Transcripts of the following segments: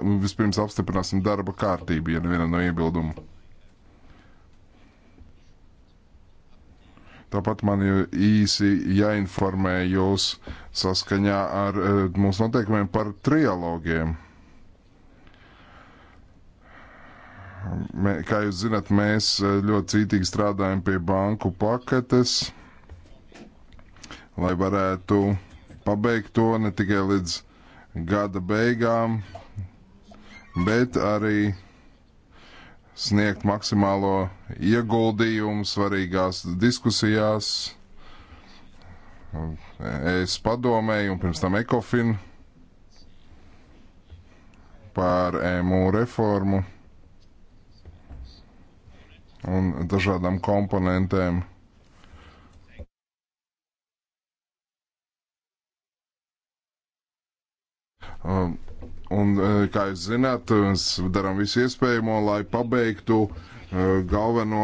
Nu, vispirms apstiprināsim darba kārtību, ja nevienam nav iebildumu. Tāpat man ir īsi jāinformē jūs saskaņā ar e, mūsu noteikumiem par trialogiem. Mē, kā jūs zinat, mēs e, ļoti cītīgi strādājam pie banku paketes, lai varētu pabeigt to ne tikai līdz gada beigām, bet arī sniegt maksimālo ieguldījumu svarīgās diskusijās ES padomēju un pirms tam ECOFIN par EMU reformu un dažādām komponentēm. Um, Un, e, kā jūs zināt, mēs darām visu iespējamo, lai pabeigtu e, galveno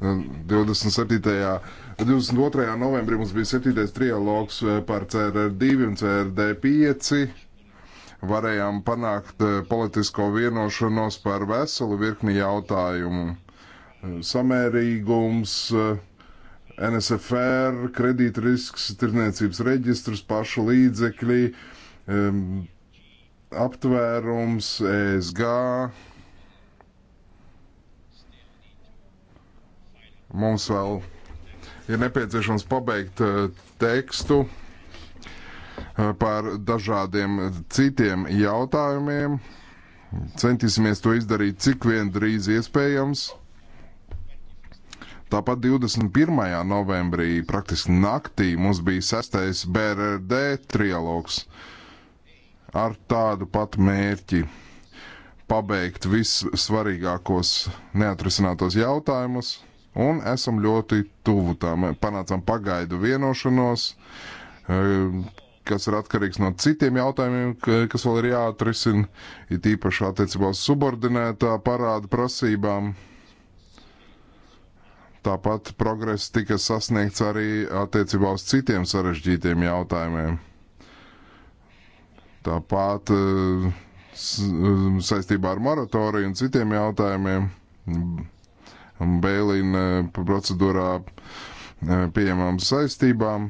27. E, 22. novembrī mums bija 7. trialogs par CRD2 un CRD5. Varējām panākt politisko vienošanos par veselu virkni jautājumu. Samērīgums, uh, NSFR, kredītrisks, tirniecības reģistrs, pašu līdzekļi, aptvērums, ESG. Mums vēl ir nepieciešams pabeigt eh, tekstu eh, par dažādiem citiem jautājumiem. Centīsimies to izdarīt cik vien drīz iespējams. Tāpat 21. novembrī, praktiski naktī, mums bija sestais BRD trialogs ar tādu pat mērķi pabeigt vissvarīgākos neatrisinātos jautājumus, un esam ļoti tuvu tam. Panācām pagaidu vienošanos, e, kas ir atkarīgs no citiem jautājumiem, kas vēl ir jāatrisina, it īpaši attiecībā uz subordinētā parāda prasībām. Tāpat progress tika sasniegts arī attiecībā uz citiem sarežģītiem jautājumiem. Tāpat eh, eh, saistībā ar moratoriju un citiem jautājumiem mm, Bēlīna eh, procedūrā pieņemām saistībām.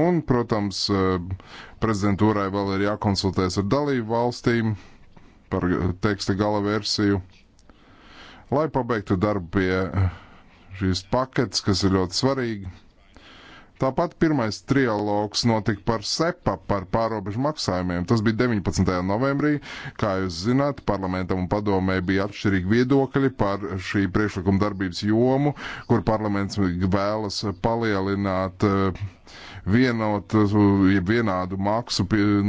Un, protams, prezidentūrai vēl ir jākonsultēs ar dalību valstīm par teksta gala versiju, lai pabeigtu darbu pie šīs paketes, kas ir ļoti svarīgi. Tāpat pirmais trialogs notika par SEPA, par pārobežu maksājumiem. Tas bija 19. novembrī. Kā jūs zināt, parlamentam un padomē bija atšķirīgi viedokļi par šī priekšlikuma darbības jomu, kur parlaments vēlas palielināt eh, vienotu, ja vienādu maksu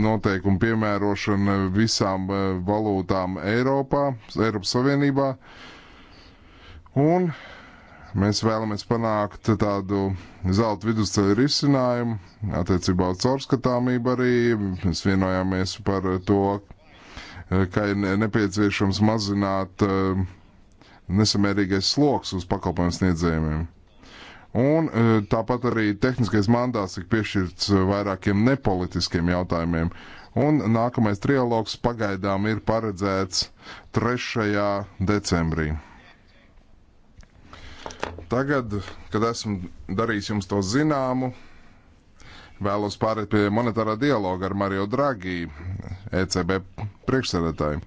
noteikumu piemērošanu visām eh, valūtām Eiropā, Eiropas Savienībā. Un Mēs vēlamies panākt tādu zelta vidusceļa risinājumu attiecībā uz caurskatāmību arī. Mēs vienojāmies par to, ka ir nepieciešams mazināt eh, nesamērīgais sloks uz pakalpojumu sniedzējumiem. Un eh, tāpat arī tehniskais mandāts tika piešķirts vairākiem nepolitiskiem jautājumiem. Un nākamais trialogs pagaidām ir paredzēts 3. decembrī. Tagad, kad esmu darījis jums to zināmu, vēlos pāriet pie monetārā dialoga ar Mario Draghi, ECB priekšsēdētāju.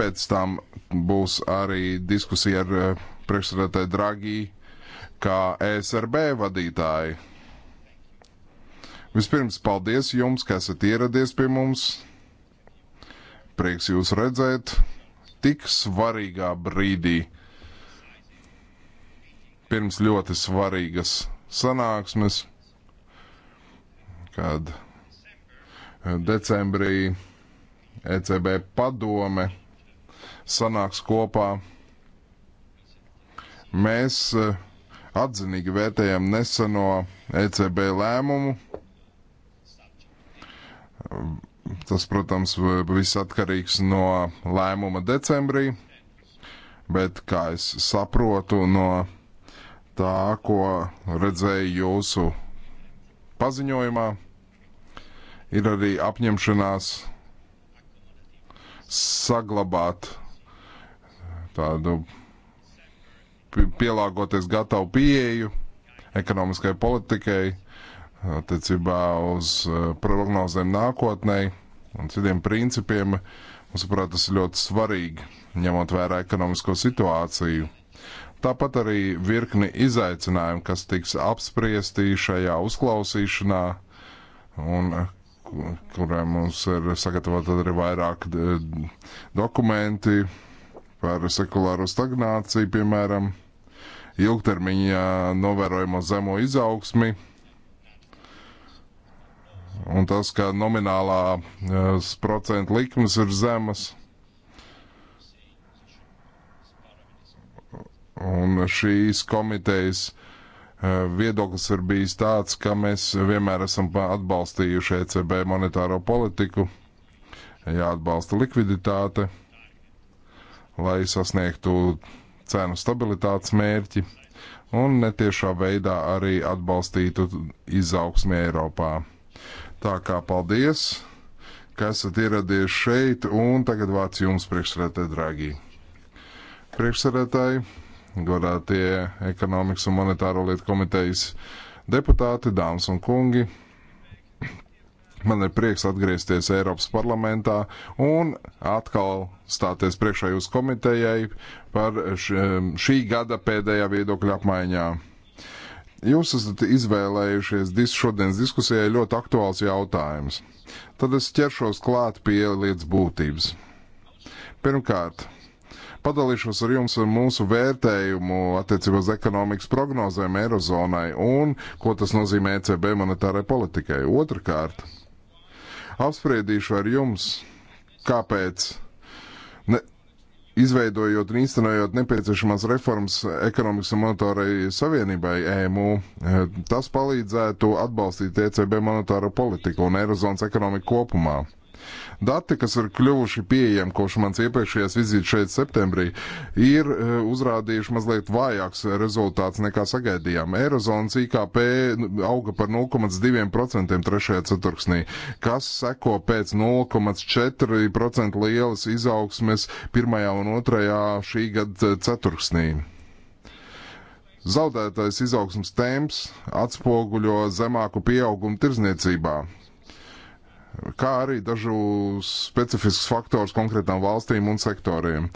Pēc tam būs arī diskusija ar eh, priekšsēdētāju Draghi kā ESRB vadītāju. Vispirms paldies jums, ka esat ieradies pie mums. Prieks jūs redzēt tik svarīgā brīdī pirms ļoti svarīgas sanāksmes, kad eh, decembrī ECB padome sanāks kopā. Mēs eh, atzinīgi vērtējam neseno ECB lēmumu. Tas, protams, viss atkarīgs no lēmuma decembrī, bet, kā es saprotu, no tā, ko redzēju jūsu paziņojumā, ir arī apņemšanās saglabāt tādu pielāgoties gatavu pieeju ekonomiskai politikai, attiecībā uz uh, prognozēm nākotnē un citiem principiem. Mums, prāt, tas ir ļoti svarīgi, ņemot vērā ekonomisko situāciju Tāpat arī virkni izaicinājumu, kas tiks apspriesti šajā uzklausīšanā un eh, kurām mums ir sagatavot arī vairāk dokumenti par sekulāro stagnāciju, piemēram, ilgtermiņā novērojamo zemo izaugsmi un tas, ka nominālā eh, procentu likmes ir zemas. Un šīs komitejas eh, viedoklis ir bijis tāds, ka mēs vienmēr esam atbalstījuši ECB monetāro politiku, jāatbalsta likviditāte, lai sasniegtu cenu stabilitātes mērķi un netiešā veidā arī atbalstītu izaugsmi Eiropā. Tā kā paldies, ka esat ieradies šeit, un tagad vārds jums priekšsēdētāji, draugi. Priekšsēdētāji godātie ekonomikas un monetāro lietu komitejas deputāti, dāmas un kungi. Man ir prieks atgriezties Eiropas parlamentā un atkal stāties priekšā jūsu komitejai par šī gada pēdējā viedokļa apmaiņā. Jūs esat izvēlējušies dis šodienas diskusijai ļoti aktuāls jautājums. Tad es ķeršos klāt pie lietas būtības. Pirmkārt, Padalīšos ar jums ar mūsu vērtējumu attiecībā uz ekonomikas prognozēm Eirozonai un ko tas nozīmē ECB monetārai politikai. Otrakārt, apspriedīšu ar jums, kāpēc. Ne, izveidojot un īstenojot nepieciešamās reformas ekonomikas un monetārai savienībai EMU, eh, tas palīdzētu atbalstīt ECB monetāro politiku un Eirozonas ekonomiku kopumā. Dati, kas ir kļuvuši pieejami kopš mans iepriekšējās vizītes šeit septembrī, ir e, uzrādījuši mazliet vājāks rezultāts nekā sagaidījām. Eirozonas IKP auga par 0,2% trešajā ceturksnī, kas seko pēc 0,4% lielas izaugsmes pirmajā un otrajā šī gada ceturksnī. Zaudētais izaugsmas temps atspoguļo zemāku pieaugumu tirzniecībā, kā arī dažu specifiskus faktorus konkrētām valstīm un sektoriem.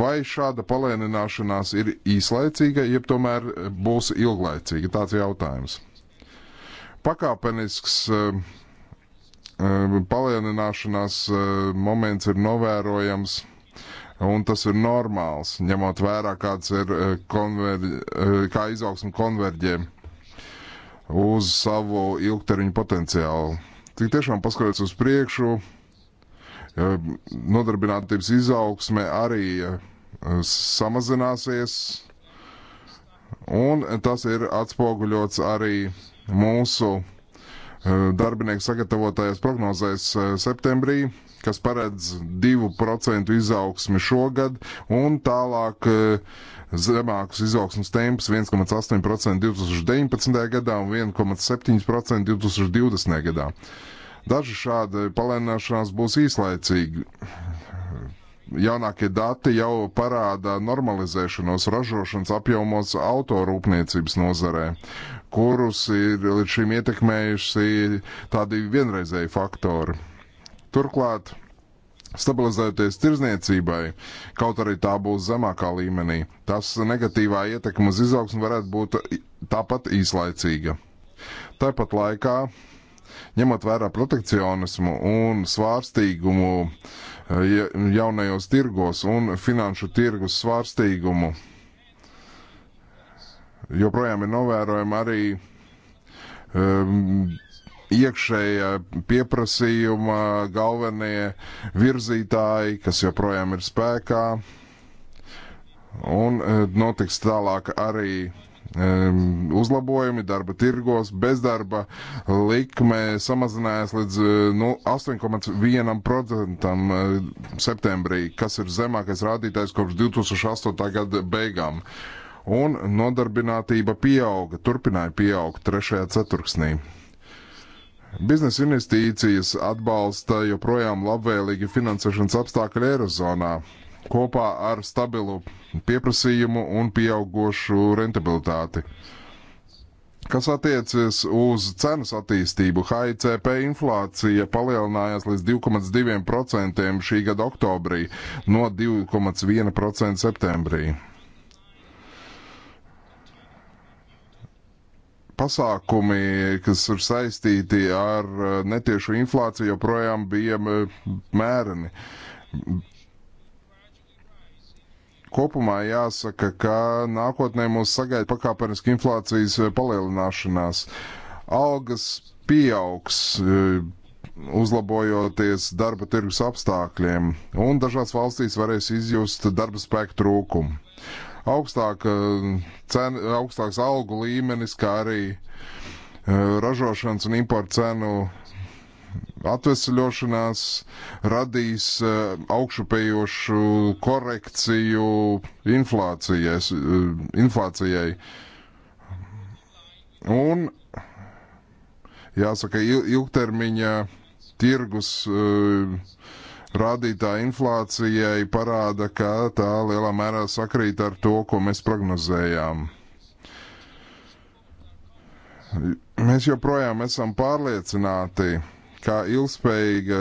Vai šāda palēnināšanās ir īslaicīga, jeb tomēr būs ilglaicīga? Tāds jautājums. Pakāpenisks eh, eh, palēnināšanās eh, moments ir novērojams. Un tas ir normāls, ņemot vērā, kāds ir konverģi, kā izaugsme konverģē uz savu ilgtermiņu potenciālu Tik tiešām paskatās uz priekšu, nodarbinātības izaugsme arī samazināsies, un tas ir atspoguļots arī mūsu darbinieku sagatavotajās prognozēs septembrī, kas paredz 2% izaugsmi šogad un tālāk uh, zemāks izaugsmas temps 1,8% 2019. gadā un 1,7% 2020. gadā. Daži šādi palēnināšanās būs īslaicīgi. Jaunākie dati jau parāda normalizēšanos ražošanas apjomos autorūpniecības nozarē, kurus ir līdz šim ietekmējuši tādi vienreizēji faktori. Turklāt stabilizēties tirzniecībai, kaut arī tā būs zemākā līmenī. Tas negatīvā ietekme uz izaugsmu varētu būt tāpat īslaicīga. Tāpat laikā, ņemot vērā protekcionismu un svārstīgumu jaunajos tirgos un finanšu tirgus svārstīgumu, joprojām ir novērojama arī um, iekšējā pieprasījuma galvenie virzītāji, kas joprojām ir spēkā. Un e, notiks tālāk arī um, uzlabojumi darba tirgos, bezdarba likme samazinājās līdz e, nu, 8,1% septembrī, kas ir zemākais rādītājs kopš 2008. gada beigām. Un nodarbinātība pieauga, turpināja pieaugt trešajā ceturksnī. Biznesa investīcijas atbalsta joprojām labvēlīgi finansēšanas apstākļi Eirozonā kopā ar stabilu pieprasījumu un pieaugošu rentabilitāti. Kas attiecas uz cenas attīstību, HICP inflācija palielinājās līdz 2,2% šī gada oktobrī no 2,1% septembrī. pasākumi, kas ir saistīti ar eh, netiešu inflāciju, joprojām bija eh, mēreni. Kopumā jāsaka, ka nākotnē mūs sagaida pakāpeniski inflācijas eh, palielināšanās. Algas pieaugs, uzlabojoties darba tirgus apstākļiem, un dažās valstīs varēs izjust darba spēku trūkumu augstāka eh, cena, augstāks algu līmenis, kā arī eh, ražošanas un importu cenu atvesļošanās radīs eh, augšupējošu korekciju inflācijai. Un, jāsaka, ilgtermiņa tirgus uh, rādītāja inflācijai parāda, ka tā lielā mērā sakrīt ar to, ko mēs prognozējām. Mēs joprojām esam pārliecināti, kā ilgspējīga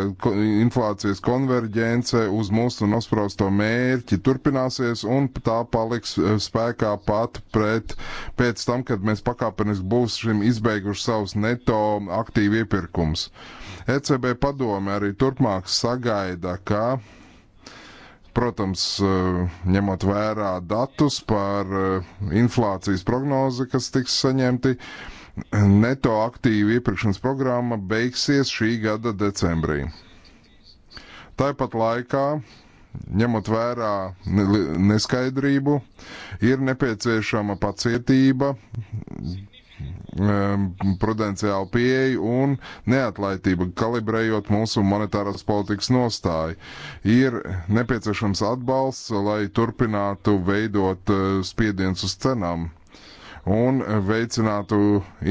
inflācijas konverģence uz mūsu nospraustu mērķi turpināsies un tā paliks eh, spēkā pat pret, pēc tam, kad mēs pakāpeniski būsim izbeiguši savus neto aktīvu iepirkumus. ECB padome arī turpmāk sagaida, ka protams, e, ņemot vērā datus par e, inflācijas prognozi, kas tiks saņemti, neto aktīvu iepirkšanas programma beigsies šī gada decembrī. Tāpat laikā, ņemot vērā neskaidrību, ir nepieciešama pacietība prudenciālu pieeju un neatlaitību, kalibrējot mūsu monetāras politikas nostāju. Ir nepieciešams atbalsts, lai turpinātu veidot eh, spiediens uz cenām un veicinātu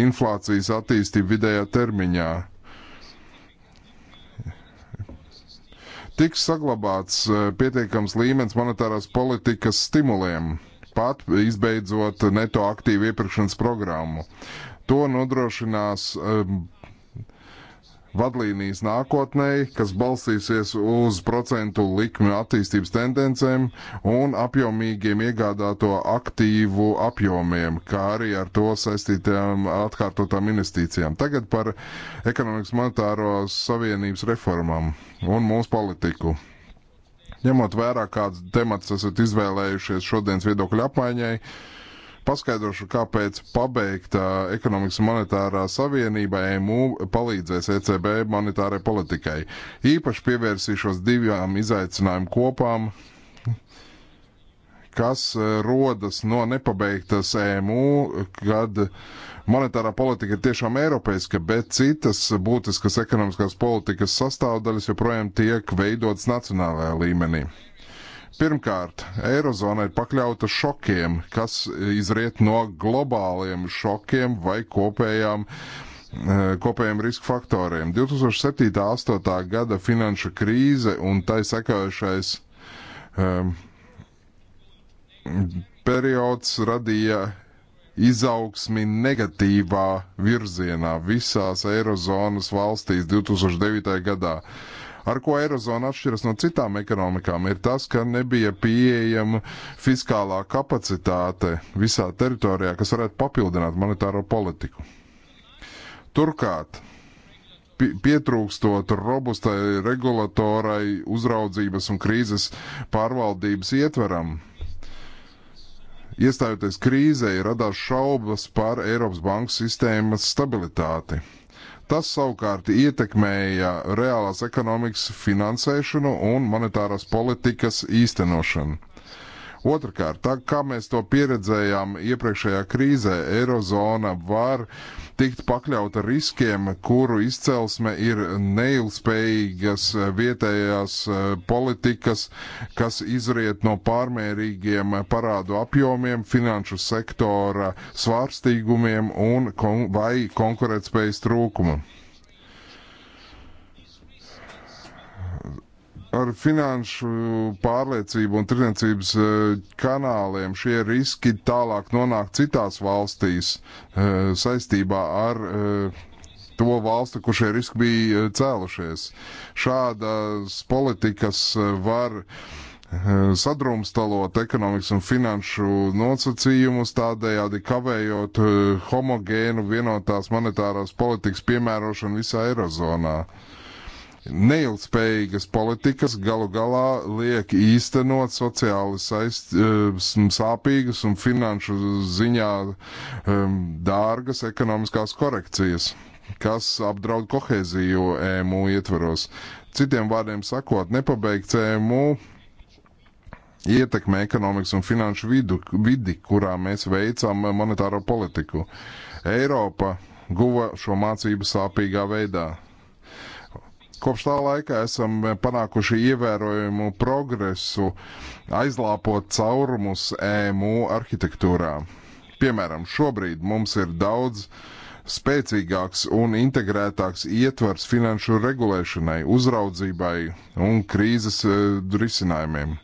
inflācijas attīstību vidējā termiņā. Tiks saglabāts eh, pietiekams līmenis monetārās politikas stimuliem pat izbeidzot neto aktīvu iepirkšanas programmu. To nodrošinās um, vadlīnijas nākotnē, kas balstīsies uz procentu likmju attīstības tendencēm un apjomīgiem iegādāto aktīvu apjomiem, kā arī ar to saistītām atkārtotām investīcijām. Tagad par ekonomikas monetāro savienības reformām un mūsu politiku. Ņemot vērā, kāds temats esat izvēlējušies šodienas viedokļu apmaiņai, paskaidrošu, kāpēc pabeigta ekonomikas un monetārā savienība EMU palīdzēs ECB monetārai politikai. Īpaši pievērsīšos divām izaicinājumu kopām kas eh, rodas no nepabeigtas EMU, kad monetārā politika ir tiešām eiropeiska, bet citas būtiskas ekonomiskās politikas sastāvdaļas joprojām tiek veidotas nacionālajā līmenī. Pirmkārt, Eirozona ir pakļauta šokiem, kas izriet no globāliem šokiem vai kopējām eh, kopējiem riska faktoriem. 2007. 8. gada finanšu krīze un tai sekojušais um, ehm, periods radīja izaugsmi negatīvā virzienā visās Eirozonas valstīs 2009. gadā. Ar ko Eirozona atšķiras no citām ekonomikām, ir tas, ka nebija pieejama fiskālā kapacitāte visā teritorijā, kas varētu papildināt monetāro politiku. Turklāt pietrūkstot robustai regulatorai uzraudzības un krīzes pārvaldības ietveram, Iestājoties krīzē, radās šaubas par Eiropas banku sistēmas stabilitāti. Tas savukārt ietekmēja reālās ekonomikas finansēšanu un monetārās politikas īstenošanu. Otrakārt, tā kā mēs to pieredzējām iepriekšējā krīzē, Eirozona var tikt pakļauta riskiem, kuru izcelsme ir neilgspējīgas vietējās eh, politikas, kas izriet no pārmērīgiem parādu apjomiem, finanšu sektora svārstīgumiem un, vai konkurētspējas trūkuma. Ar finanšu pārliecību un tirdzniecības e, kanāliem šie riski tālāk nonāk citās valstīs e, saistībā ar e, to valstu, kur šie riski bija cēlušies. Šādas politikas var sadrumstalot ekonomikas un finanšu nosacījumus, tādējādi kavējot homogēnu vienotās monetārās politikas piemērošanu visā Eirozonā. Uh, neilgspējīgas politikas galu galā liek īstenot sociāli saist, eh, sāpīgas un finanšu ziņā ehm, dārgas ekonomiskās korekcijas, kas apdraud kohēziju EMU ietvaros. Citiem vārdiem sakot, nepabeigts EMU ietekme ekonomikas un finanšu vidu, vidi, kurā mēs veicam monetāro politiku. Eiropa guva šo mācību sāpīgā veidā Kopš tā laika esam panākuši ievērojumu progresu, aizlāpot caurumus EMU arhitektūrā. Piemēram, šobrīd mums ir daudz spēcīgāks un integrētāks ietvars finanšu regulēšanai, uzraudzībai un krīzes e, risinājumiem.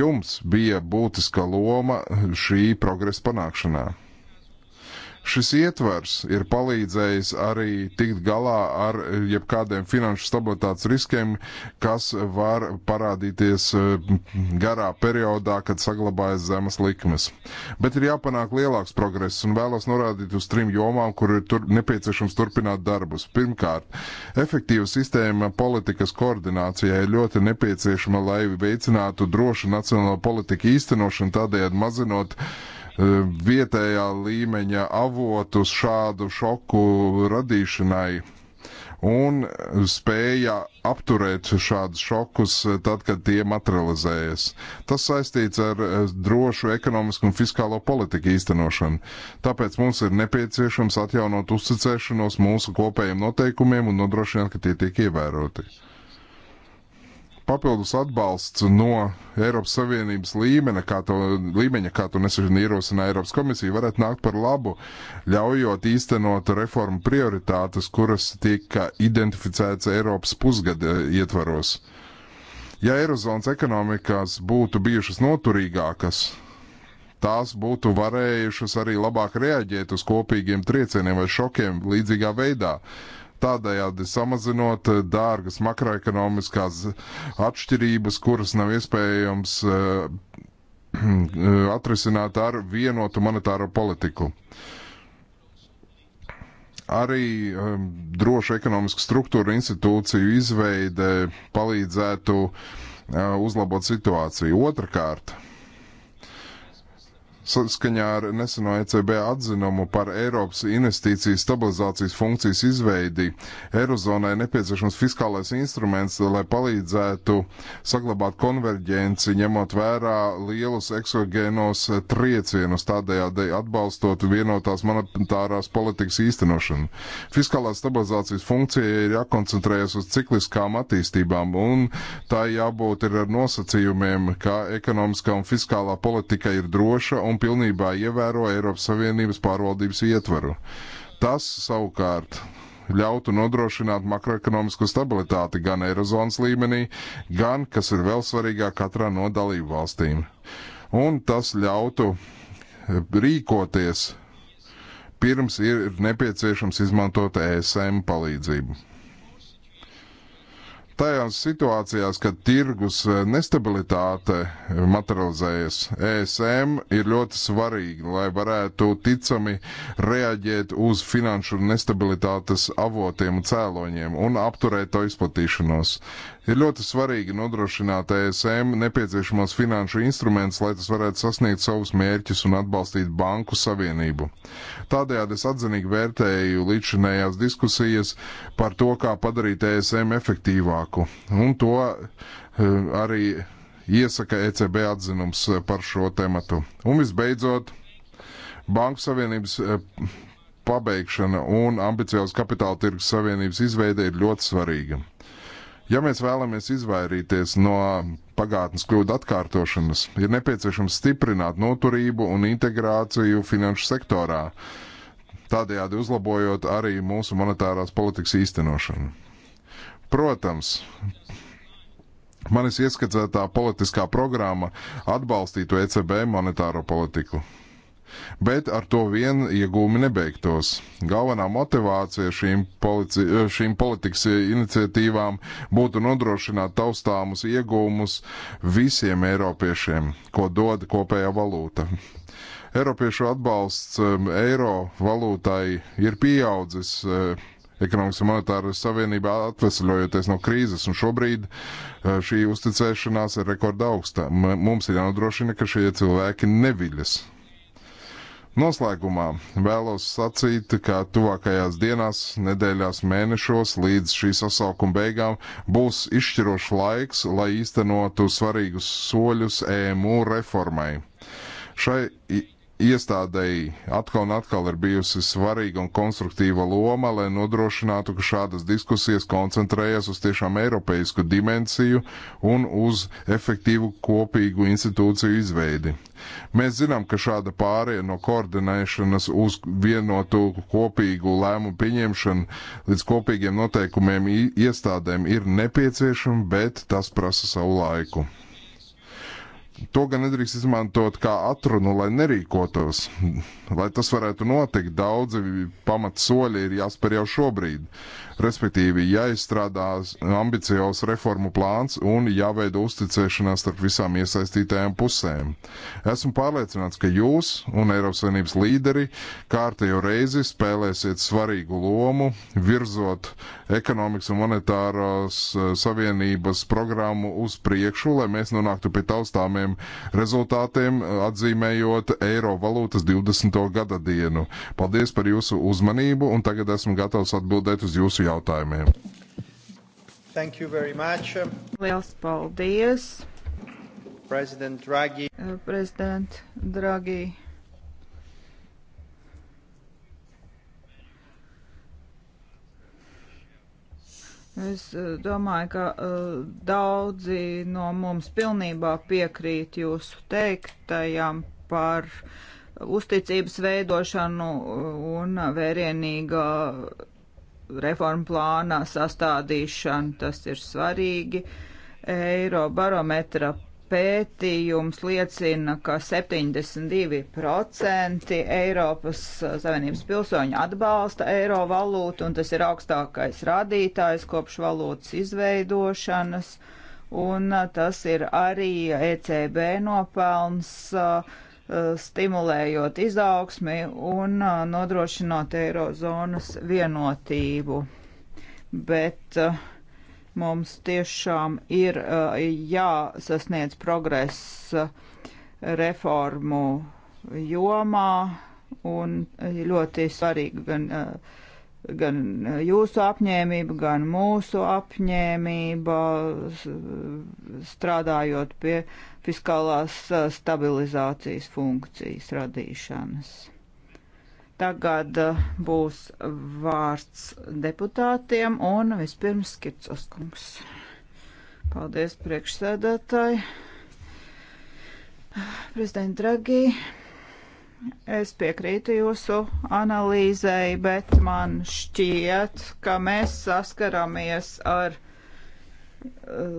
Jums bija būtiska loma šī progresa panākšanā. Šis ietvers ir palīdzējis arī tikt galā ar eh, jebkādiem finanšu stabilitātes riskiem, kas var parādīties eh, garā periodā, kad saglabājas zemes likmes. Bet ir jāpanāk lielāks progress un vēlos norādīt uz trim jomām, kur ir tur, nepieciešams turpināt darbus. Pirmkārt, efektīva sistēma politikas koordinācijai ir ļoti nepieciešama, lai veicinātu drošu nacionālo politiku īstenošanu, tādējādi mazinot uh, vietējā līmeņa avotus šādu šoku radīšanai un spēja apturēt šādus šokus tad, kad tie materializējas. Tas saistīts ar drošu ekonomisku un fiskālo politiku īstenošanu. Tāpēc mums ir nepieciešams atjaunot uzticēšanos mūsu kopējiem noteikumiem un nodrošināt, ka tie tiek ievēroti papildus atbalsts no Eiropas Savienības līmeņa, kā to, līmeņa, kā to nesen ierosināja Eiropas komisija, varētu nākt par labu, ļaujot īstenot reformu prioritātes, kuras tika identificētas Eiropas pusgada e, ietvaros. Ja Eirozonas ekonomikās būtu bijušas noturīgākas, tās būtu varējušas arī labāk reaģēt uz kopīgiem triecieniem vai šokiem līdzīgā veidā tādējādi samazinot eh, dārgas makroekonomiskās atšķirības, kuras nav iespējams eh, atrisināt ar vienotu monetāro politiku. Arī um, droša ekonomiska struktūra institūciju izveide palīdzētu uh, uzlabot situāciju. Otrakārt, uh, Saskaņā ar neseno ECB atzinumu par Eiropas investīciju stabilizācijas funkcijas izveidi, Eirozonai nepieciešams fiskālais instruments, lai palīdzētu saglabāt konverģenci, ņemot vērā lielus eksogēnos triecienus, tādējādi atbalstot vienotās monetārās politikas īstenošanu. Fiskālās stabilizācijas funkcija ir jākoncentrējas uz cikliskām attīstībām, un tā jābūt ir ar nosacījumiem, ka ekonomiskā un fiskālā politika ir droša un un pilnībā ievēro Eiropas Savienības pārvaldības ietvaru. Tas savukārt ļautu nodrošināt makroekonomisko stabilitāti gan Eirozonas līmenī, gan, kas ir vēl svarīgāk, katrā no dalību valstīm. Un tas ļautu eh, rīkoties pirms ir nepieciešams izmantot ESM palīdzību tajās situācijās, kad tirgus eh, nestabilitāte eh, materializējas, ESM ir ļoti svarīga, lai varētu ticami reaģēt uz finanšu nestabilitātes avotiem un cēloņiem un apturēt to izplatīšanos. Ir ļoti svarīgi nodrošināt ESM nepieciešamos finanšu instrumentus, lai tas varētu sasniegt savus mērķus un atbalstīt banku savienību. Tādējādi es atzinīgi vērtēju līdzinējās diskusijas par to, kā padarīt ESM efektīvāku, un to eh, arī iesaka ECB atzinums eh, par šo tematu. Un visbeidzot, Banku Savienības eh, pabeigšana un ambiciozs kapitāla tirgus savienības izveide ir ļoti svarīga. Ja mēs vēlamies izvairīties no pagātnes kļūdu atkārtošanas, ir nepieciešams stiprināt noturību un integrāciju finanšu sektorā, tādējādi uzlabojot arī mūsu monetārās politikas īstenošanu. Protams, manis ieskacētā politiskā programma atbalstītu ECB monetāro politiku bet ar to vien iegūmi nebeigtos. Galvenā motivācija šīm, polici, šīm politikas iniciatīvām būtu nodrošināt taustāmus iegūmus visiem eiropiešiem, ko dod kopējā valūta. Eiropiešu atbalsts um, eiro valūtai ir pieaudzis uh, ekonomikas un monetāras savienībā atvesļojoties no krīzes, un šobrīd uh, šī uzticēšanās ir rekorda augsta. Mums ir jānodrošina, ka šie cilvēki neviļas Noslēgumā vēlos sacīt, ka tuvākajās dienās, nedēļās, mēnešos līdz šī sasaukuma beigām būs izšķirošs laiks, lai īstenotu svarīgus soļus EMU reformai. Šai iestādēji atkal un atkal ir bijusi svarīga un konstruktīva loma, lai nodrošinātu, ka šādas diskusijas koncentrējas uz tiešām eiropeisku dimensiju un uz efektīvu kopīgu institūciju izveidi. Mēs zinām, ka šāda pārēja no koordinēšanas uz vienotu kopīgu lēmumu pieņemšanu līdz kopīgiem noteikumiem iestādēm ir nepieciešama, bet tas prasa savu laiku. To gan nedrīkst izmantot kā atrunu, lai nerīkotos. Lai tas varētu notikt, daudzi pamatsoļi ir jāspēr jau šobrīd. Respektīvi, jāizstrādās ambiciozs reformu plāns un jāveido uzticēšanās starp visām iesaistītajām pusēm. Esmu pārliecināts, ka jūs un Eiropas Savienības līderi kārtējo reizi spēlēsiet svarīgu lomu, virzot ekonomikas un monetāros eh, savienības programmu uz priekšu, lai mēs nonāktu pie taustāmiem labiem rezultātiem, eh, atzīmējot eiro valūtas 20. gada dienu. Paldies par jūsu uzmanību, un tagad esmu gatavs atbildēt uz jūsu jautājumiem. Thank you very much. Liels paldies. President Draghi. Eh, President Draghi Es eh, domāju, ka uh, daudzi no mums pilnībā piekrīt jūsu teiktajam par uzticības veidošanu eh, un vērienīga reforma plāna sastādīšanu. Tas ir svarīgi. Eirobarometra pētījums liecina, ka 72% Eiropas Savienības pilsoņu atbalsta eiro valūtu, un tas ir augstākais rādītājs kopš valūtas izveidošanas, un tas ir arī ECB nopelns stimulējot izaugsmi un nodrošinot eirozonas vienotību. Bet uh, Mums tiešām ir uh, jāsasniedz progress uh, reformu jomā un ļoti svarīgi gan, eh, gan jūsu apņēmība, gan mūsu apņēmība strādājot pie fiskālās stabilizācijas funkcijas radīšanas. Tagad eh, būs vārds deputātiem un vispirms Skicos kungs. Paldies priekšsēdētāji. Prezident Dragī, es piekrītu jūsu analīzei, bet man šķiet, ka mēs saskaramies ar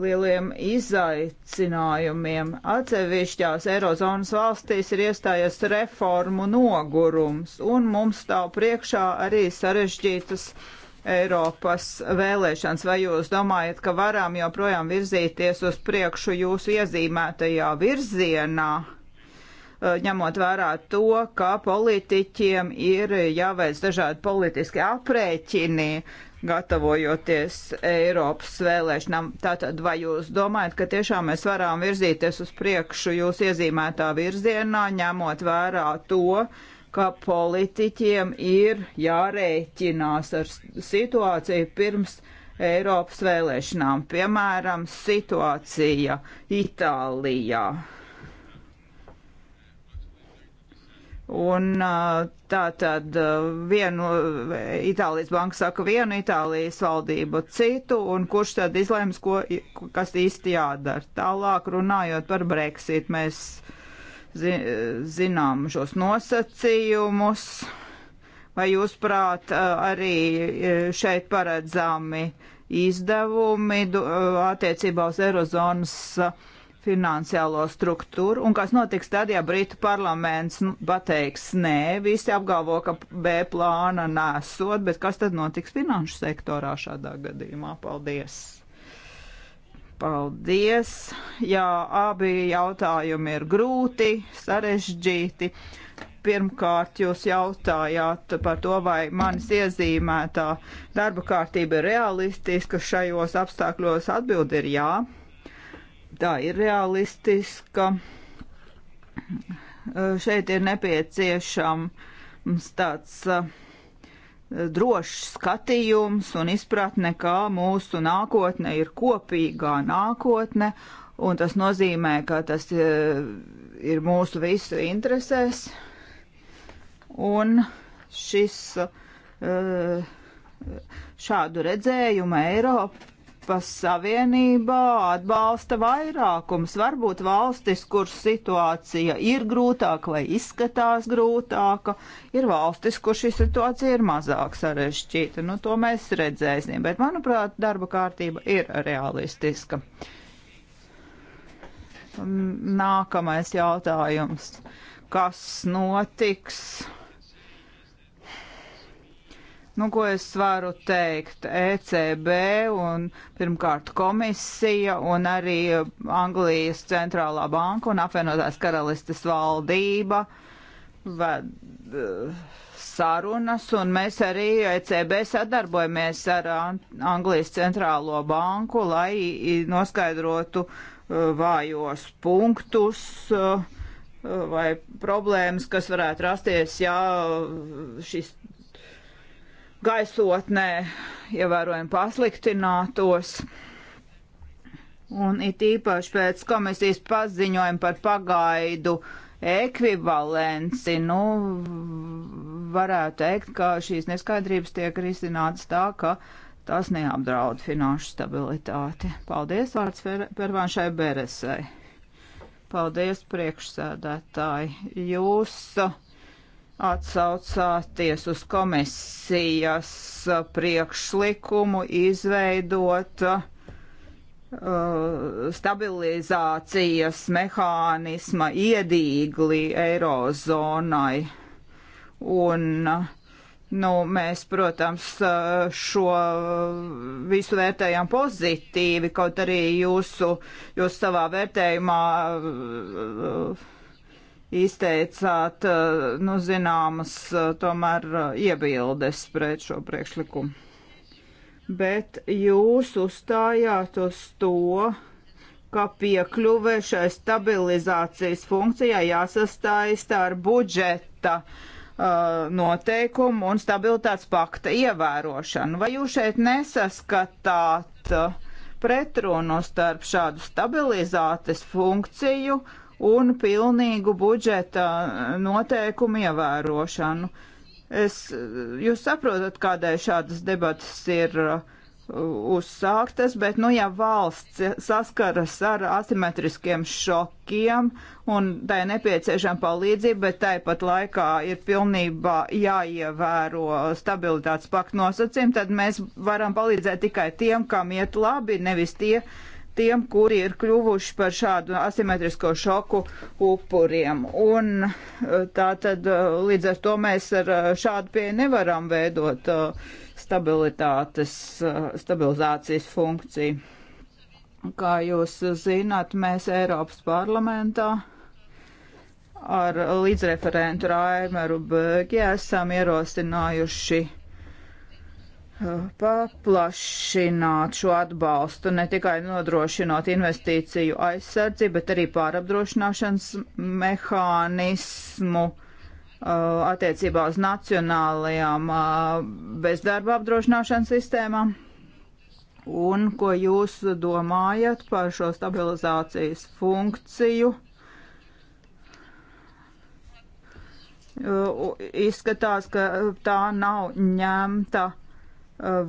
lieliem izaicinājumiem. Atsevišķās Eirozonas valstīs ir iestājies reformu nogurums, un mums stāv priekšā arī sarežģītas Eiropas vēlēšanas. Vai jūs domājat, ka varam joprojām virzīties uz priekšu jūsu iezīmētajā virzienā? Eh, ņemot vērā to, ka politiķiem ir jāveic dažādi politiski aprēķini, uh, gatavojoties Eiropas vēlēšanām. Tātad, vai jūs domājat, ka tiešām mēs varam virzīties uz priekšu jūs iezīmētā virzienā, ņemot vērā to, ka politiķiem ir jārēķinās ar situāciju pirms Eiropas vēlēšanām, piemēram, situācija Itālijā Un tā tad vienu Itālijas banka saka vienu, Itālijas valdību citu, un kurš tad izlēms, ko, kas īsti jādara. Tālāk runājot par Brexit, mēs zi, zinām šos nosacījumus. Vai jūs prāt arī šeit paredzami izdevumi attiecībā uz Eirozonas? finansiālo struktūru un kas notiks tad, ja Britu parlaments nu, pateiks nē, visi apgalvo, ka B plāna nesot, bet kas tad notiks finanšu sektorā šādā gadījumā? Paldies! Paldies! Jā, abi jautājumi ir grūti, sarežģīti. Pirmkārt, jūs jautājāt par to, vai manis iezīmētā darba kārtība ir realistiska šajos apstākļos. Atbildi ir jā tā ir realistiska. Šeit ir nepieciešams tāds drošs skatījums un izpratne, kā mūsu nākotne ir kopīgā nākotne, un tas nozīmē, ka tas ir mūsu visu interesēs. Un šis šādu redzējumu Eiropa Eiropas Savienība atbalsta vairākums. Varbūt valstis, kur situācija ir grūtāka vai izskatās grūtāka, ir valstis, kur šī situācija ir mazāk sarežģīta. Nu, to mēs redzēsim, bet manuprāt, darba kārtība ir realistiska. Nākamais jautājums. Kas notiks? Nu, ko es varu teikt? ECB un pirmkārt komisija un arī Anglijas centrālā banka un apvienotās karalistes valdība ved eh, sarunas, un mēs arī ECB sadarbojamies ar Anglijas centrālo banku, lai noskaidrotu eh, vājos punktus eh, vai problēmas, kas varētu rasties, ja šis gaisotnē ievērojami pasliktinātos. Un it īpaši pēc komisijas paziņojuma par pagaidu ekvivalenci, nu, varētu teikt, ka šīs neskaidrības tiek risinātas tā, ka tas neapdraud finanšu stabilitāti. Paldies vārds Pervanšai Beresai. Paldies priekšsēdētāji. Jūs. Uh, atsaucāties uz komisijas priekšlikumu izveidot uh, stabilizācijas mehānisma iedīgli eirozonai. Un uh, Nu, mēs, protams, šo visu vērtējām pozitīvi, kaut arī jūsu, jūs savā vērtējumā uh, izteicāt, eh, nu, zināmas eh, tomēr eh, iebildes pret šo priekšlikumu. Bet jūs uzstājāt uz to, ka piekļuve šai stabilizācijas funkcijai jāsastāista ar budžeta uh, noteikumu un stabilitātes pakta ievērošanu. Vai jūs šeit nesaskatāt pretrunu starp šādu stabilizācijas funkciju uh, un pilnīgu budžeta noteikumu ievērošanu. Es, jūs saprotat, kādēļ šādas debatas ir uh, uzsāktas, bet, nu, ja valsts saskaras ar asimetriskiem šokiem un tai nepieciešama palīdzība, bet tāpat laikā ir pilnībā jāievēro stabilitātes paktu nosacījumi, tad mēs varam palīdzēt tikai tiem, kam iet labi, nevis tie, uh, tiem, kuri ir kļuvuši par šādu asimetrisko šoku upuriem. Un eh, tā tad eh, līdz ar to mēs ar eh, šādu pieeju nevaram veidot stabilitātes, stabilizācijas funkciju. Kā jūs zināt, mēs Eiropas parlamentā ar līdzreferentu Raimeru Bēgi esam ierosinājuši uh, paplašināt šo atbalstu, ne tikai nodrošinot investīciju aizsardzību, bet arī pārapdrošināšanas mehānismu uh, attiecībā uz nacionālajām uh, bezdarba apdrošināšanas sistēmām. Un ko jūs domājat par šo stabilizācijas funkciju? Uh, izskatās, ka tā nav ņemta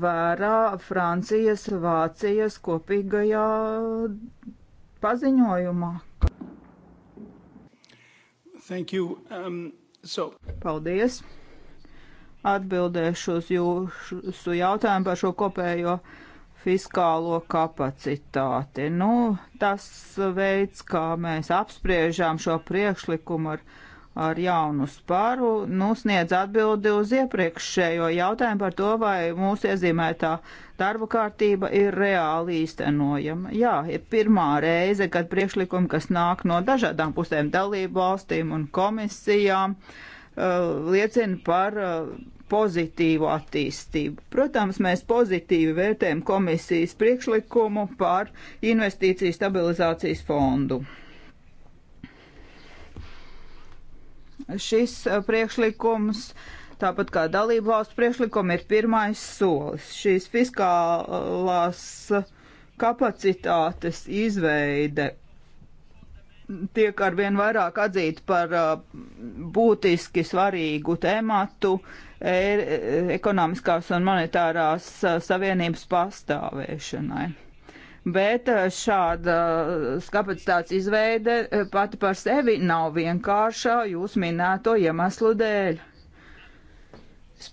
vērā Francijas, Vācijas kopīgajā paziņojumā. Thank you. Um, so. Paldies. Atbildēšu uz jūsu jautājumu par šo kopējo fiskālo kapacitāti. Nu, tas veids, kā mēs apspriežām šo priekšlikumu ar ar jaunu spāru, nu, sniedz atbildi uz iepriekšējo jautājumu par to, vai mūsu iezīmētā darba kārtība ir reāli īstenojama. Jā, ir pirmā reize, kad priekšlikumi, kas nāk no dažādām pusēm dalību valstīm un komisijām, uh, liecina par uh, pozitīvu attīstību. Protams, mēs pozitīvi vērtējam komisijas priekšlikumu par investīciju stabilizācijas fondu Šis eh, priekšlikums, tāpat kā dalību valstu priekšlikumi, ir pirmais solis. Šīs fiskālās kapacitātes izveide tiek arvien vairāk atzīta par eh, būtiski svarīgu tēmatu e-, ekonomiskās un monetārās eh, savienības pastāvēšanai bet eh, šāda eh, kapacitātes izveide eh, pati par sevi nav vienkāršā jūs minēto iemeslu dēļ.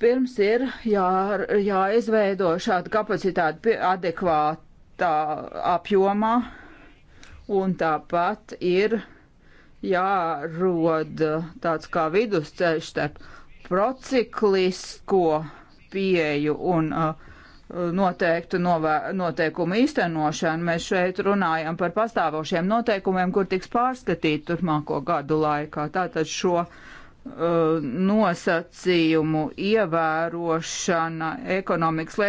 Pirms ir jā, jāizveido šāda kapacitāte adekvātā apjomā, un tāpat ir jārod tāds kā vidusceļš starp prociklisko pieju un uh, noteiktu novē, noteikumu īstenošanu. Mēs šeit runājam par pastāvošiem noteikumiem, kur tiks pārskatīt turpmāko gadu laikā. Tātad šo uh, nosacījumu ievērošana ekonomikas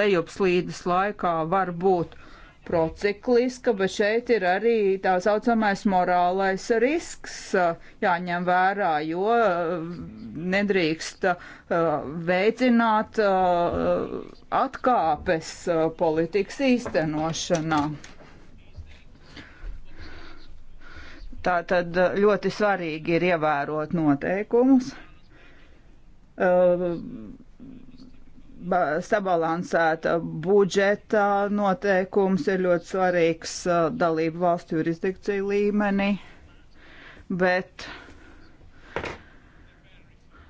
lejupslīdes laikā var būt procikliska, bet šeit ir arī tā saucamais morālais risks jāņem vērā, jo nedrīkst veicināt atkāpes politikas īstenošanā. Tā tad ļoti svarīgi ir ievērot noteikumus. Uh, sabalansēta budžeta noteikums ir ļoti svarīgs uh, dalību valstu jurisdikciju līmenī, bet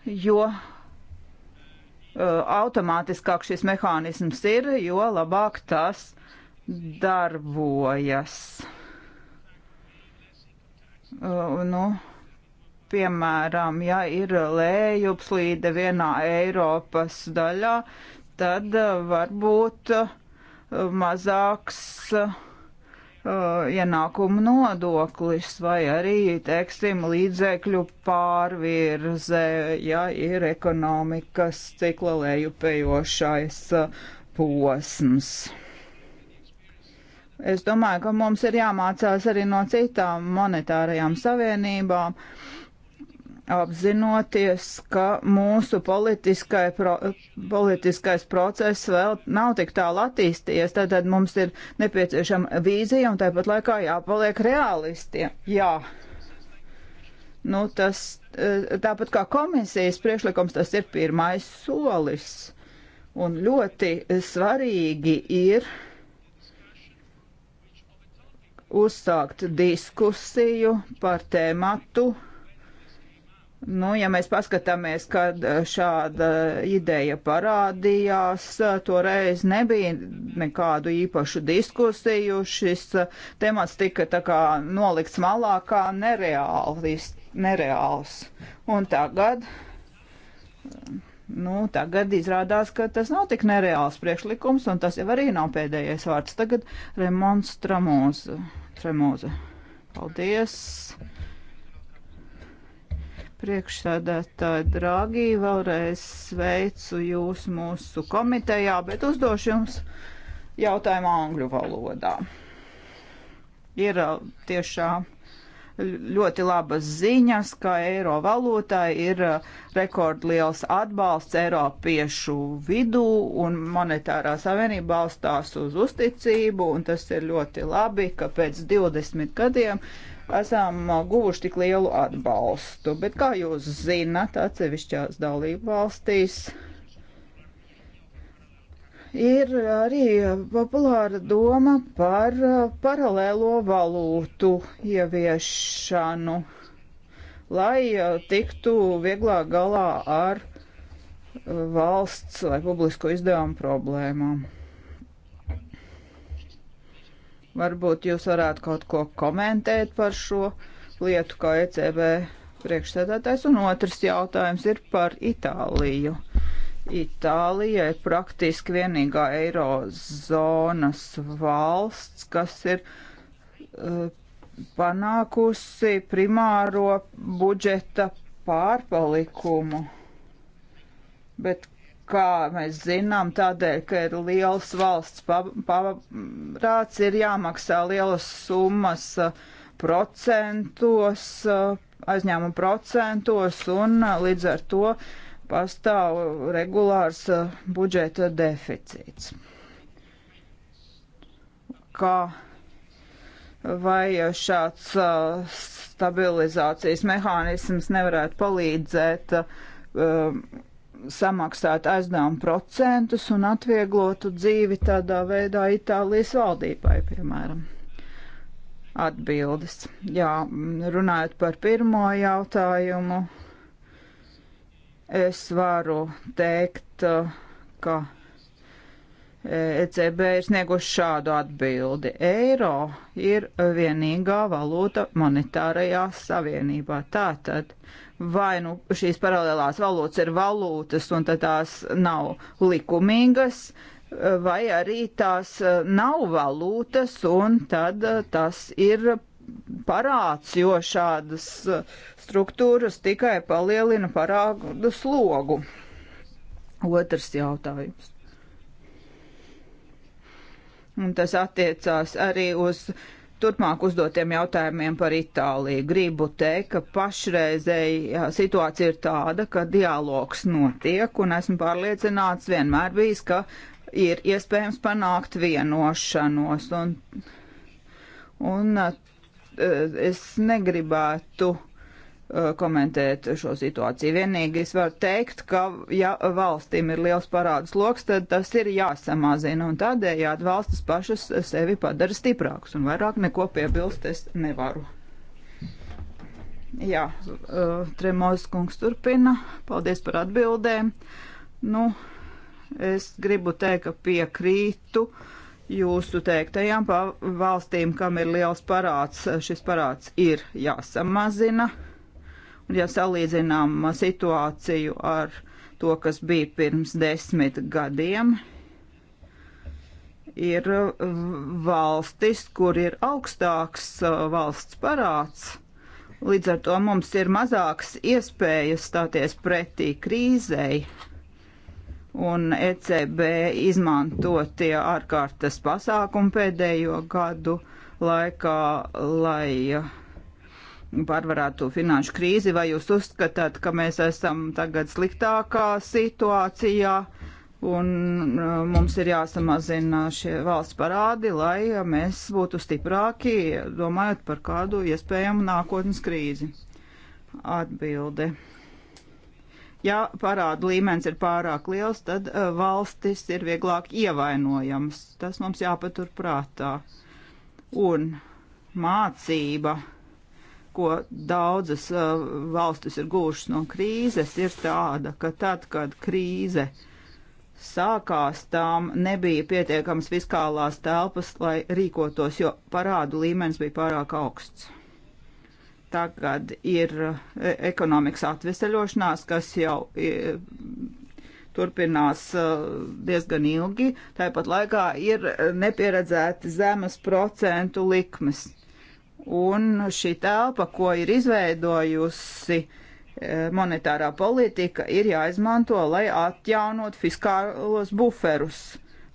jo uh, automātiskāk šis mehānisms ir, jo labāk tas darbojas. Uh, nu, Piemēram, ja ir lējupslīde vienā Eiropas daļā, tad eh, varbūt eh, mazāks eh, ienākumu nodoklis vai arī, teiksim, līdzekļu pārvirze, ja ir ekonomikas cikla lējupējošais posms. Es domāju, ka mums ir jāmācās arī no citām monetārajām savienībām. Uh, apzinoties, ka mūsu politiskai pro, politiskais process vēl nav tik tālu attīstījies. Tātad mums ir nepieciešama vīzija un tāpat laikā jāpaliek realistiem. Jā. Nu, tas, eh, tāpat kā komisijas priekšlikums, tas ir pirmais solis. Un ļoti svarīgi ir uzsākt diskusiju par tēmatu, Nu, ja mēs paskatāmies, kad eh, šāda eh, ideja parādījās, eh, toreiz nebija nekādu īpašu diskusiju, šis temats tika tā kā nolikts malā kā nereālis, nereāls. Un tagad, nu, tagad izrādās, ka tas nav tik nereāls priekšlikums, un tas jau arī nav pēdējais vārds. Tagad Remons Tramoza. Tramoza. Paldies! Priekšsēdētāji, draugi, vēlreiz sveicu jūs mūsu komitejā, bet uzdošu jums jautājumu angļu valodā. Ir uh, tiešām ļoti labas ziņas, ka eiro valūtai ir uh, rekordliels atbalsts Eiropiešu vidū un monetārā savienība balstās uz uzticību, un tas ir ļoti labi, ka pēc 20 gadiem esam uh, guvuši tik lielu atbalstu. Bet, kā jūs zinat, atsevišķās dalību valstīs ir arī populāra doma par uh, paralēlo valūtu ieviešanu, lai uh, tiktu vieglāk galā ar valsts vai publisko izdevumu problēmām. Varbūt jūs varētu kaut ko komentēt par šo lietu, kā ECB priekšsēdētājs. Un otrs jautājums ir par Itāliju. Itālija ir praktiski vienīgā eirozonas valsts, kas ir uh, panākusi primāro budžeta pārpalikumu. Bet kā mēs zinām, tādēļ, ka ir liels valsts parāds, ir jāmaksā lielas summas uh, procentos, uh, aizņēmuma procentos, un uh, līdz ar to pastāv regulārs budžeta deficīts. Kā vai šāds stabilizācijas mehānisms nevarētu palīdzēt samaksāt aizdevumu procentus un atvieglotu dzīvi tādā veidā Itālijas valdībai, piemēram. Atbildes. Jā, runājot par pirmo jautājumu, es varu teikt, ka ECB ir snieguši šādu atbildi. Eiro ir vienīgā valūta monetārajā savienībā. Tātad. tad vai nu šīs paralēlās valūtas ir valūtas un tad tās nav likumīgas, vai arī tās e, nav valūtas un tad e, tas ir parāds, jo šādas e, struktūras tikai palielina parādu slogu. Otrs jautājums. Un tas attiecās arī uz uh, turpmāk uzdotiem jautājumiem par Itāliju. Gribu teikt, ka pašreizēja situācija ir tāda, ka dialogs notiek, un esmu pārliecināts vienmēr bijis, ka ir iespējams panākt vienošanos. Un, un eh, es negribētu uh, Uh, komentēt šo situāciju. Vienīgi es varu teikt, ka ja valstīm ir liels parādus loks, tad tas ir jāsamazina, un tādējādi valstis pašas sevi padara stiprākus, un vairāk neko piebilst es nevaru. Jā, uh, Tremos kungs turpina. Paldies par atbildēm. Nu, es gribu teikt, ka piekrītu jūsu teiktajām valstīm, kam ir liels parāds. Šis parāds ir jāsamazina ja salīdzinām uh, situāciju ar to, kas bija pirms desmit gadiem, ir uh, valstis, kur ir augstāks uh, valsts parāds. Līdz ar to mums ir mazāks iespējas stāties pretī krīzei un ECB izmantotie ārkārtas pasākumi pēdējo gadu laikā, lai uh, pārvarētu finanšu krīzi, vai jūs uzskatāt, ka mēs esam tagad sliktākā situācijā un uh, mums ir jāsamazina šie valsts parādi, lai mēs būtu stiprāki, domājot par kādu iespējamu nākotnes krīzi? Atbilde. Ja parāda līmenis ir pārāk liels, tad uh, valstis ir vieglāk ievainojams. Tas mums jāpatur prātā. Un mācība ko daudzas uh, valstis ir gūšas no krīzes, ir tāda, ka tad, kad krīze sākās, tām nebija pietiekams fiskālās telpas, lai rīkotos, jo parādu līmenis bija pārāk augsts. Tagad ir uh, e, ekonomikas atveseļošanās, kas jau ir, e, turpinās uh, diezgan ilgi. Tāpat laikā ir uh, nepieredzēti zemes procentu likmes. Un šī telpa, ko ir izveidojusi e, monetārā politika, ir jāizmanto, lai atjaunot fiskālos buferus,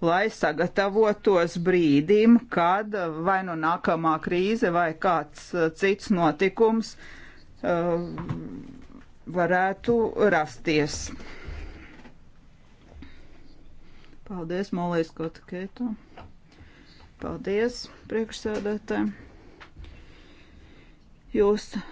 lai sagatavotos brīdim, kad vai nu no nākamā krīze vai kāds e, cits notikums uh, varētu rasties. Paldies, Molijas Kotakēto. Paldies, priekšsēdētāji. Jūs eh,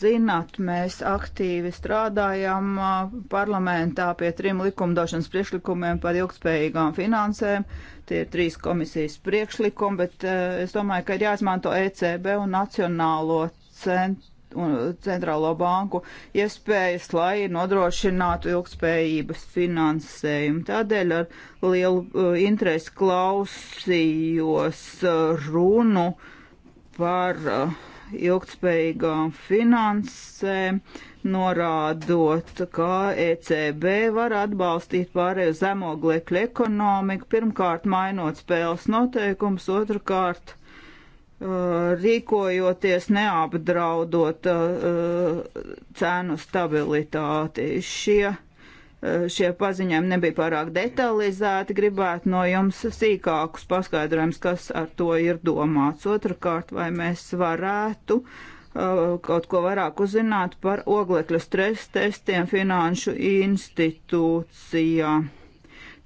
zināt, mēs aktīvi strādājam eh, parlamentā pie trim likumdošanas priekšlikumiem par ilgspējīgām finansēm. Tie ir trīs komisijas priekšlikumi, bet eh, es domāju, ka ir jāizmanto ECB un Nacionālo centru un centrālo banku iespējas, lai nodrošinātu ilgspējības finansējumu. Tādēļ ar lielu interesi klausījos runu par uh, ilgtspējīgām finansēm, norādot, ka ECB var atbalstīt pārēju zemoglekļu ekonomiku, pirmkārt mainot spēles noteikumus, otrkārt uh, rīkojoties neapdraudot uh, cēnu stabilitāti. Šie Eh, šie paziņojumi nebija pārāk detalizēti. Gribētu no jums sīkākus paskaidrojumus, kas ar to ir domāts. Otrakārt, vai mēs varētu uh, kaut ko vairāk uzzināt par oglekļa stresa testiem finanšu institūcijā.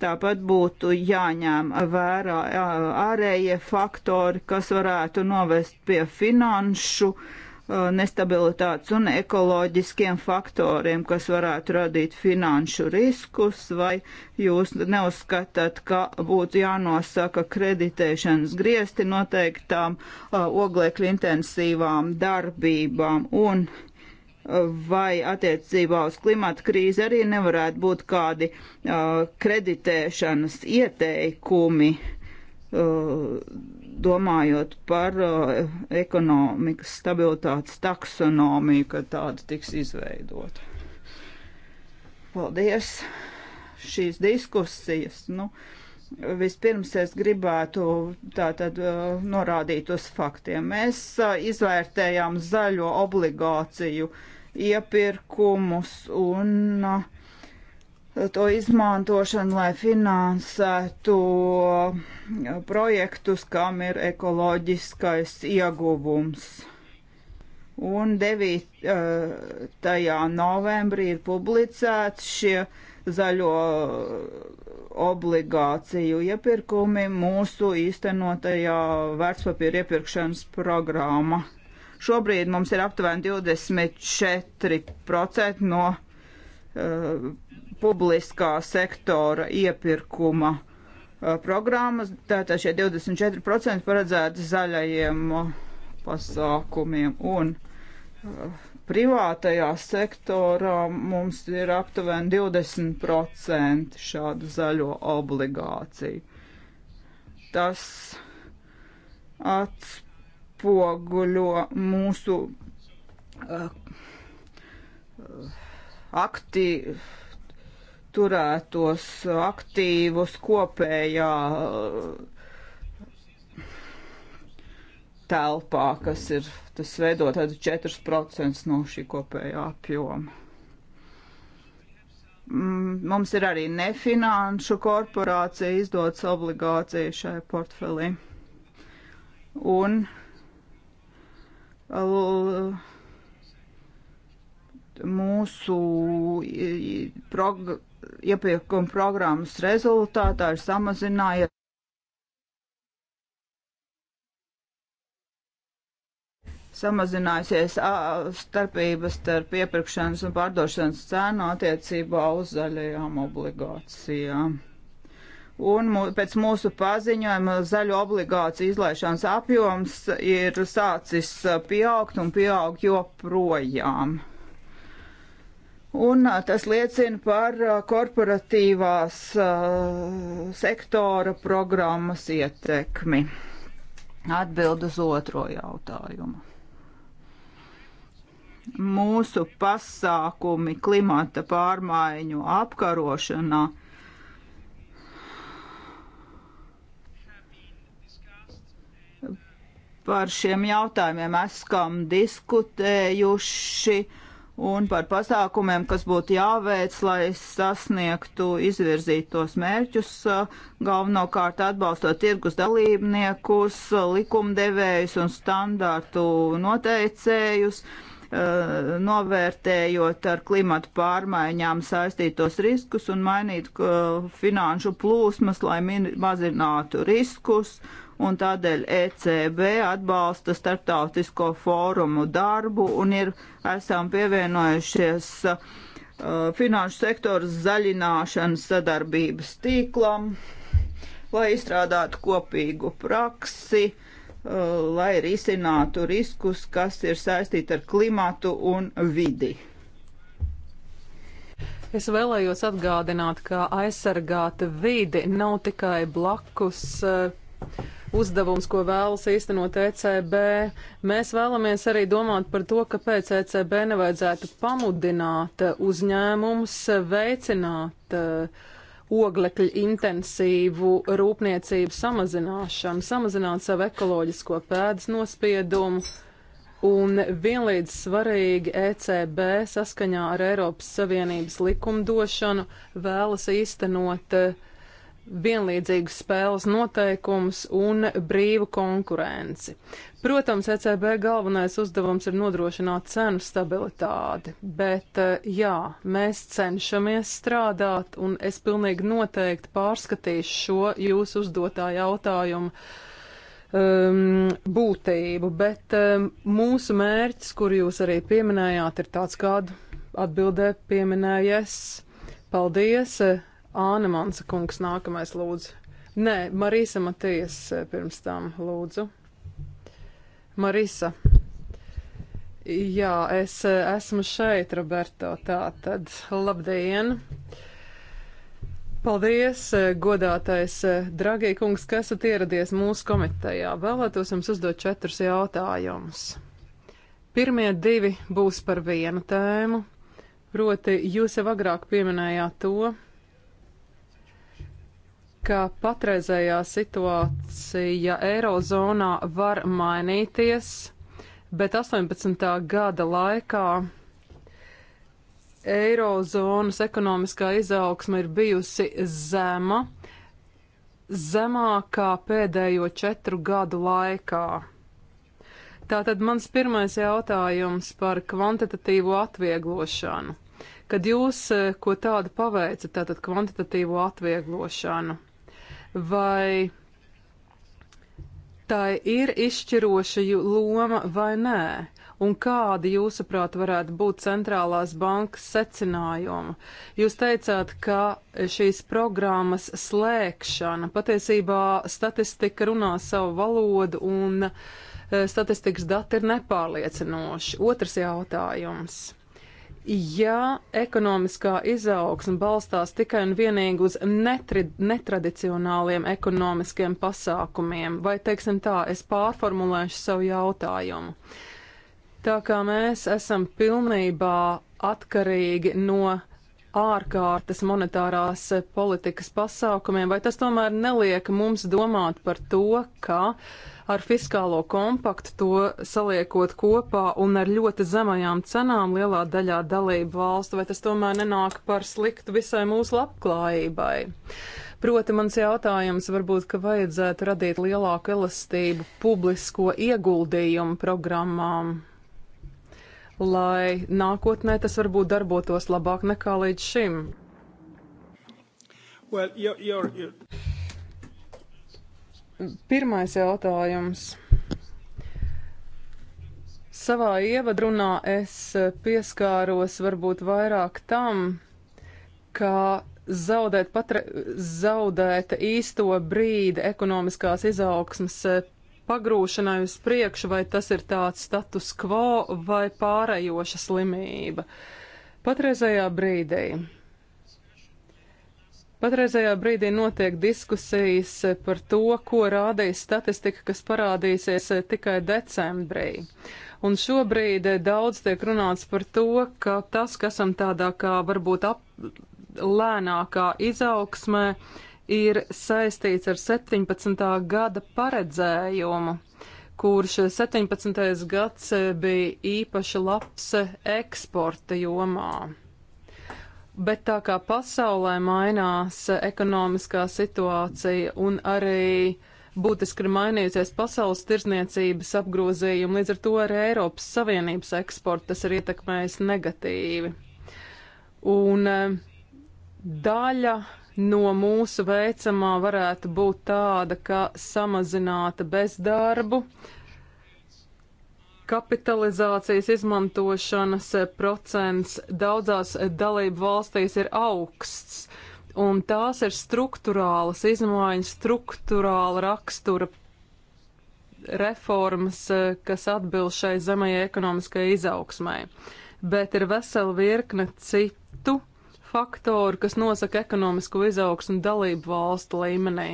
Tāpat būtu jāņem vērā eh, ārējie faktori, kas varētu novest pie finanšu uh, Uh, nestabilitātes un ekoloģiskiem faktoriem, kas varētu radīt finanšu riskus, vai jūs neuzskatāt, ka būtu jānosaka kreditēšanas griesti noteiktām uh, oglekļu intensīvām darbībām un uh, vai attiecībā uz klimata krīzi arī nevarētu būt kādi uh, kreditēšanas ieteikumi uh, domājot par eh, ekonomikas stabilitātes taksonomiju, kad tāda tiks izveidota. Paldies! Šīs diskusijas. Nu, Vispirms es gribētu tātad eh, norādīt uz faktiem. Mēs eh, izvērtējām zaļo obligāciju iepirkumus un uh, to izmantošanu, lai finansētu projektus, kam ir ekoloģiskais ieguvums. Un 9. Eh, novembrī ir publicēts šie zaļo obligāciju iepirkumi mūsu īstenotajā vērtspapīra iepirkšanas programmā. Šobrīd mums ir aptuveni 24% no uh, publiskā sektora iepirkuma uh, programmas, tātad šie 24% paredzēti zaļajiem uh, pasākumiem un uh, privātajā sektorā mums ir aptuveni 20% šādu zaļo obligāciju. Tas atspoguļo mūsu uh, aktīvu turētos aktīvus kopējā uh, telpā, kas ir, tas veido tādu 4% no šī kopējā apjoma mm, mums ir arī nefinanšu korporācija izdodas obligācija šai portfelī. Un mūsu prog iepirkuma programmas rezultātā ir samazinājies. Samazinājusies starpības starp iepirkšanas un pārdošanas cēnu attiecībā uz zaļajām obligācijām. Un mū, pēc mūsu paziņojuma zaļo obligāciju izlaišanas apjoms ir sācis pieaugt un pieaug joprojām. Un tas liecina par korporatīvās sektora programmas ietekmi. Atbild uz otro jautājumu. Mūsu pasākumi klimata pārmaiņu apkarošanā par šiem jautājumiem esam diskutējuši un par pasākumiem, kas būtu jāveic, lai sasniegtu izvirzītos mērķus, galvenokārt atbalstot tirgus dalībniekus, likumdevējus un standārtu noteicējus, novērtējot ar klimatu pārmaiņām saistītos riskus un mainīt finanšu plūsmas, lai mazinātu riskus un tādēļ ECB atbalsta starptautisko fórumu darbu un ir esam pievienojušies uh, finanšu sektoru zaļināšanas sadarbības tīklam, lai izstrādātu kopīgu praksi, uh, lai risinātu riskus, kas ir saistīti ar klimatu un vidi. Es vēlējos atgādināt, ka aizsargāta vidi nav tikai blakus uh, uzdevums, ko vēlas īstenot ECB. Mēs vēlamies arī domāt par to, kāpēc ECB nevajadzētu pamudināt uzņēmumus veicināt eh, oglekļa intensīvu rūpniecību samazināšanu, samazināt savu ekoloģisko pēdas nospiedumu. Un vienlīdz svarīgi ECB saskaņā ar Eiropas Savienības likumdošanu vēlas īstenot uh, vienlīdzīgus spēles noteikumus un brīvu konkurenci. Protams, ECB galvenais uzdevums ir nodrošināt cenu stabilitāti, bet eh, jā, mēs cenšamies strādāt, un es pilnīgi noteikti pārskatīšu šo jūsu uzdotā jautājumu um, būtību, bet um, mūsu mērķis, kur jūs arī pieminējāt, ir tāds, kādu atbildē pieminējies. Paldies! Āne Mansa kungs nākamais lūdzu. Nē, Marisa Matijas eh, pirms tam lūdzu. Marisa. Jā, es eh, esmu šeit, Roberto. Tā tad, labdien! Paldies, eh, godātais Dragie kungs, ka esat ieradies mūsu komitejā. Vēlētos jums uzdot četrus jautājumus. Pirmie divi būs par vienu tēmu, proti jūs jau agrāk pieminējāt to, ka patreizējā situācija Eirozonā var mainīties, bet 18. gada laikā Eirozonas ekonomiskā izaugsme ir bijusi zema, zemākā pēdējo četru gadu laikā. Tātad mans pirmais jautājums par kvantitatīvo atvieglošanu. Kad jūs eh, ko tādu paveicat, tātad kvantitatīvo atvieglošanu, vai tai ir izšķiroša loma vai nē, un kādi, jūsuprāt, varētu būt centrālās bankas secinājumi? Jūs teicāt, ka šīs programmas slēgšana patiesībā statistika runā savu valodu un eh, statistikas dati ir nepārliecinoši. Otrs jautājums. Ja ekonomiskā izaugsme balstās tikai un vienīgi uz netri, netradicionāliem ekonomiskiem pasākumiem, vai, teiksim tā, es pārformulēšu savu jautājumu. Tā kā mēs esam pilnībā atkarīgi no ārkārtas monetārās politikas pasākumiem, vai tas tomēr neliek mums domāt par to, ka uh, Ar fiskālo kompaktu to saliekot kopā un ar ļoti zemajām cenām lielā daļā dalību valstu, vai tas tomēr nenāk par sliktu visai mūsu labklājībai? Proti, mans jautājums varbūt, ka vajadzētu radīt lielāku elastību publisko ieguldījumu programmām, lai nākotnē tas varbūt darbotos labāk nekā līdz šim. Well, you're, you're, you're... Pirmais jautājums. Savā ievadrunā es pieskāros varbūt vairāk tam, ka zaudēt, patre, zaudēt īsto brīdi ekonomiskās izaugsmas eh, pagrūšanai uz priekšu, vai tas ir tāds status quo vai pārējoša slimība. Patreizajā brīdī Patreizajā brīdī notiek diskusijas par to, ko rādīs statistika, kas parādīsies tikai decembrī. Un šobrīd daudz tiek runāts par to, ka tas, kas esam tādā kā varbūt ap, lēnākā izaugsmē, ir saistīts ar 17. gada paredzējumu, kurš 17. gads bija īpaši labs eksporta jomā. Bet tā kā pasaulē mainās ekonomiskā situācija un arī būtiski ir mainījusies pasaules tirzniecības apgrozījumi, līdz ar to arī Eiropas Savienības eksporta tas ir ietekmējis negatīvi. Un e, daļa no mūsu veicamā varētu būt tāda, ka samazināta bezdarbu, Kapitalizācijas izmantošanas eh, procents daudzās eh, dalību valstīs ir augsts, un tās ir struktūrālas izmaiņas, struktūrāla rakstura reformas, eh, kas atbilst šai zemajai ekonomiskajai izaugsmai. Bet ir vesela virkne citu faktoru, kas nosaka ekonomisko izaugsmu dalību valstu līmenī.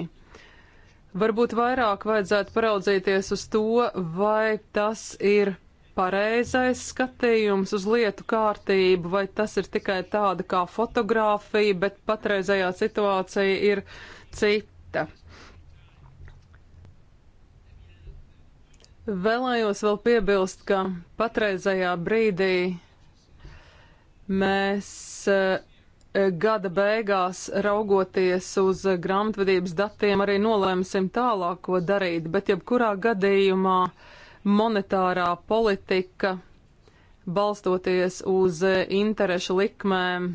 Varbūt vairāk vajadzētu paraudzīties uz to, vai tas ir pareizais skatījums uz lietu kārtību, vai tas ir tikai tāda kā fotografija, bet patreizējā situācija ir cita. Vēlējos vēl piebilst, ka patreizējā brīdī mēs eh, gada beigās, raugoties uz grāmatvedības datiem, arī nolēmsim tālāk, ko darīt, bet jebkurā gadījumā monetārā politika, balstoties uz interešu likmēm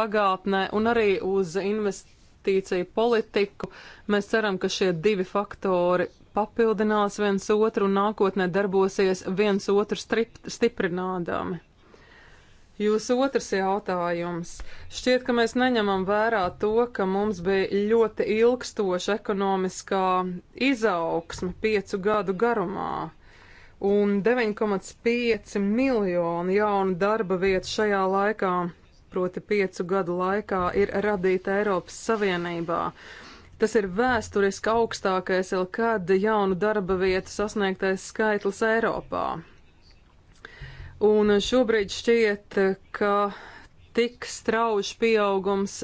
pagātnē un arī uz investīciju politiku, mēs ceram, ka šie divi faktori papildinās viens otru un nākotnē darbosies viens otru stript, stiprinādami. Jūsu otrs jautājums. Šķiet, ka mēs neņemam vērā to, ka mums bija ļoti ilgstoša ekonomiskā izaugsme piecu gadu garumā un 9,5 miljonu jaunu darba vietu šajā laikā, proti piecu gadu laikā, ir radīta Eiropas Savienībā. Tas ir vēsturiski augstākais jau kad jaunu darba vietu sasniegtais skaitlis Eiropā. Un šobrīd šķiet, ka tik strauji pieaugums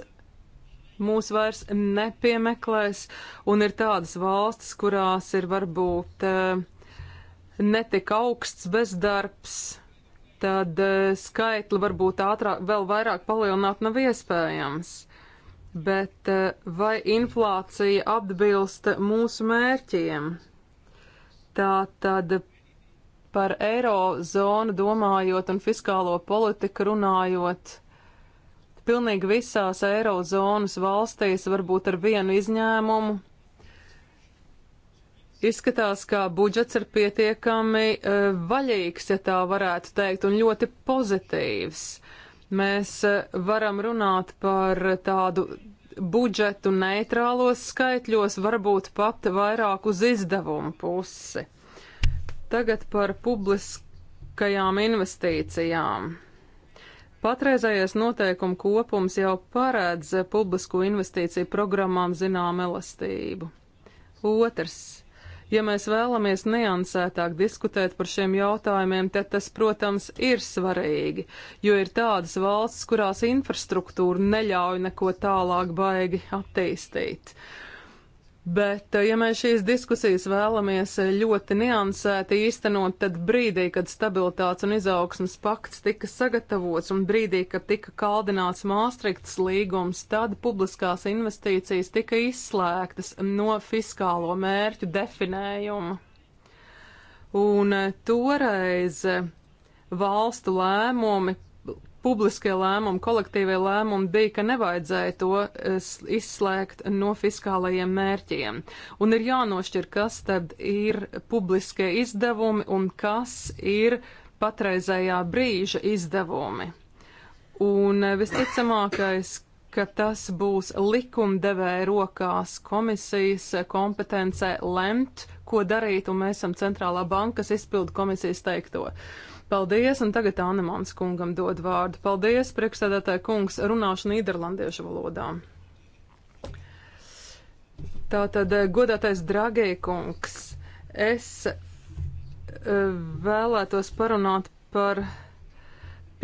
mūs vairs nepiemeklēs, un ir tādas valstis, kurās ir varbūt eh, netik augsts bezdarbs, tad eh, skaitli varbūt ātrāk, vēl vairāk palielināt nav iespējams. Bet eh, vai inflācija atbilst mūsu mērķiem? Tā tad par eirozonu domājot un fiskālo politiku runājot. Pilnīgi visās eirozonas valstīs, varbūt ar vienu izņēmumu, Izskatās, ka budžets ir pietiekami uh, vaļīgs, ja tā varētu teikt, un ļoti pozitīvs. Mēs uh, varam runāt par tādu budžetu neitrālos skaitļos, varbūt pat vairāk uz izdevumu pusi. Tagad par publiskajām investīcijām. Patreizējais noteikumu kopums jau paredz publisko investīciju programmām zinām elastību. Otrs. Ja mēs vēlamies niansētāk diskutēt par šiem jautājumiem, tad tas, protams, ir svarīgi, jo ir tādas valsts, kurās infrastruktūra neļauj neko tālāk baigi attīstīt. Uh, Bet, eh, ja mēs šīs diskusijas vēlamies eh, ļoti niansēti īstenot, tad brīdī, kad stabilitātes un izaugsmas pakts tika sagatavots un brīdī, kad tika kaldināts Māstriktas līgums, tad publiskās investīcijas tika izslēgtas no fiskālo mērķu definējuma. Un eh, toreiz valstu lēmumi publiskie lēmumi, kolektīvie lēmumi bija, ka nevajadzēja to eh, izslēgt no fiskālajiem mērķiem. Un ir jānošķir, kas tad ir publiskie izdevumi un kas ir patreizējā brīža izdevumi. Un eh, visticamākais, ka tas būs likumdevēja rokās komisijas kompetencē lemt, ko darīt, un mēs esam centrālā bankas izpildu komisijas teikto. Uh, Paldies, un tagad Anemans kungam dod vārdu. Paldies, priekšsēdētāja kungs, runāšu nīderlandiešu valodā. Tātad, eh, godātais Dragē kungs, es eh, vēlētos parunāt par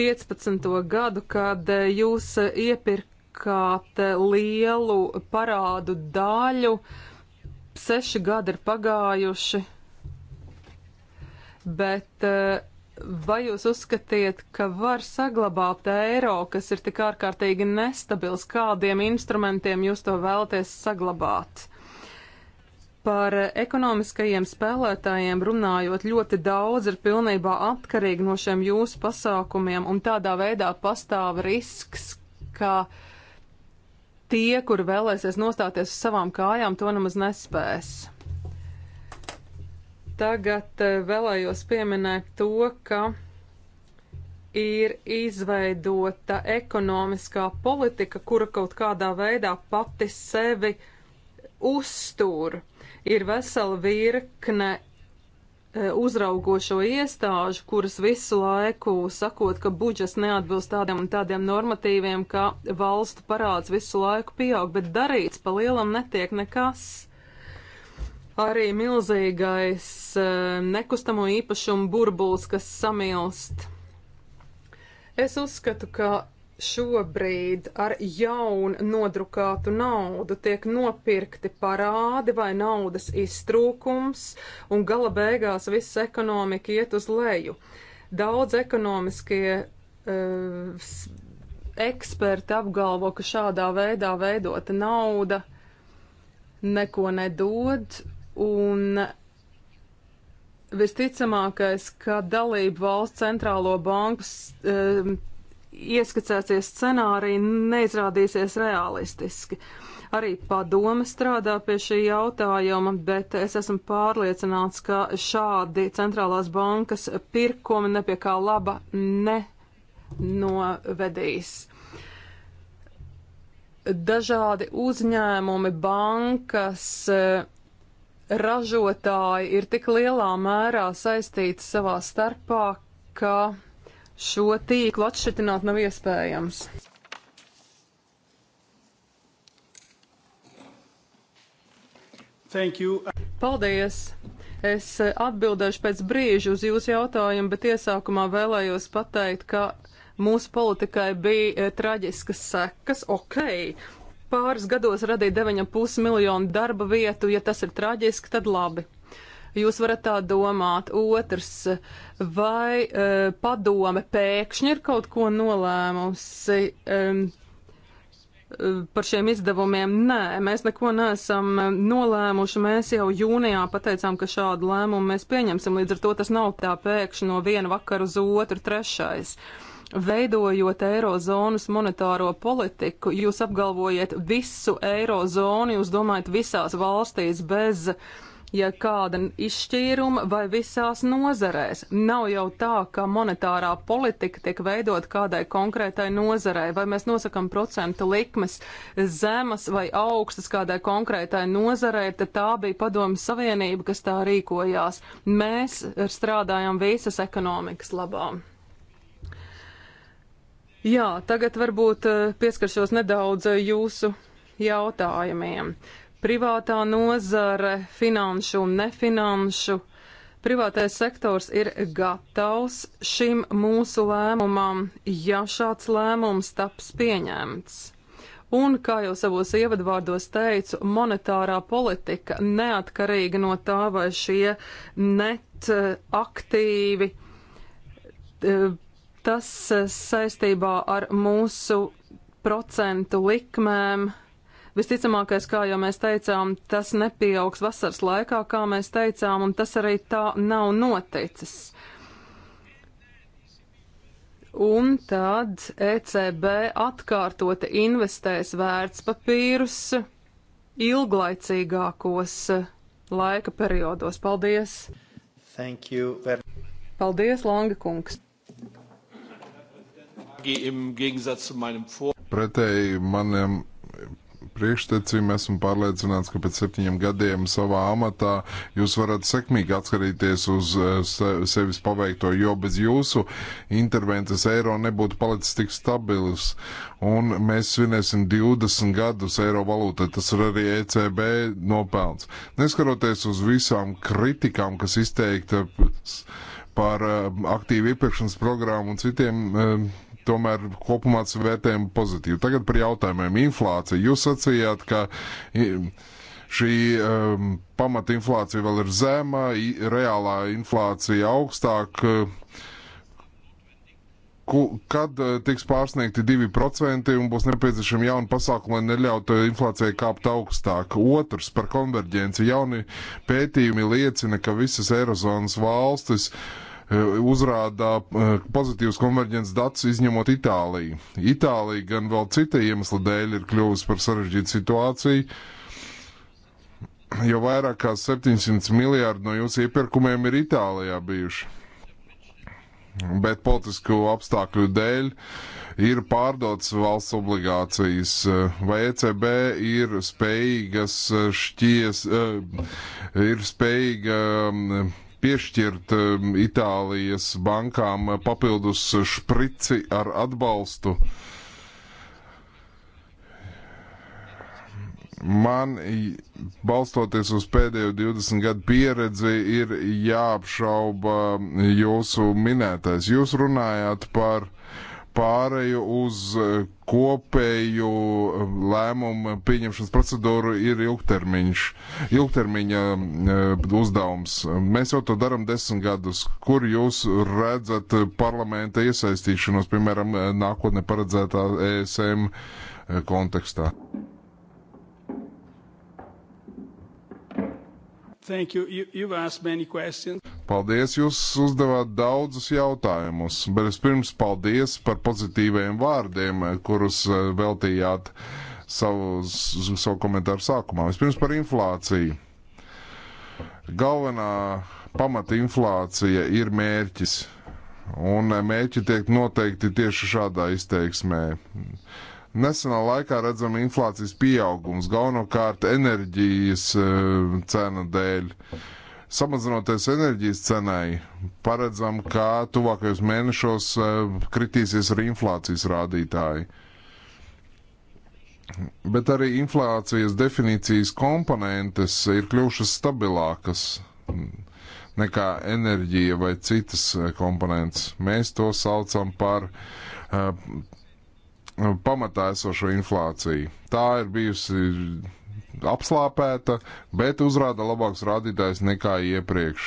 15. gadu, kad eh, jūs iepirkāt lielu parādu daļu. Seši gadi ir pagājuši, bet uh, Vai jūs uzskatiet, ka var saglabāt eiro, kas ir tik ārkārtīgi nestabils? Kādiem instrumentiem jūs to vēlaties saglabāt? Par ekonomiskajiem spēlētājiem runājot, ļoti daudz ir pilnībā atkarīgi no šiem jūsu pasākumiem, un tādā veidā pastāv risks, ka tie, kuri vēlēsies nostāties uz savām kājām, to nemaz nespēs. Tagad eh, vēlējos pieminēt to, ka ir izveidota ekonomiskā politika, kura kaut kādā veidā pati sevi uztur. Ir vesela virkne eh, uzraugošo iestāžu, kuras visu laiku sakot, ka budžets neatbilst tādiem un tādiem normatīviem, ka valstu parāds visu laiku pieaug, bet darīts pa lielam netiek nekas arī milzīgais eh, nekustamo īpašumu burbulis, kas samilst. Es uzskatu, ka šobrīd ar jaunu nodrukātu naudu tiek nopirkti parādi vai naudas iztrūkums, un gala beigās viss ekonomika iet uz leju. Daudz ekonomiskie uh, eksperti apgalvo, ka šādā veidā veidota nauda neko nedod, Un visticamākais, ka dalību valsts centrālo banku um, ieskicēties scenāriji neizrādīsies realistiski. Arī padome strādā pie šī jautājuma, bet es esmu pārliecināts, ka šādi centrālās bankas pirkumi nepie kā laba nenovedīs. Dažādi uzņēmumi, bankas, uh, ražotāji ir tik lielā mērā saistīti savā starpā, ka šo tīklu atšķitināt nav iespējams. Paldies! Es atbildēšu pēc brīža uz jūsu jautājumu, bet iesākumā vēlējos pateikt, ka mūsu politikai bija eh, traģiskas sekas. Ok, pāris gados radīt 9,5 miljonu darba vietu, ja tas ir traģiski, tad labi. Jūs varat tā domāt. Otrs, vai e, padome pēkšņi ir kaut ko nolēmusi e, e, par šiem izdevumiem? Nē, mēs neko neesam nolēmuši. Mēs jau jūnijā pateicām, ka šādu lēmumu mēs pieņemsim. Līdz ar to tas nav tā pēkšņi no viena vakara uz otru trešais. E, veidojot eirozonas monetāro politiku, jūs apgalvojat visu eirozonu, jūs domājat visās valstīs bez ja kāda izšķīruma vai visās nozarēs. Nav jau tā, ka monetārā politika tiek veidot kādai konkrētai nozarei, vai mēs nosakam procentu likmes zemas vai augstas kādai konkrētai nozarei, tad tā bija padomu savienība, kas tā rīkojās. Mēs strādājam visas ekonomikas labām. Jā, tagad varbūt eh, pieskaršos nedaudz eh, jūsu jautājumiem. Privātā nozare, finanšu un nefinanšu. Privātais sektors ir gatavs šim mūsu lēmumam, ja šāds lēmums taps pieņemts. Un, kā jau savos ievadvārdos teicu, monetārā politika neatkarīga no tā, vai šie net eh, aktīvi Tas eh, saistībā ar mūsu procentu likmēm. Visticamākais, kā jau mēs teicām, tas nepieaugs vasaras laikā, kā mēs teicām, un tas arī tā nav noticis. Un tad ECB atkārtoti investēs vērtspapīrus ilglaicīgākos eh, laika periodos. Paldies! Thank you very... Paldies, Longa kungs! Pretēji maniem priekštecim esmu pārliecināts, ka pēc septiņiem gadiem savā amatā jūs varat sekmīgi atskatīties uz eh, sevis paveikto, jo bez jūsu intervences eiro nebūtu palicis tik stabils. Un mēs svinēsim 20 gadus eiro valūtai, tas ir arī ECB nopelns. Neskaroties uz visām kritikām, kas izteikta par eh, aktīvu iepirkšanas programmu un citiem eh, tomēr kopumā tas vērtējumi pozitīvi. Tagad par jautājumiem. Inflācija. Jūs sacījāt, ka šī um, pamatinflācija vēl ir zema, reālā inflācija augstāk. Uh, kad uh, tiks pārsniegti 2% un būs nepieciešami jauni pasākumi, lai neļautu uh, inflācijai kāpt augstāk? Otrs par konverģenci. Jauni pētījumi liecina, ka visas Eirozonas valstis uh, E, uzrādā e, pozitīvas konverģences datus, izņemot Itāliju. Itālija gan vēl cita iemesla dēļ ir kļuvusi par sarežģītu situāciju, jo vairāk kā 700 miljārdi no jūsu iepirkumiem ir Itālijā bijuši. Bet politisku apstākļu dēļ ir pārdotas valsts obligācijas, e, vai ECB ir spējīgas šķies, ir spējīga piešķirt um, Itālijas bankām papildus šprici ar atbalstu. Man, balstoties uz pēdējo 20 gadu pieredzi, ir jāapšauba jūsu minētais. Jūs runājāt par uh, pāreju uz eh, kopēju eh, lēmumu pieņemšanas procedūru ir ilgtermiņš, ilgtermiņa eh, uzdevums. Mēs jau to darām desmit gadus. Kur jūs redzat parlamenta iesaistīšanos, piemēram, nākotnē paredzētā ESM kontekstā? Thank you. you. You've asked many questions. Paldies, jūs uzdevāt daudzus jautājumus, bet es pirms paldies par pozitīviem vārdiem, kurus eh, veltījāt savu, savu komentāru sākumā. Vispirms par inflāciju. Galvenā pamata inflācija ir mērķis, un eh, mērķi tiek noteikti tieši šādā izteiksmē. Uh, Nesenā laikā redzama inflācijas pieaugums, galvenokārt enerģijas e, cena dēļ. Samazinoties enerģijas cenai, paredzam, ka tuvākajos mēnešos e, kritīsies arī inflācijas rādītāji. Bet arī inflācijas definīcijas komponentes ir kļuvušas stabilākas nekā enerģija vai citas e, komponentes. Mēs to saucam par uh, pamatā esošo inflāciju. Tā ir bijusi apslāpēta, bet uzrāda labāks rādītājs nekā iepriekš.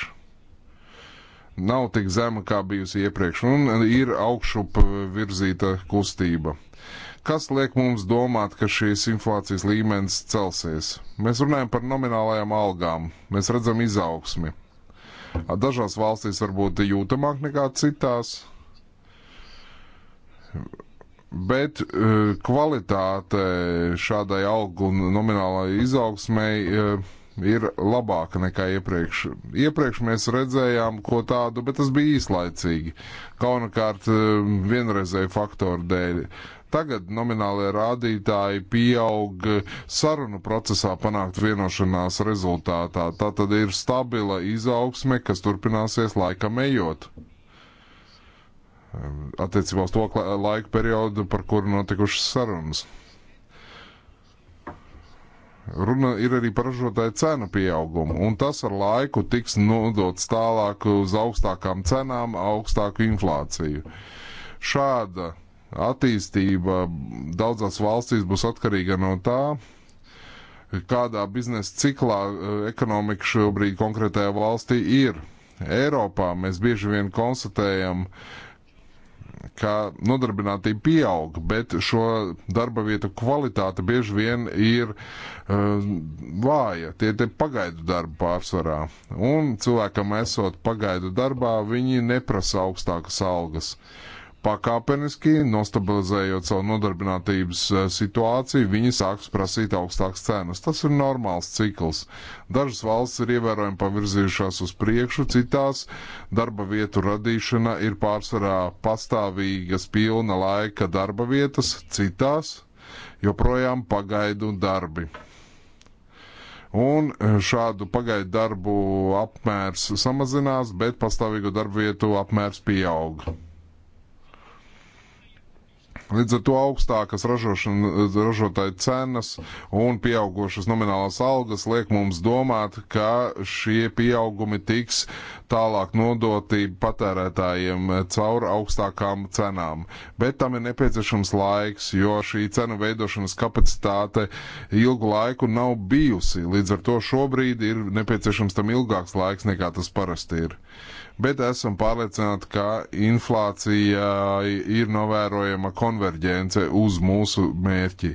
Nav tik zema, kā bijusi iepriekš, un ir augšup virzīta kustība. Kas liek mums domāt, ka šīs inflācijas līmenis celsies? Mēs runājam par nominālajām algām, mēs redzam izaugsmi. Dažās valstīs varbūt jūtamāk nekā citās bet eh, kvalitāte šādai algu un nominālai izaugsmēji eh, ir labāka nekā iepriekš. Iepriekš mēs redzējām ko tādu, bet tas bija īslaicīgi. Kaunakārt eh, vienreizēju faktoru dēļ. Tagad nominālie rādītāji pieaug sarunu procesā panākt vienošanās rezultātā. Tā tad ir stabila izaugsme, kas turpināsies laikam ejot. Ehm, attiecībā uz to laika periodu, par kuru notikušas sarunas. Runa ir arī par ražotāju cenu pieaugumu, un tas ar laiku tiks nodots tālāk uz augstākām cenām, augstāku inflāciju. Šāda attīstība daudzās valstīs būs atkarīga no tā, kādā biznesa ciklā eh, ekonomika šobrīd konkrētajā valstī ir. Eiropā mēs bieži vien konstatējam, ka nodarbinātība pieaug, bet šo darba vietu kvalitāte bieži vien ir uh, vāja. Tie ir pagaidu darba pārsvarā. Un cilvēkam esot pagaidu darbā, viņi neprasa augstākas algas. Uh, pakāpeniski, nostabilizējot savu nodarbinātības e, situāciju, viņi sāks prasīt augstākas cenas. Tas ir normāls cikls. Dažas valsts ir ievērojami pavirzījušās uz priekšu, citās darba vietu radīšana ir pārsvarā pastāvīgas pilna laika darba vietas, citās joprojām pagaidu darbi. Un e, šādu pagaidu darbu apmērs samazinās, bet pastāvīgo darbu vietu apmērs pieauga. Līdz ar to augstākas ražotāju cenas un pieaugušas nominālās algas liek mums domāt, ka šie pieaugumi tiks tālāk nodoti patērētājiem caur augstākām cenām. Bet tam ir nepieciešams laiks, jo šī cenu veidošanas kapacitāte ilgu laiku nav bijusi. Līdz ar to šobrīd ir nepieciešams tam ilgāks laiks nekā tas parasti ir bet esam pārliecināti, ka inflācija ir novērojama konverģence uz mūsu mērķi.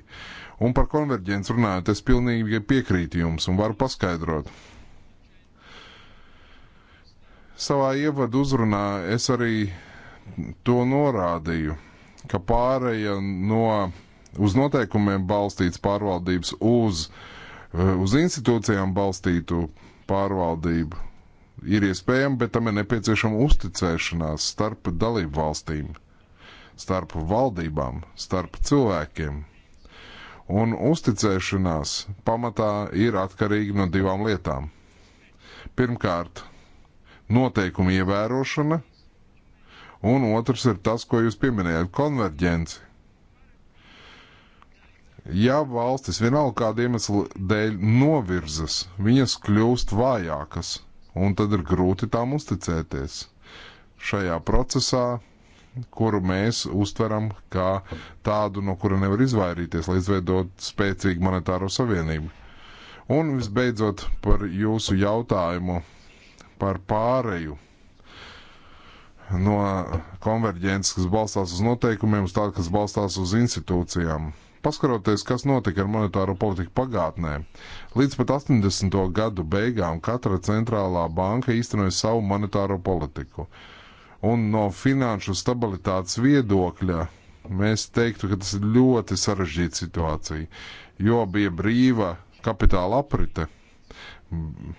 Un par konverģenci runājot, es pilnīgi piekrītu jums un varu paskaidrot. Savā ievadu uzrunā es arī to norādīju, ka pāreja no uz noteikumiem balstīts pārvaldības uz, uz institūcijām balstītu pārvaldību ir iespējama, bet tam ir nepieciešama uzticēšanās starp dalību valstīm, starp valdībām, starp cilvēkiem. Un uzticēšanās pamatā ir atkarīga no divām lietām. Pirmkārt, noteikumu ievērošana, un otrs ir tas, ko jūs pieminējat - konverģenci. Ja valstis vienalga kāda iemesla dēļ novirzas, viņas kļūst vājākas un tad ir grūti tām uzticēties. Šajā procesā, kuru mēs uztveram kā tādu, no kura nevar izvairīties, lai izveidot spēcīgu monetāro savienību. Un visbeidzot par jūsu jautājumu par pāreju no konverģences, kas balstās uz noteikumiem, uz tādu, kas balstās uz institūcijām. Paskaroties, kas notika ar monetāro politiku pagātnē, līdz pat 80. gadu beigām katra centrālā banka īstenoja savu monetāro politiku. Un no finanšu stabilitātes viedokļa mēs teiktu, ka tas ir ļoti sarežģīta situācija, jo bija brīva kapitāla aprite,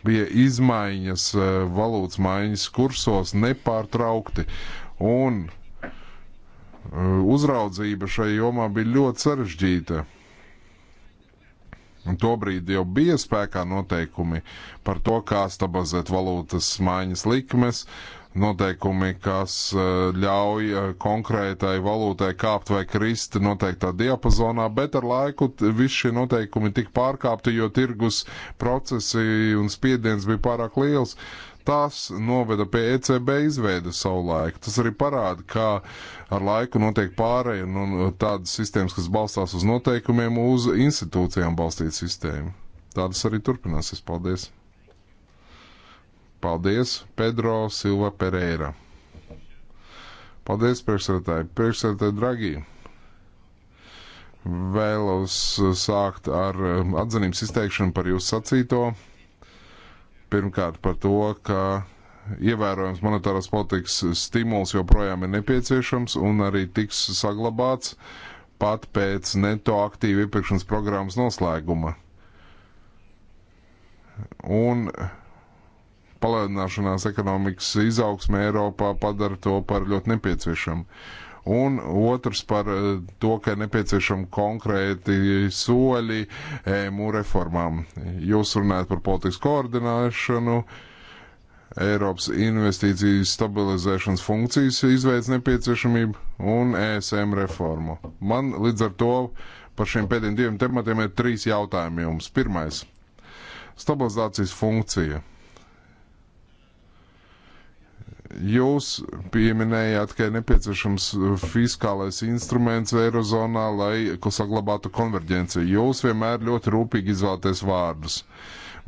bija izmaiņas eh, valūtas maiņas kursos nepārtraukti, un Eh, uzraudzība šai jomā bija ļoti sarežģīta. Un tobrīd jau bija spēkā noteikumi par to, kā stabilizēt valūtas maiņas likmes, noteikumi, kas eh, ļauj eh, konkrētai valūtai kāpt vai krist noteiktā diapazonā, bet ar laiku visi šie noteikumi tika pārkāpti, jo tirgus procesi un spiediens bija pārāk liels. Uh, Tas noveda pie ECB izveides savulaik. Tas arī parāda, kā ar laiku notiek pārēja no nu, tādas sistēmas, kas balstās uz noteikumiem, uz institūcijām balstīt sistēmu. Tādas arī turpināsies. Paldies! Paldies, Pedro Silva Pereira! Paldies, priekšsēdētāji! Priekšsēdētāji, dragi! vēlos sākt ar um, atzinības izteikšanu par jūsu sacīto. Pirmkārt par to, ka ievērojams monetāras politikas stimuls joprojām ir nepieciešams un arī tiks saglabāts pat pēc neto aktīvu iepirkšanas programmas noslēguma. Un palēnināšanās ekonomikas izaugsme Eiropā padara to par ļoti nepieciešamu un otrs par eh, to, ka nepieciešami konkrēti soļi EMU reformām. Jūs runājat par politikas koordinēšanu. Eiropas investīciju stabilizēšanas funkcijas izveids nepieciešamību un ESM reformu. Man līdz ar to par šiem pēdējiem diviem tematiem ir trīs jautājumi jums. Pirmais - stabilizācijas funkcija. Jūs pieminējāt, ka ir nepieciešams fiskālais instruments Eirozonā, lai saglabātu konverģenciju. Jūs vienmēr ļoti rūpīgi izvēlaties vārdus.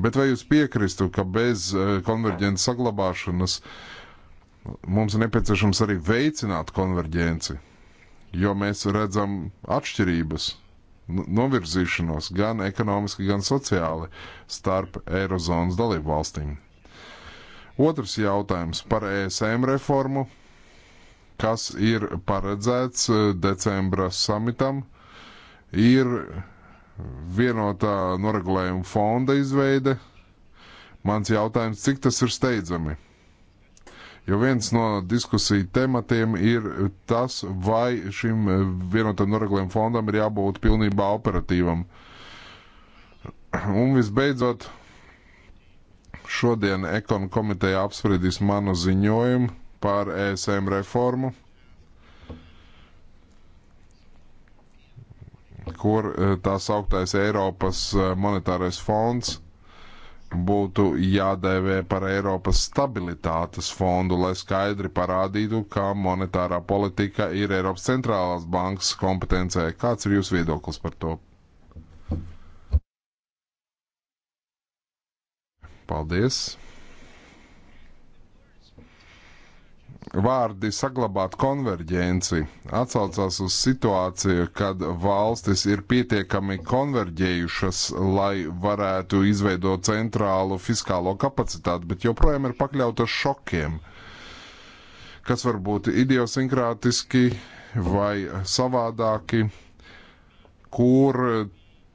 Bet vai jūs piekristu, ka bez eh, konverģences saglabāšanas mums ir nepieciešams arī veicināt konverģenci? Jo mēs redzam atšķirības, novirzīšanos gan ekonomiski, gan sociāli starp Eirozonas dalību valstīm. Otrs jautājums par ESM reformu, kas ir paredzēts eh, decembra samitam, ir vienotā noregulējuma fonda izveide. Mans jautājums, cik tas ir steidzami? Jo viens no diskusiju tematiem ir tas, vai šim eh, vienotam noregulējuma fondam ir jābūt pilnībā operatīvam. Un visbeidzot, Šodien Ekonu komiteja apspriedīs manu ziņojumu par ESM reformu, kur e, tā sauktais Eiropas e, monetārais fonds būtu jādēvē par Eiropas stabilitātes fondu, lai skaidri parādītu, ka monetārā politika ir Eiropas centrālās bankas kompetencē. Kāds ir jūsu viedoklis par to? Paldies! Vārdi saglabāt konverģenci atsaucās uz situāciju, kad valstis ir pietiekami konverģējušas, lai varētu izveidot centrālu fiskālo kapacitāti, bet joprojām ir pakļautas šokiem, kas var būt idiosinkrātiski vai savādāki, kur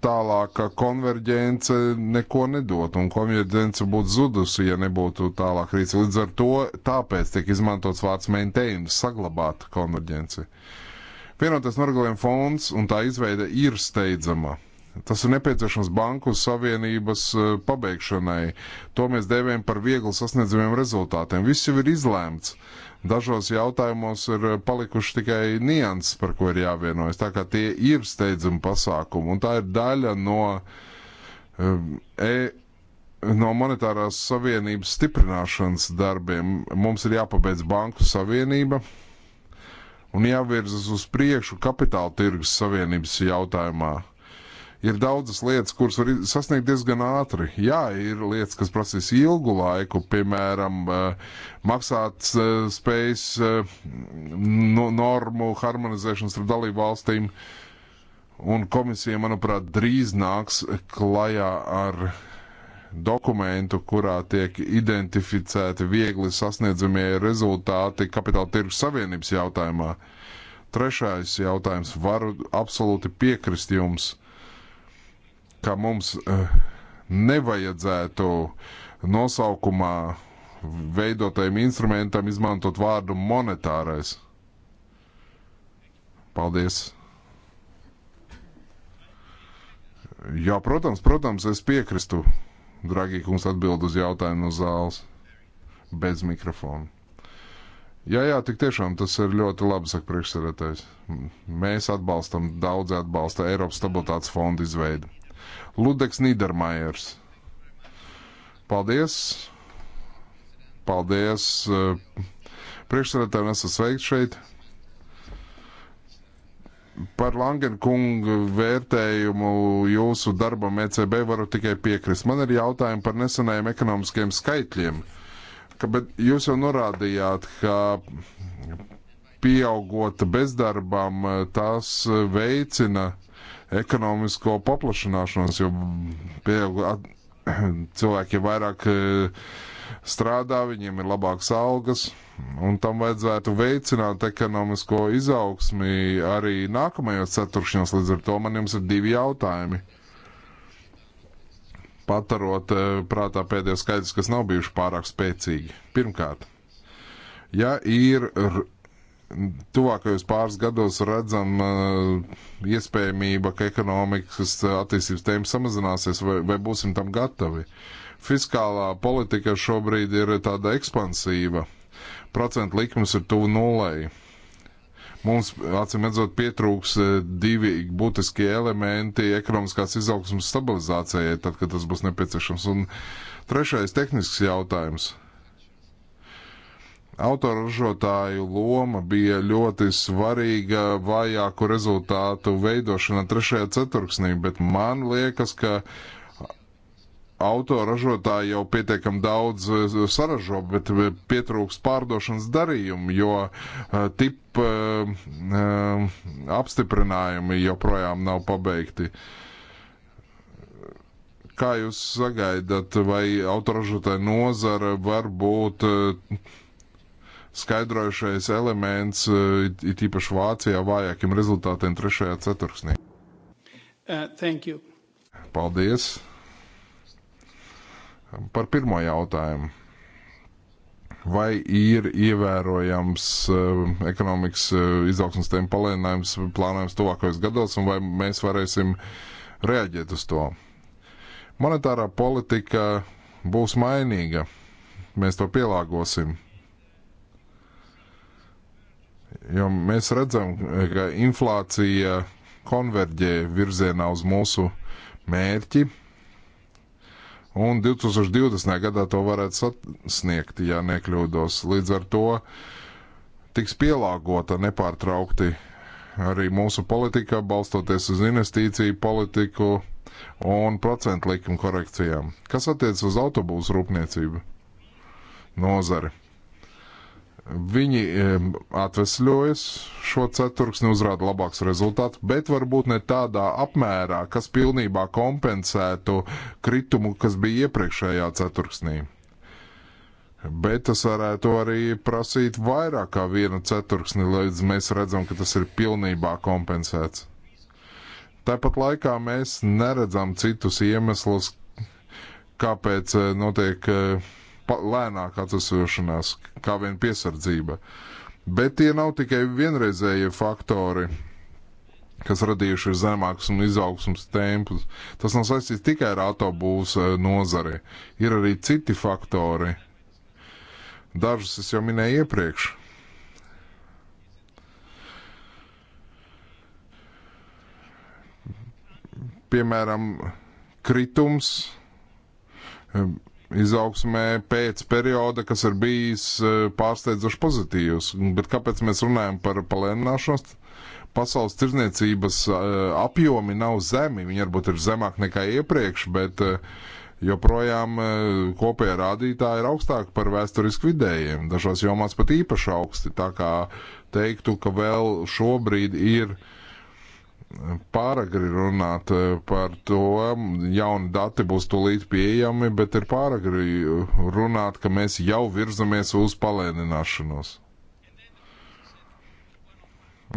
tālāka konverģence neko nedot, un konverģence būtu zudusi, ja nebūtu tālāk rīcība. Līdz ar to tāpēc tiek izmantots vārds maintain, saglabāt konverģenci. Vienotais noregulējuma fonds un tā izveide ir steidzama. Tas ir nepieciešams banku savienības e, pabeigšanai. To mēs dēvējam par viegli sasniedzamiem rezultātiem. Viss jau ir izlēmts. Uh, Dažos jautājumos ir eh, palikuši tikai nianses, par ko ir jāvienojas. Tā kā tie ir steidzami pasākumi, un tā ir daļa no, um, e, no monetārās savienības stiprināšanas darbiem. Mums ir jāpabeidz banku savienība un jāvirzas uz priekšu kapitāla tirgus savienības jautājumā ir daudzas lietas, kuras var sasniegt diezgan ātri. Jā, ir lietas, kas prasīs ilgu laiku, piemēram, eh, maksāt eh, spējas eh, normu harmonizēšanas ar dalību valstīm. Un komisija, manuprāt, drīz nāks klajā ar dokumentu, kurā tiek identificēti viegli sasniedzamie rezultāti kapitāla tirgus savienības jautājumā. Trešais jautājums. Varu absolūti piekrist jums. Uh, ka mums eh, nevajadzētu nosaukumā veidotajam instrumentam izmantot vārdu monetārais. Paldies! Jā, protams, protams, es piekrītu. Dragīgi kungs atbild uz jautājumu no zāles bez mikrofona. Jā, jā, tik tiešām tas ir ļoti labi, saka priekšsēdētājs. Mēs atbalstam, daudz atbalsta Eiropas stabilitātes fonda izveidu. Ludeks Nīdermājers. Paldies! Paldies! Eh, priekšsēdētāji, esat sveikti šeit! Par Langenkungu vērtējumu jūsu darbam ECB varu tikai piekrist. Man ir jautājumi par nesenajiem ekonomiskiem skaitļiem. Ka, bet jūs jau norādījāt, ka pieaugot bezdarbam, eh, tas veicina uh, ekonomisko paplašanāšanos, jo pieauga cilvēki vairāk e, strādā, viņiem ir labākas algas, un tam vajadzētu veicināt ekonomisko izaugsmi arī nākamajos ceturkšņos. Līdz ar to man jums ir divi jautājumi. Patarot e, prātā pēdējos skaidrs, kas nav bijuši pārāk spēcīgi. Pirmkārt, ja ir tuvākajos pāris gados redzam uh, iespējamība, ka ekonomikas eh, attīstības tēma samazināsies, vai, vai būsim tam gatavi. Fiskālā politika šobrīd ir tāda ekspansīva. Procentu likums ir tuvu nulēji. Mums, acīm redzot, pietrūks eh, divi būtiskie elementi ekonomiskās izaugsmas stabilizācijai, tad, kad tas būs nepieciešams. Un trešais tehnisks jautājums. Uh, Autoražotāju loma bija ļoti svarīga vājāku rezultātu veidošana trešajā ceturksnī, bet man liekas, ka autoražotāji jau pietiekam daudz eh, saražo, bet eh, pietrūks pārdošanas darījumu, jo eh, tip apstiprinājumi joprojām nav pabeigti. Kā jūs sagaidat, vai autoražotāja nozara var būt uh, skaidrojušais elements, eh, it īpaši Vācijā, vājākiem rezultātiem trešajā ceturksnī. Uh, Paldies! Par pirmo jautājumu. Vai ir ievērojams uh, ekonomikas uh, izaugsmas tēma palēninājums plānojams tuvākajos gados, un vai mēs varēsim reaģēt uz to? Monetārā politika būs mainīga. Mēs to pielāgosim Jo mēs redzam, ka inflācija konverģē virzienā uz mūsu mērķi, un 2020. gadā to varētu sasniegt, ja nekļūdos. Līdz ar to tiks pielāgota nepārtraukti arī mūsu politika, balstoties uz investīciju politiku un procentu likuma korekcijām. Kas attiecas uz autobūsu rūpniecību nozari? Viņi atvesļojas šo ceturksni, uzrāda labāks rezultāts, bet varbūt ne tādā apmērā, kas pilnībā kompensētu kritumu, kas bija iepriekšējā ceturksnī. Bet tas varētu arī prasīt vairāk kā vienu ceturksni, līdz mēs redzam, ka tas ir pilnībā kompensēts. Tāpat laikā mēs neredzam citus iemeslus, kāpēc eh, notiek uh, lēnāka atvesļošanās, kā vien piesardzība. Bet tie nav tikai vienreizējie faktori, kas radījuši zemākus un izaugsmus tempus. Tas nav saistīts tikai ar autobūvas eh, nozari. Ir arī citi faktori. Dažus es jau minēju iepriekš. Piemēram, kritums izaugsmē pēc perioda, kas ir bijis e, pārsteidzoši pozitīvs. Bet kāpēc mēs runājam par palēnināšanos? Pasaules tirzniecības e, apjomi nav zemi, viņi varbūt ir zemāk nekā iepriekš, bet e, joprojām kopējā rādītāja ir augstāka par vēsturisku vidējiem, dažās jomās pat īpaši augsti. Tā kā teiktu, ka vēl šobrīd ir uh, pāragri runāt eh, par to, jauni dati būs tūlīt pieejami, bet ir pāragri runāt, ka mēs jau virzamies uz palēnināšanos.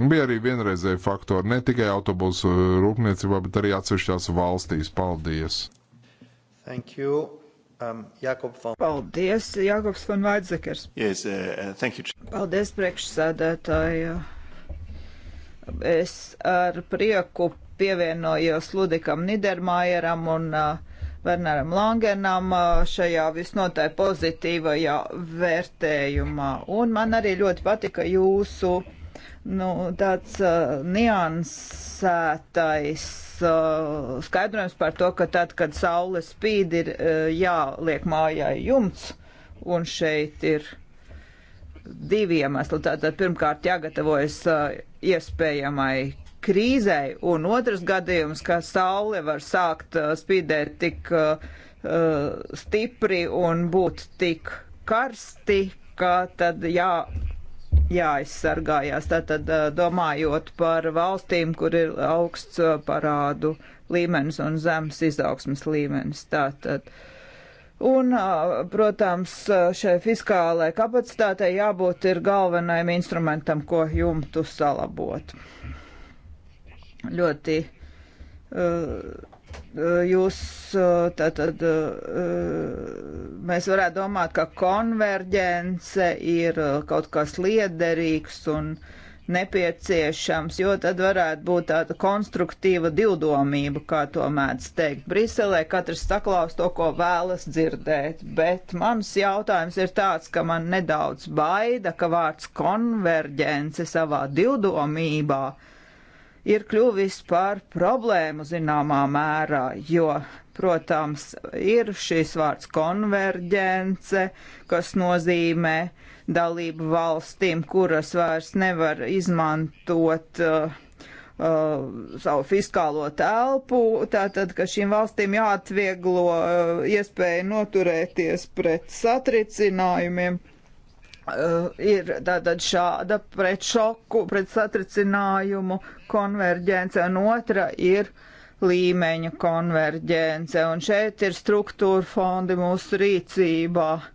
Bija arī vienreizēji faktori, ne tikai autobusu rūpniecībā, bet arī atsevišķās valstīs. Paldies! Thank you. Um, Jakob von... Paldies, Jakobs von Weizsekers. Yes, uh, uh, thank you. Paldies, priekšsēdētāji. Uh, Es ar prieku pievienojos Ludikam Nidermājeram un uh, Werneram Langenam uh, šajā visnotaļ pozitīvajā vērtējumā. Un man arī ļoti patika jūsu nu, tāds uh, niansētais uh, skaidrojums par to, ka tad, kad saule spīd, ir uh, jāliek mājai jumts, un šeit ir divi iemesli. Tātad pirmkārt jāgatavojas uh, iespējamai krīzei, un otrs gadījums, ka saule var sākt uh, spīdēt tik uh, uh, stipri un būt tik karsti, ka tad jā, jāaizsargājās. Tātad domājot par valstīm, kur ir augsts parādu līmenis un zems izaugsmas līmenis. Tātad. Uh, Un, protams, šai fiskālai kapacitātei jābūt ir galvenajam instrumentam, ko jumtu salabot. Ļoti jūs tātad mēs varētu domāt, ka konverģence ir kaut kas liederīgs un uh, nepieciešams, jo tad varētu būt tāda konstruktīva divdomība, kā to mēdz teikt. Briselē katrs saklaus to, ko vēlas dzirdēt, bet mans jautājums ir tāds, ka man nedaudz baida, ka vārds konverģence savā divdomībā ir kļuvis par problēmu zināmā mērā, jo, protams, ir šis vārds konverģence, kas nozīmē uh, dalību valstīm, kuras vairs nevar izmantot uh, Uh, savu fiskālo telpu, tātad, ka šīm valstīm jāatvieglo uh, iespēja noturēties pret satricinājumiem. Uh, ir tātad šāda pret šoku, pret satricinājumu konverģence, un otra ir līmeņa konverģence, un šeit ir struktūra fondi mūsu rīcībā. Uh,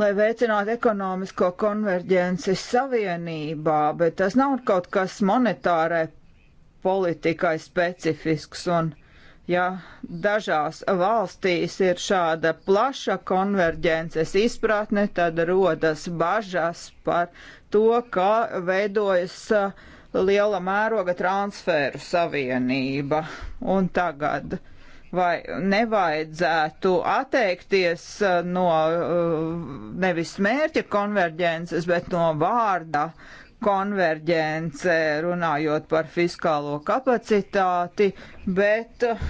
lai veicinātu ekonomisko konverģenci savienībā, bet tas nav kaut kas monetārai politikai specifisks. Un, ja dažās valstīs ir šāda plaša konverģences izpratne, tad rodas bažas par to, kā veidojas uh, liela mēroga transferu savienība. Un tagad vai nevajadzētu atteikties uh, no uh, nevis mērķa konverģences, bet no vārda konverģence, runājot par fiskālo kapacitāti, bet uh,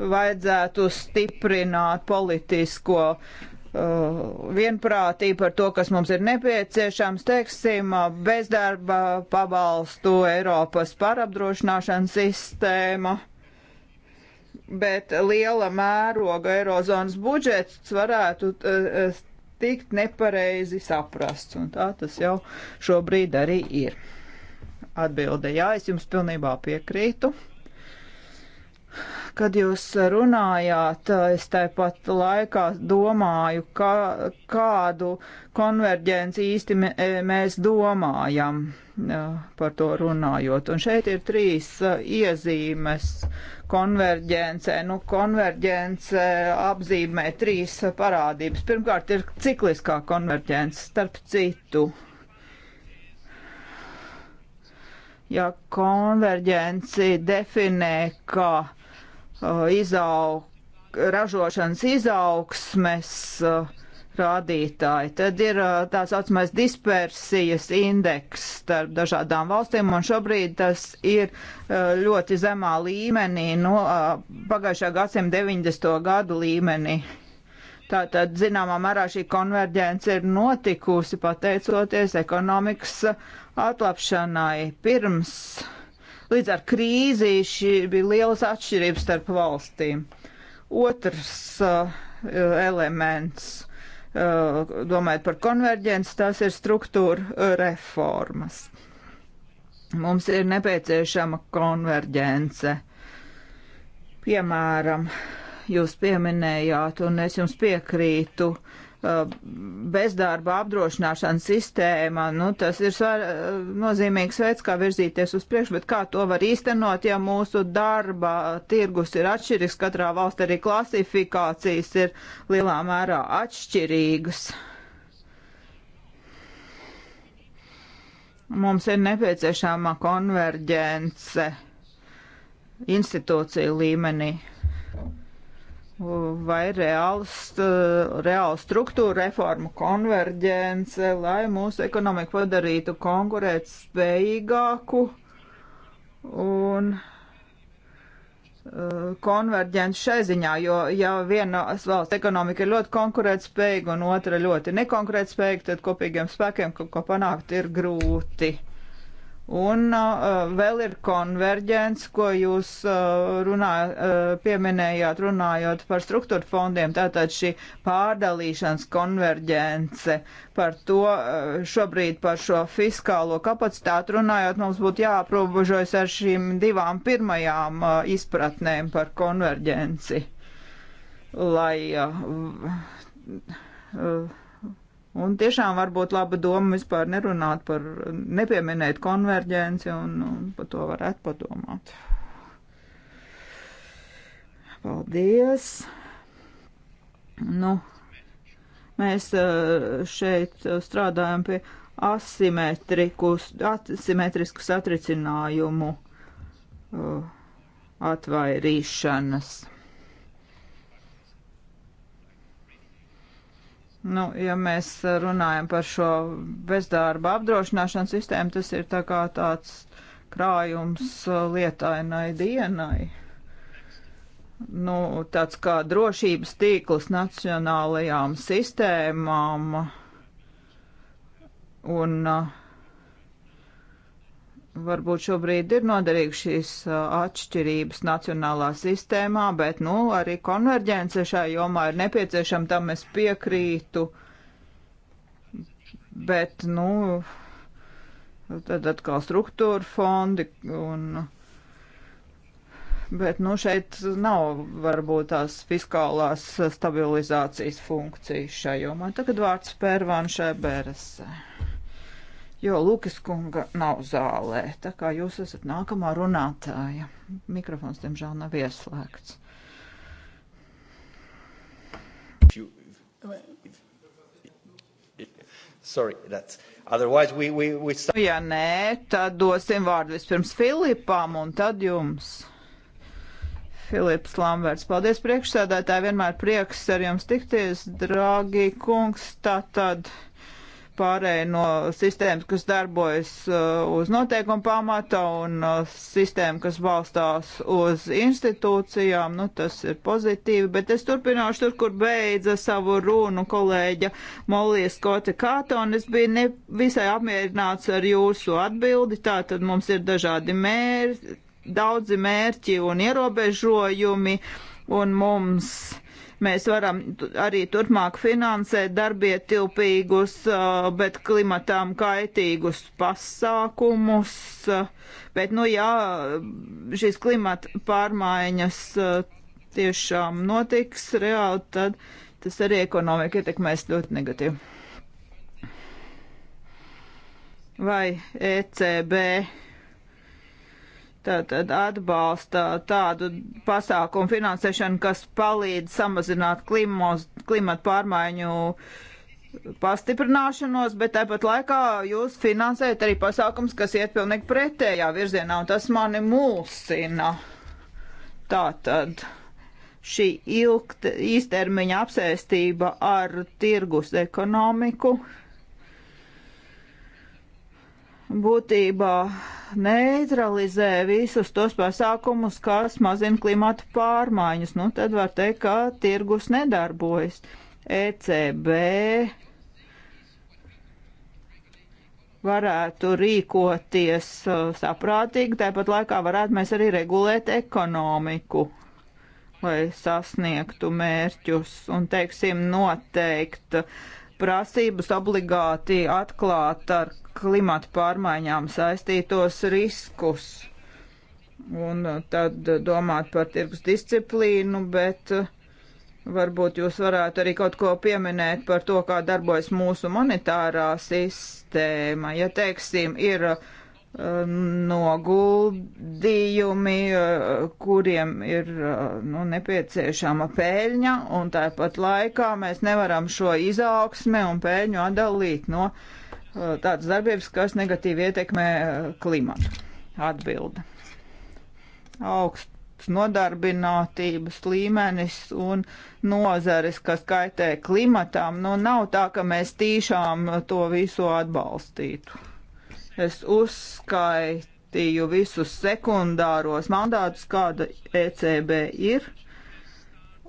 vajadzētu stiprināt politisko uh, vienprātību par to, kas mums ir nepieciešams, teiksim, bezdarba pabalstu, Eiropas parapdrošināšanas sistēma. Uh, bet liela mēroga Eirozonas budžets varētu eh, eh, tikt nepareizi saprasts, un tā tas jau šobrīd arī ir. Atbilde, jā, es jums pilnībā piekrītu. Kad jūs runājāt, eh, es tāpat laikā domāju, kā, kādu konverģenci īsti mēs domājam par to runājot. Un šeit ir trīs iezīmes konverģencē. Nu, konverģence apzīmē trīs parādības. Pirmkārt, ir cikliskā konverģence starp citu. Ja konverģenci definē kā uh, izaug, ražošanas izaugsmes uh, rādītāji. Tad ir tā saucamais dispersijas indeks starp dažādām valstīm, un šobrīd tas ir ļoti zemā līmenī, no pagājušā gadsimta 90. gadu līmenī. Tātad, zināmā mērā, šī konverģence ir notikusi pateicoties ekonomikas atlapšanai. Pirms līdz ar krīzi šī bija lielas atšķirības starp valstīm. Otrs uh, elements Eh, domājot par konverģenci, tās ir struktūra reformas. Mums ir nepieciešama konverģence. Piemēram, jūs pieminējāt, un es jums piekrītu, uh, bezdarba apdrošināšanas sistēma, nu, tas ir svar, nozīmīgs veids, kā virzīties uz priekšu, bet kā to var īstenot, ja mūsu darba tirgus ir atšķirīgs, katrā valstī arī klasifikācijas ir lielā mērā atšķirīgas. Mums ir nepieciešama konverģence institūciju līmenī vai reāls, reāla struktūra reformu konverģence, lai mūsu ekonomiku padarītu konkurēt spējīgāku un uh, konverģents šai ziņā, jo ja vienas valsts ekonomika ir ļoti konkurētspējīga un otra ļoti nekonkurētspējīga, tad kopīgiem spēkiem kaut ko panākt ir grūti. Un uh, vēl ir konverģents, ko jūs uh, runā, uh, pieminējāt, runājot par struktūra fondiem, tātad šī pārdalīšanas konverģence. Par to uh, šobrīd par šo fiskālo kapacitātu runājot, mums būtu jāaprobežojas ar šīm divām pirmajām uh, izpratnēm par konverģenci. Lai, uh, uh, Un tiešām varbūt laba doma vispār nerunāt par, nepieminēt konverģenci un, un par to varētu padomāt. Paldies! Nu, mēs eh, šeit strādājam pie asimetrisku satricinājumu eh, atvairīšanas. Nu, ja mēs runājam par šo bezdarba apdrošināšanas sistēmu, tas ir tā kā tāds krājums uh, lietainai dienai. Nu, tāds kā drošības tīkls nacionālajām sistēmām. Un uh, varbūt šobrīd ir noderīgas šīs atšķirības nacionālā sistēmā, bet nu, arī konverģence šajā jomā ir nepieciešama, tam es piekrītu. Bet, nu, tad atkal struktūra fondi un. Bet, nu, šeit nav varbūt tās fiskālās stabilizācijas funkcijas šajomā. Tagad vārds pērvāņšai Beresai jo Lukas kunga nav zālē. Tā kā jūs esat nākamā runātāja. Mikrofons, diemžēl, nav ieslēgts. Sorry, that's... Otherwise we, we, we... Nu, ja nē, tad dosim vārdu vispirms Filipam un tad jums. Filips Lamberts. Paldies priekšsēdētāji, vienmēr prieks ar jums tikties, draugi kungs. Tātad. Tā pārēja no sistēmas, kas darbojas uh, uz noteikuma pamata un uh, sistēma, kas balstās uz institūcijām, nu tas ir pozitīvi, bet es turpināšu tur, kur beidza savu runu kolēģa Molijas Skote Kāta, un es biju ne visai apmierināts ar jūsu atbildi, tātad mums ir dažādi mērķi, daudzi mērķi un ierobežojumi, un mums Mēs varam arī turpmāk finansēt darbietilpīgus, uh, bet klimatām kaitīgus pasākumus. Uh, bet, nu jā, šīs klimata pārmaiņas uh, tiešām notiks reāli, tad tas arī ekonomiku ietekmēs ļoti negatīvi. Vai ECB tātad atbalsta tādu pasākumu finansēšanu, kas palīdz samazināt klimos, klimatu pārmaiņu pastiprināšanos, bet tāpat laikā jūs finansējat arī pasākums, kas iet pilnīgi pretējā virzienā, un tas mani mulsina. Tātad šī ilgt, īstermiņa apsēstība ar tirgus ekonomiku būtībā neutralizē visus tos pasākumus, kas mazina klimata pārmaiņas. Nu, tad var teikt, ka tirgus nedarbojas. ECB varētu rīkoties uh, saprātīgi, tāpat laikā varētu mēs arī regulēt ekonomiku, lai sasniegtu mērķus un, teiksim, noteikt uh, prasības obligāti atklāt ar klimatu pārmaiņām saistītos riskus. Un uh, tad domāt par tirgus disciplīnu, bet uh, varbūt jūs varētu arī kaut ko pieminēt par to, kā darbojas mūsu monetārā sistēma. Ja, teiksim, ir uh, noguldījumi, eh, kuriem ir eh, nu, nepieciešama pēļņa, un tāpat laikā mēs nevaram šo izaugsmi un pēļņu atdalīt no eh, tādas darbības, kas negatīvi ietekmē klimatu. Atbilda. Augsts nodarbinātības līmenis un nozares, kas kaitē klimatam, nu nav tā, ka mēs tīšām to visu atbalstītu. Es uzskaitīju visus sekundāros mandātus, kāda ECB ir,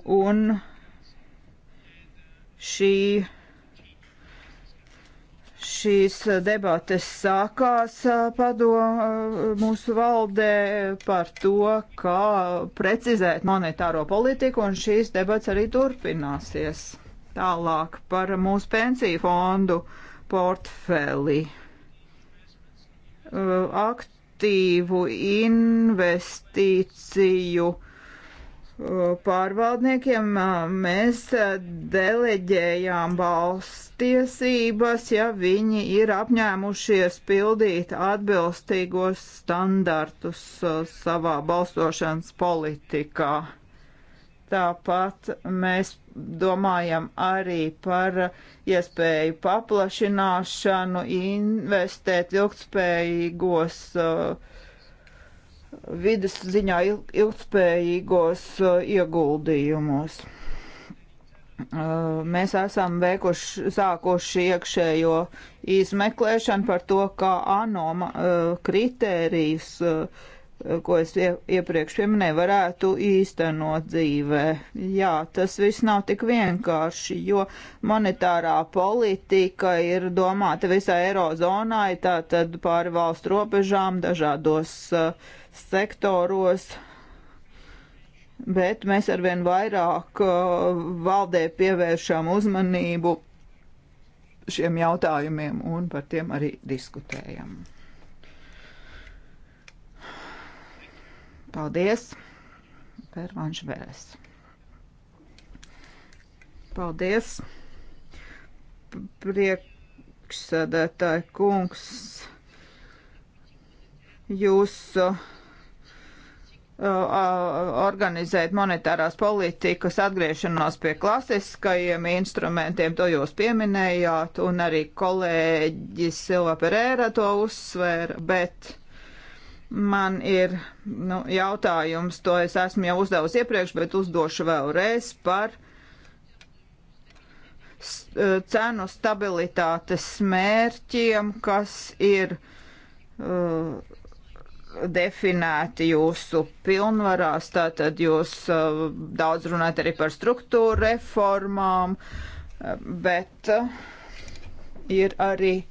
un šī, šīs debates sākās padom mūsu valdē par to, kā precizēt monetāro politiku, un šīs debats arī turpināsies. Tālāk par mūsu pensiju fondu portfeli aktīvu investīciju uh, pārvaldniekiem uh, mēs deleģējām balstiesības, ja viņi ir apņēmušies pildīt atbilstīgos standartus uh, savā balstošanas politikā. Tāpat mēs domājam arī par iespēju paplašināšanu, investēt ilgspējīgos uh, vidas ziņā ilgspējīgos uh, ieguldījumus. Uh, mēs esam veikuši, sākuši iekšējo izmeklēšanu par to, kā anoma kritērijus uh, ko es iepriekš pieminēju, varētu īstenot dzīvē. Jā, tas viss nav tik vienkārši, jo monetārā politika ir domāta visai eirozonai, tātad pāri valstu robežām, dažādos uh, sektoros. Bet mēs arvien vairāk uh, valdē pievēršam uzmanību šiem jautājumiem un par tiem arī diskutējam. Paldies, Pērvanš Veres. Paldies, priekšsēdētāji kungs. Jūs uh, organizēt monetārās politikas atgriešanos pie klasiskajiem instrumentiem, to jūs pieminējāt, un arī kolēģis Silva Perēra to uzsvēra, bet Man ir nu, jautājums, to es esmu jau uzdevusi iepriekš, bet uzdošu vēlreiz par e, cenu stabilitātes mērķiem, kas ir uh, definēti jūsu pilnvarās. Tātad jūs uh, daudz runājat arī par struktūra reformām, bet uh, ir arī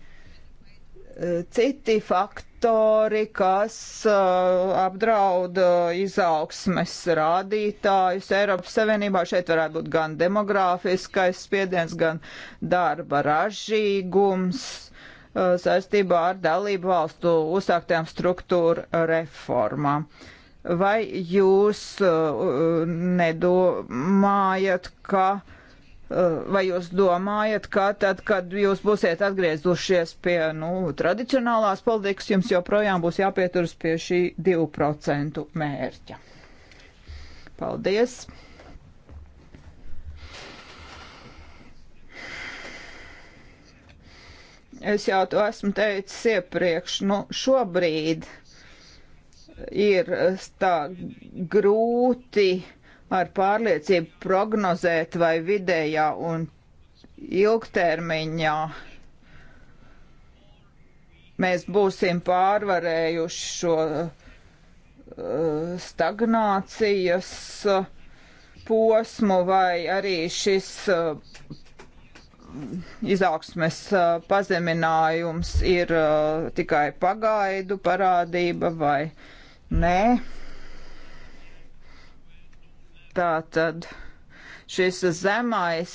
citi faktori, kas uh, apdraud uh, izaugsmes rādītājus Eiropas Savienībā. Šeit varētu būt gan demogrāfiskais spiediens, gan darba ražīgums uh, saistībā ar dalību valstu uzsāktām struktūra reformām. Vai jūs nedomājat, ka uh, vai jūs domājat, ka tad, kad jūs būsiet atgriezušies pie nu, tradicionālās politikas, jums joprojām būs jāpieturas pie šī 2% mērķa? Paldies! Es jau to esmu teicis iepriekš, nu šobrīd ir tā grūti uh, ar pārliecību prognozēt, vai vidējā un ilgtermiņā mēs būsim pārvarējuši šo eh, stagnācijas eh, posmu, vai arī šis eh, izaugsmes pazeminājums ir tikai pagaidu parādība vai nē. Tā tad šis zemais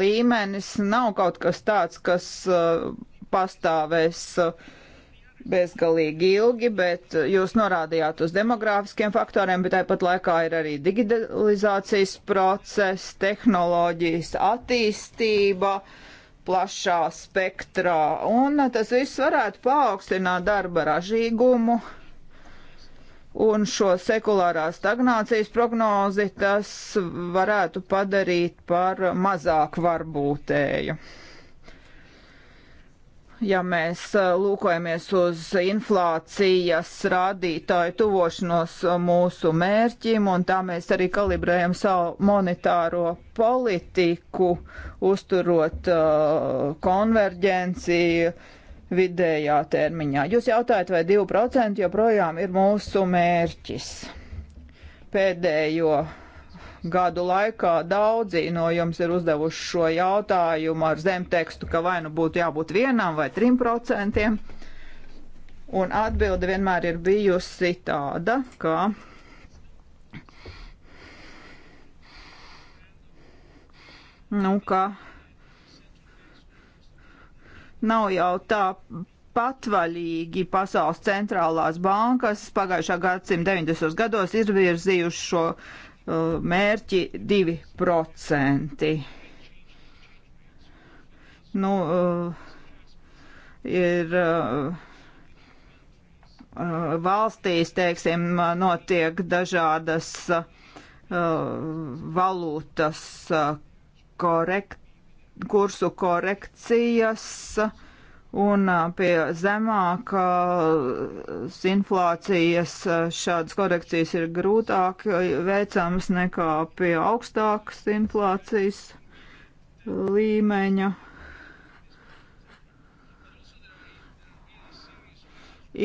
līmenis nav kaut kas tāds, kas uh, pastāvēs uh, bezgalīgi ilgi, bet jūs norādījāt uz demogrāfiskiem faktoriem, bet tāpat laikā ir arī digitalizācijas process, tehnoloģijas attīstība plašā spektrā, un tas viss varētu paaugstināt darba ražīgumu, un šo sekulārā stagnācijas prognozi tas varētu padarīt par mazāk varbūtēju ja mēs e, lūkojamies uz inflācijas rādītāju tuvošanos mūsu mērķim, un tā mēs arī kalibrējam savu monetāro politiku, uzturot uh, e, konverģenciju, vidējā termiņā. Jūs jautājat, vai 2% joprojām ir mūsu mērķis. Pēdējo gadu laikā daudzi no jums ir uzdevuši šo jautājumu ar zemtekstu, ka vai nu būtu jābūt vienam vai trim procentiem. Un atbilde vienmēr ir bijusi tāda, ka nu, ka Nav jau tā patvaļīgi pasaules centrālās bankas pagājušā gadsimta 90. gados ir virzījuši šo uh, mērķi 2%. Nu, uh, ir uh, uh, valstīs, teiksim, notiek dažādas uh, valūtas uh, korekcijas kursu korekcijas un pie zemākas inflācijas šādas korekcijas ir grūtāk veicamas nekā pie augstākas inflācijas līmeņa.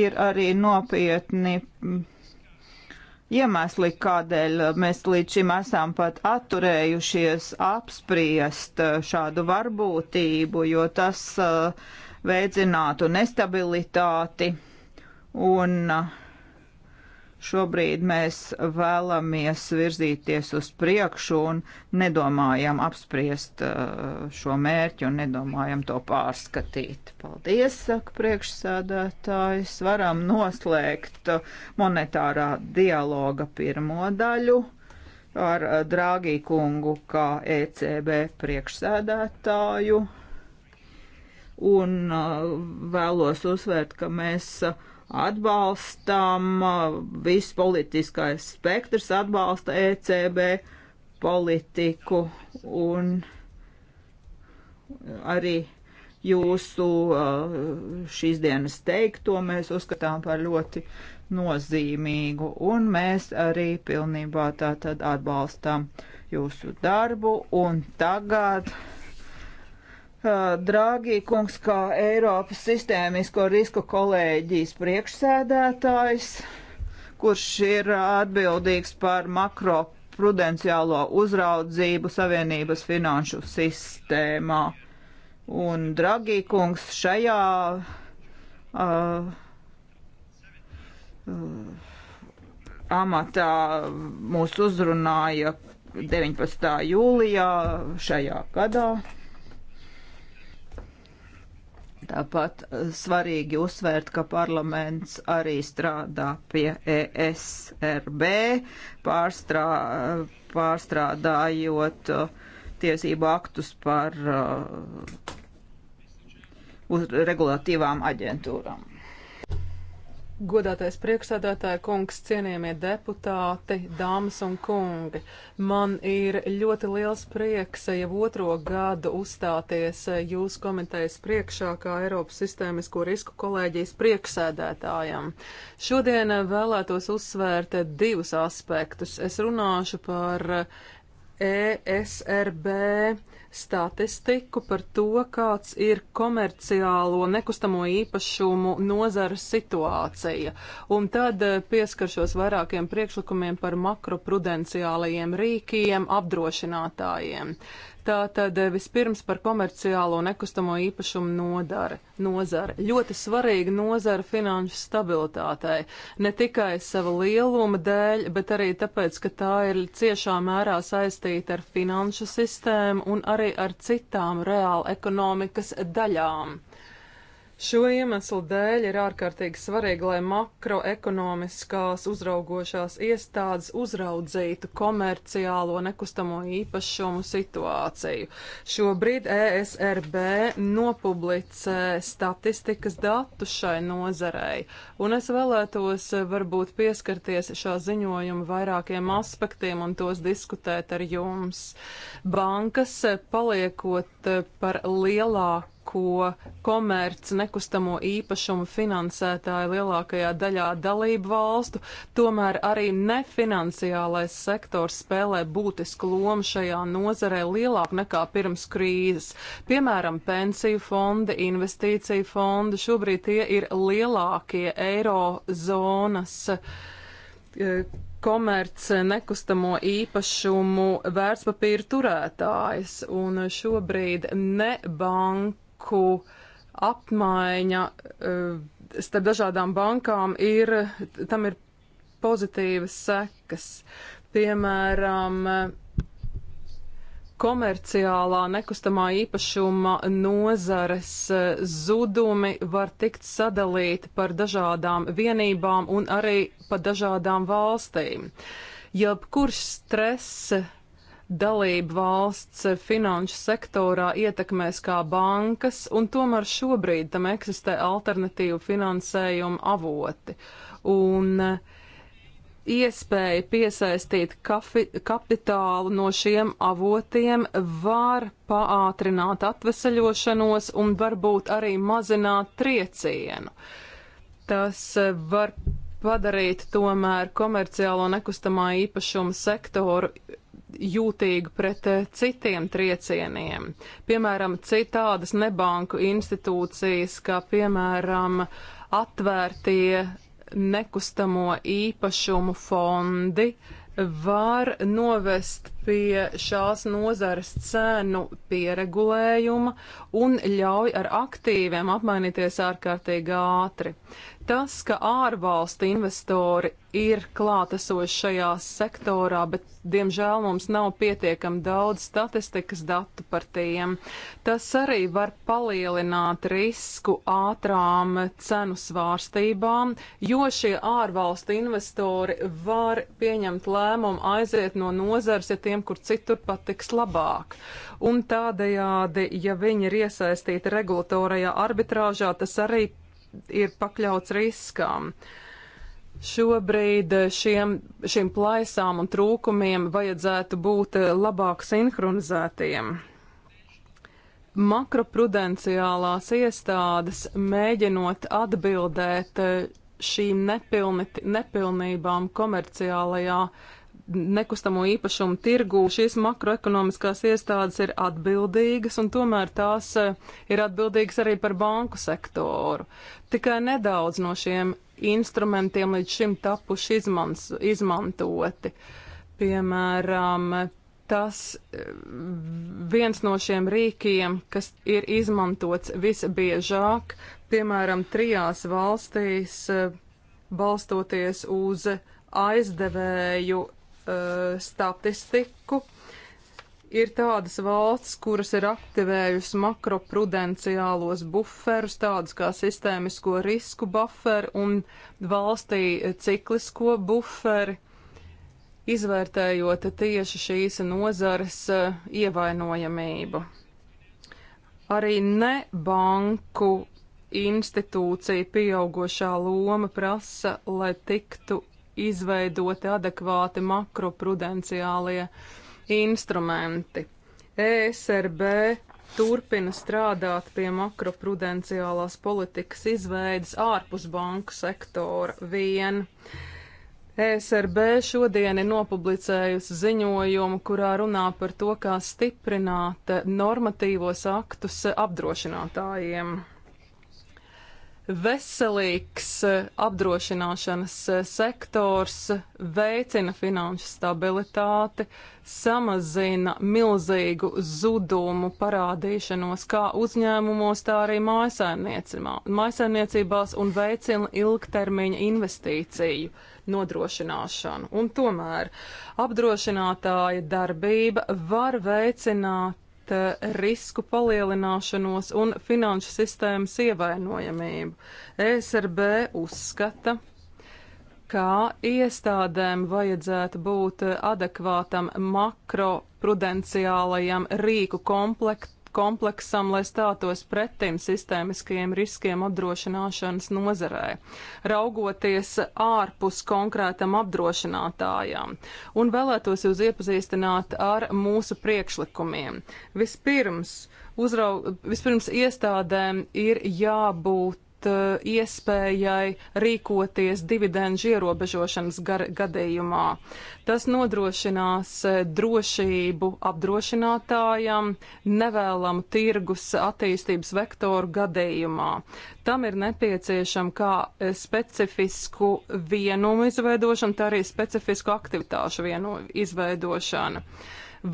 Ir arī nopietni iemesli, kādēļ mēs līdz šim esam pat atturējušies apspriest eh, šādu varbūtību, jo tas eh, veicinātu nestabilitāti un uh, Šobrīd mēs vēlamies virzīties uz priekšu un nedomājam apspriest uh, šo mērķi un nedomājam to pārskatīt. Paldies, saka priekšsēdētājs. Varam noslēgt monetārā dialoga pirmo daļu ar uh, Drāgī kungu kā ECB priekšsēdētāju un uh, vēlos uzsvērt, ka mēs atbalstam, viss politiskais spektrs atbalsta ECB politiku un arī jūsu uh, šīs dienas teikto mēs uzskatām par ļoti nozīmīgu, un mēs arī pilnībā tātad atbalstam jūsu darbu, un tagad Uh, Drāgī kungs kā Eiropas sistēmisko risku kolēģijas priekšsēdētājs, kurš ir atbildīgs par makroprudenciālo uzraudzību Savienības finanšu sistēmā. Un Dragī kungs šajā uh, uh amatā mūs uzrunāja 19. jūlijā šajā gadā. Tāpat eh, svarīgi uzsvērt, ka parlaments arī strādā pie ESRB, pārstrā, pārstrādājot eh, tiesību aktus par uh, regulatīvām aģentūrām. Godātais priekšsēdētāja kungs, cienījamie deputāti, dāmas un kungi, man ir ļoti liels prieks jau otro gadu uzstāties jūsu komitejas priekšā kā Eiropas sistēmisko risku kolēģijas priekšsēdētājam. Šodien vēlētos uzsvērt divus aspektus. Es runāšu par ESRB statistiku par to, kāds ir komerciālo nekustamo īpašumu nozares situācija, un tad eh, pieskaršos vairākiem priekšlikumiem par makroprudenciālajiem rīkiem apdrošinātājiem. Tātad eh, vispirms par komerciālo nekustamo īpašumu nodara, nozara. Ļoti svarīga nozara finanšu stabilitātei. Ne tikai sava lieluma dēļ, bet arī tāpēc, ka tā ir ciešā mērā saistīta ar finanšu sistēmu un arī ar citām reāla ekonomikas daļām. Šo iemeslu dēļ ir ārkārtīgi svarīgi, lai makroekonomiskās uzraugošās iestādes uzraudzītu komerciālo nekustamo īpašumu situāciju. Šobrīd ESRB nopublicē statistikas datu šai nozarei, un es vēlētos varbūt pieskarties šā ziņojuma vairākiem aspektiem un tos diskutēt ar jums. Bankas paliekot par lielāku ko komerc nekustamo īpašumu finansētāji lielākajā daļā dalību valstu, tomēr arī nefinanciālais sektors spēlē būtisku lomu šajā nozarē lielāk nekā pirms krīzes. Piemēram, pensiju fondi, investīciju fondi, šobrīd tie ir lielākie eirozonas e, komerc nekustamo īpašumu vērtspapīru turētājs, un šobrīd ne banka banku apmaiņa eh, starp dažādām bankām ir, tam ir pozitīvas sekas. Piemēram, komerciālā nekustamā īpašuma nozares eh, zudumi var tikt sadalīti par dažādām vienībām un arī pa dažādām valstīm. Jebkurš stress dalību valsts finanšu sektorā ietekmēs kā bankas, un tomēr šobrīd tam eksistē alternatīvu finansējumu avoti. Un eh, iespēja piesaistīt kafi, kapitālu no šiem avotiem var paātrināt atveseļošanos un varbūt arī mazināt triecienu. Tas eh, var padarīt tomēr komerciālo nekustamā īpašuma sektoru jūtīga pret eh, citiem triecieniem. Piemēram, citādas nebanku institūcijas, kā piemēram atvērtie nekustamo īpašumu fondi, var novest pie šās nozares cēnu pieregulējuma un ļauj ar aktīviem apmainīties ārkārtīgi ātri. Tas, ka ārvalstu investori ir klātesoši šajā sektorā, bet diemžēl mums nav pietiekami daudz statistikas datu par tiem, tas arī var palielināt risku ātrām cenu svārstībām, jo šie ārvalstu investori var pieņemt lēmumu aiziet no nozars, ja tiem tiem, kur citur patiks labāk. Un tādējādi, ja viņi ir iesaistīti regulatorajā arbitrāžā, tas arī ir pakļauts riskām. Šobrīd šiem, šiem plaisām un trūkumiem vajadzētu būt labāk sinhronizētiem. Makroprudenciālās iestādes mēģinot atbildēt šīm nepilnit, nepilnībām komerciālajā nekustamo īpašumu tirgu. Šīs makroekonomiskās iestādes ir atbildīgas, un tomēr tās eh, ir atbildīgas arī par banku sektoru. Tikai nedaudz no šiem instrumentiem līdz šim tapuši izmans, izmantoti. Piemēram, tas eh, viens no šiem rīkiem, kas ir izmantots visbiežāk, piemēram, trijās valstīs, eh, balstoties uz aizdevēju uh, statistiku. Ir tādas valsts, kuras ir aktivējusi makroprudenciālos buferus, tādas kā sistēmisko risku buferu un valstī ciklisko buferi, izvērtējot tieši šīs nozares uh, ievainojamību. Arī ne banku institūcija pieaugošā loma prasa, lai tiktu izveidoti adekvāti makroprudenciālie instrumenti. ESRB turpina strādāt pie makroprudenciālās politikas izveidas ārpus banku sektora vien. ESRB šodien ir nopublicējusi ziņojumu, kurā runā par to, kā stiprināt normatīvos aktus apdrošinātājiem. Veselīgs eh, apdrošināšanas eh, sektors veicina finanšu stabilitāti, samazina milzīgu zudumu parādīšanos kā uzņēmumos, tā arī mājasaimniecībās un veicina ilgtermiņa investīciju nodrošināšanu. Un tomēr apdrošinātāja darbība var veicināt pret eh, risku palielināšanos un finanšu sistēmas ievainojamību. ESRB uzskata, ka iestādēm vajadzētu būt eh, adekvātam makroprudenciālajam rīku komplektam kompleksam, lai stātos pretim sistēmiskajiem riskiem apdrošināšanas nozarē, raugoties ārpus konkrētam apdrošinātājam, un vēlētos jūs iepazīstināt ar mūsu priekšlikumiem. Vispirms, uzrau, vispirms iestādēm ir jābūt Eh, iespējai rīkoties dividendžu ierobežošanas gadījumā. Tas nodrošinās eh, drošību apdrošinātājam nevēlamu tirgus attīstības vektoru gadījumā. Tam ir nepieciešama kā eh, specifisku vienumu izveidošana, tā arī specifisku aktivitāšu vienu izveidošana.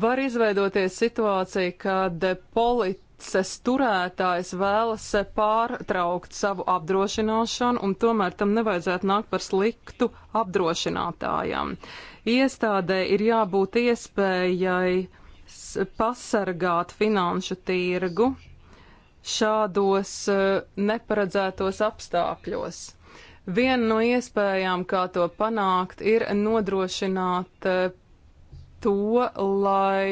Var izveidoties situācija, kad politi preces turētājs vēlas pārtraukt savu apdrošināšanu, un tomēr tam nevajadzētu nākt par sliktu apdrošinātājam. Iestādē ir jābūt iespējai pasargāt finanšu tirgu šādos eh, neparedzētos apstākļos. Viena no iespējām, kā to panākt, ir nodrošināt eh, to, lai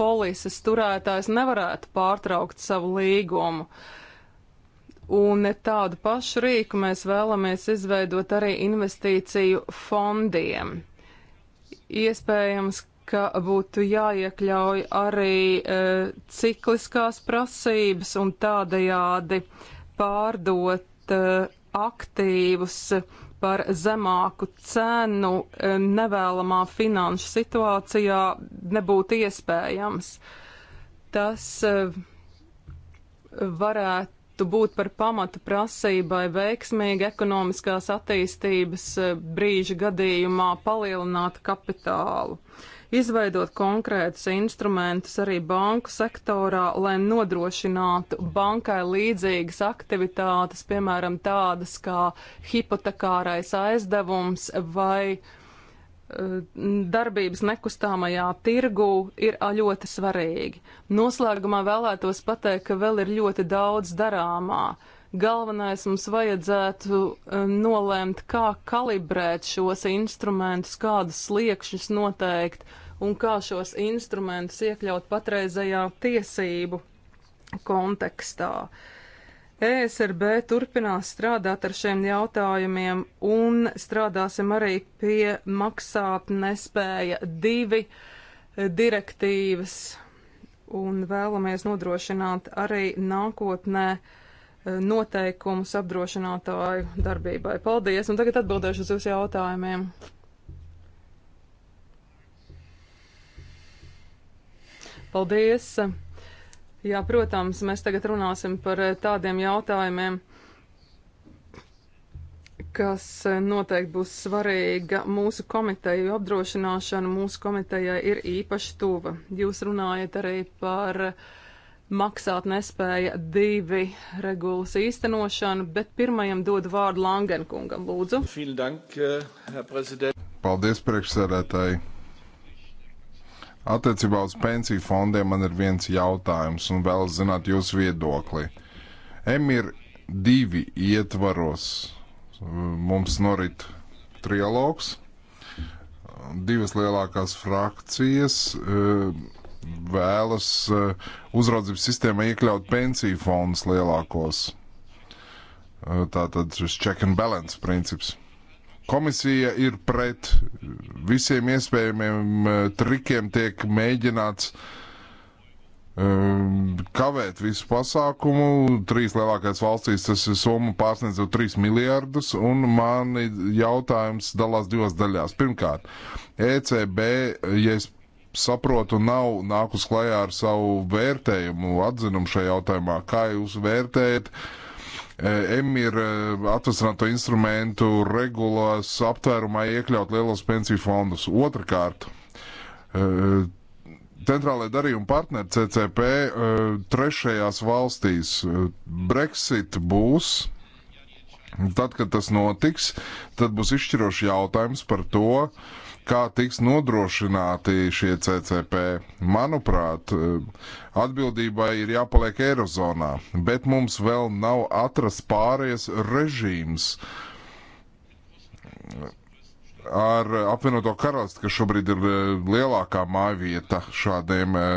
polises turētājs nevarētu pārtraukt savu līgumu. Un tādu pašu rīku mēs vēlamies izveidot arī investīciju fondiem. Iespējams, ka būtu jāiekļauj arī e, cikliskās prasības un tādējādi pārdot e, aktīvus par zemāku cenu e, nevēlamā finanšu situācijā nebūtu iespējams. Tas e, varētu būt par pamatu prasībai veiksmīgi ekonomiskās attīstības e, brīža gadījumā palielināt kapitālu. Uh, izveidot konkrētus instrumentus arī banku sektorā, lai nodrošinātu bankai līdzīgas aktivitātes, piemēram, tādas kā hipotekārais aizdevums vai eh, darbības nekustamajā tirgū ir ļoti svarīgi. Noslēgumā vēlētos pateikt, ka vēl ir ļoti daudz darāmā. Galvenais mums vajadzētu um, nolēmt, kā kalibrēt šos instrumentus, kādas sliekšņus noteikt un kā šos instrumentus iekļaut patreizējā tiesību kontekstā. ESRB turpinās strādāt ar šiem jautājumiem un strādāsim arī pie maksāt nespēja divi direktīvas un vēlamies nodrošināt arī nākotnē uh, noteikumus apdrošinātāju darbībai. Paldies, un tagad atbildēšu uz jūsu jautājumiem. Paldies! Jā, protams, mēs tagad runāsim par tādiem jautājumiem, kas noteikti būs svarīga mūsu komiteju apdrošināšana. Mūsu komitejai ir īpaši tuva. Jūs runājat arī par uh, maksāt nespēja divi regulas īstenošanu, bet pirmajam dod vārdu Langenkungam, lūdzu. Eh, Paldies, priekšsēdētāji. Attiecībā uz pensiju fondiem man ir viens jautājums un vēl zināt jūsu viedokli. Emir divi ietvaros eh, mums norit trialogs. Divas lielākās frakcijas uh, vēlas eh, uzraudzības sistēmā iekļaut pensiju fondus lielākos. Eh, tātad šis check and balance princips. Komisija ir pret visiem iespējamiem eh, trikiem, tiek mēģināts kavēt visu pasākumu. Trīs lielākais valstīs tas ir summa pārsniedz jau 3 miljārdus, un mani jautājums dalās divās daļās. Pirmkārt, ECB, ja es saprotu, nav nākus klajā ar savu vērtējumu, atzinumu šajā jautājumā. Kā jūs vērtējat? E, Emīra e, atvasināto instrumentu regulās aptvērumā iekļaut lielos pensiju fondus. Otrakārt, e, centrālajie darījuma partneri CCP trešajās valstīs. Brexit būs. Tad, kad tas notiks, tad būs izšķirošs jautājums par to, uh, kā tiks nodrošināti šie CCP. Manuprāt, atbildībai ir jāpaliek Eirozonā, bet mums vēl nav atrasts pārējais režīms ar apvienoto karalisti, kas šobrīd ir eh, lielākā mājvieta šādiem eh,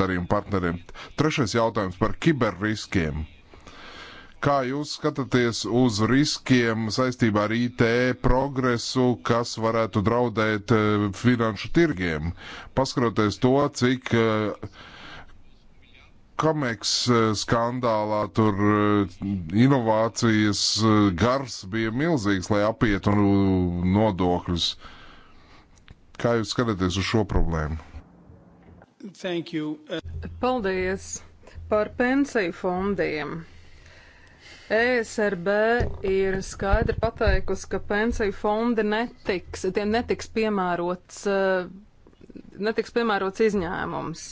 darījuma partneriem. Trešais jautājums par kiberriskiem. riskiem Kā jūs skatāties uz riskiem saistībā ar IT progresu, kas varētu draudēt eh, finanšu tirgiem? Paskatoties to, cik eh, komeks eh, skandālā tur inovācijas gars bija milzīgs, lai apietu nu, nodokļus. Kā jūs skatāties uz šo problēmu? Paldies par pensiju fondiem. ESRB ir skaidri pateikusi, ka pensiju fondi netiks, tiem netiks piemērots, eh, netiks piemērots izņēmums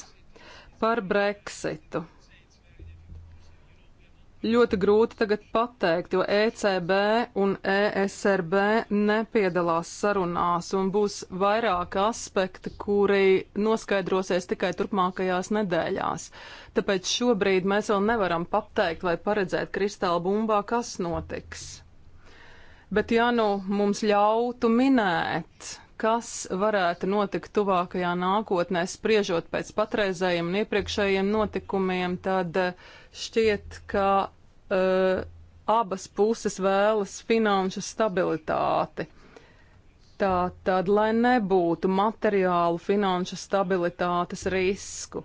par Brexitu ļoti grūti tagad pateikt, jo ECB un ESRB nepiedalās sarunās un būs vairāk aspekti, kuri noskaidrosies tikai turpmākajās nedēļās. Tāpēc šobrīd mēs vēl nevaram pateikt vai paredzēt kristāla bumbā, kas notiks. Bet ja nu mums ļautu minēt, kas varētu notikt tuvākajā nākotnē, spriežot pēc patreizējiem un iepriekšējiem notikumiem, tad eh, šķiet, ka uh, abas puses vēlas finanšu stabilitāti. Tā tad, lai nebūtu materiālu finanšu stabilitātes risku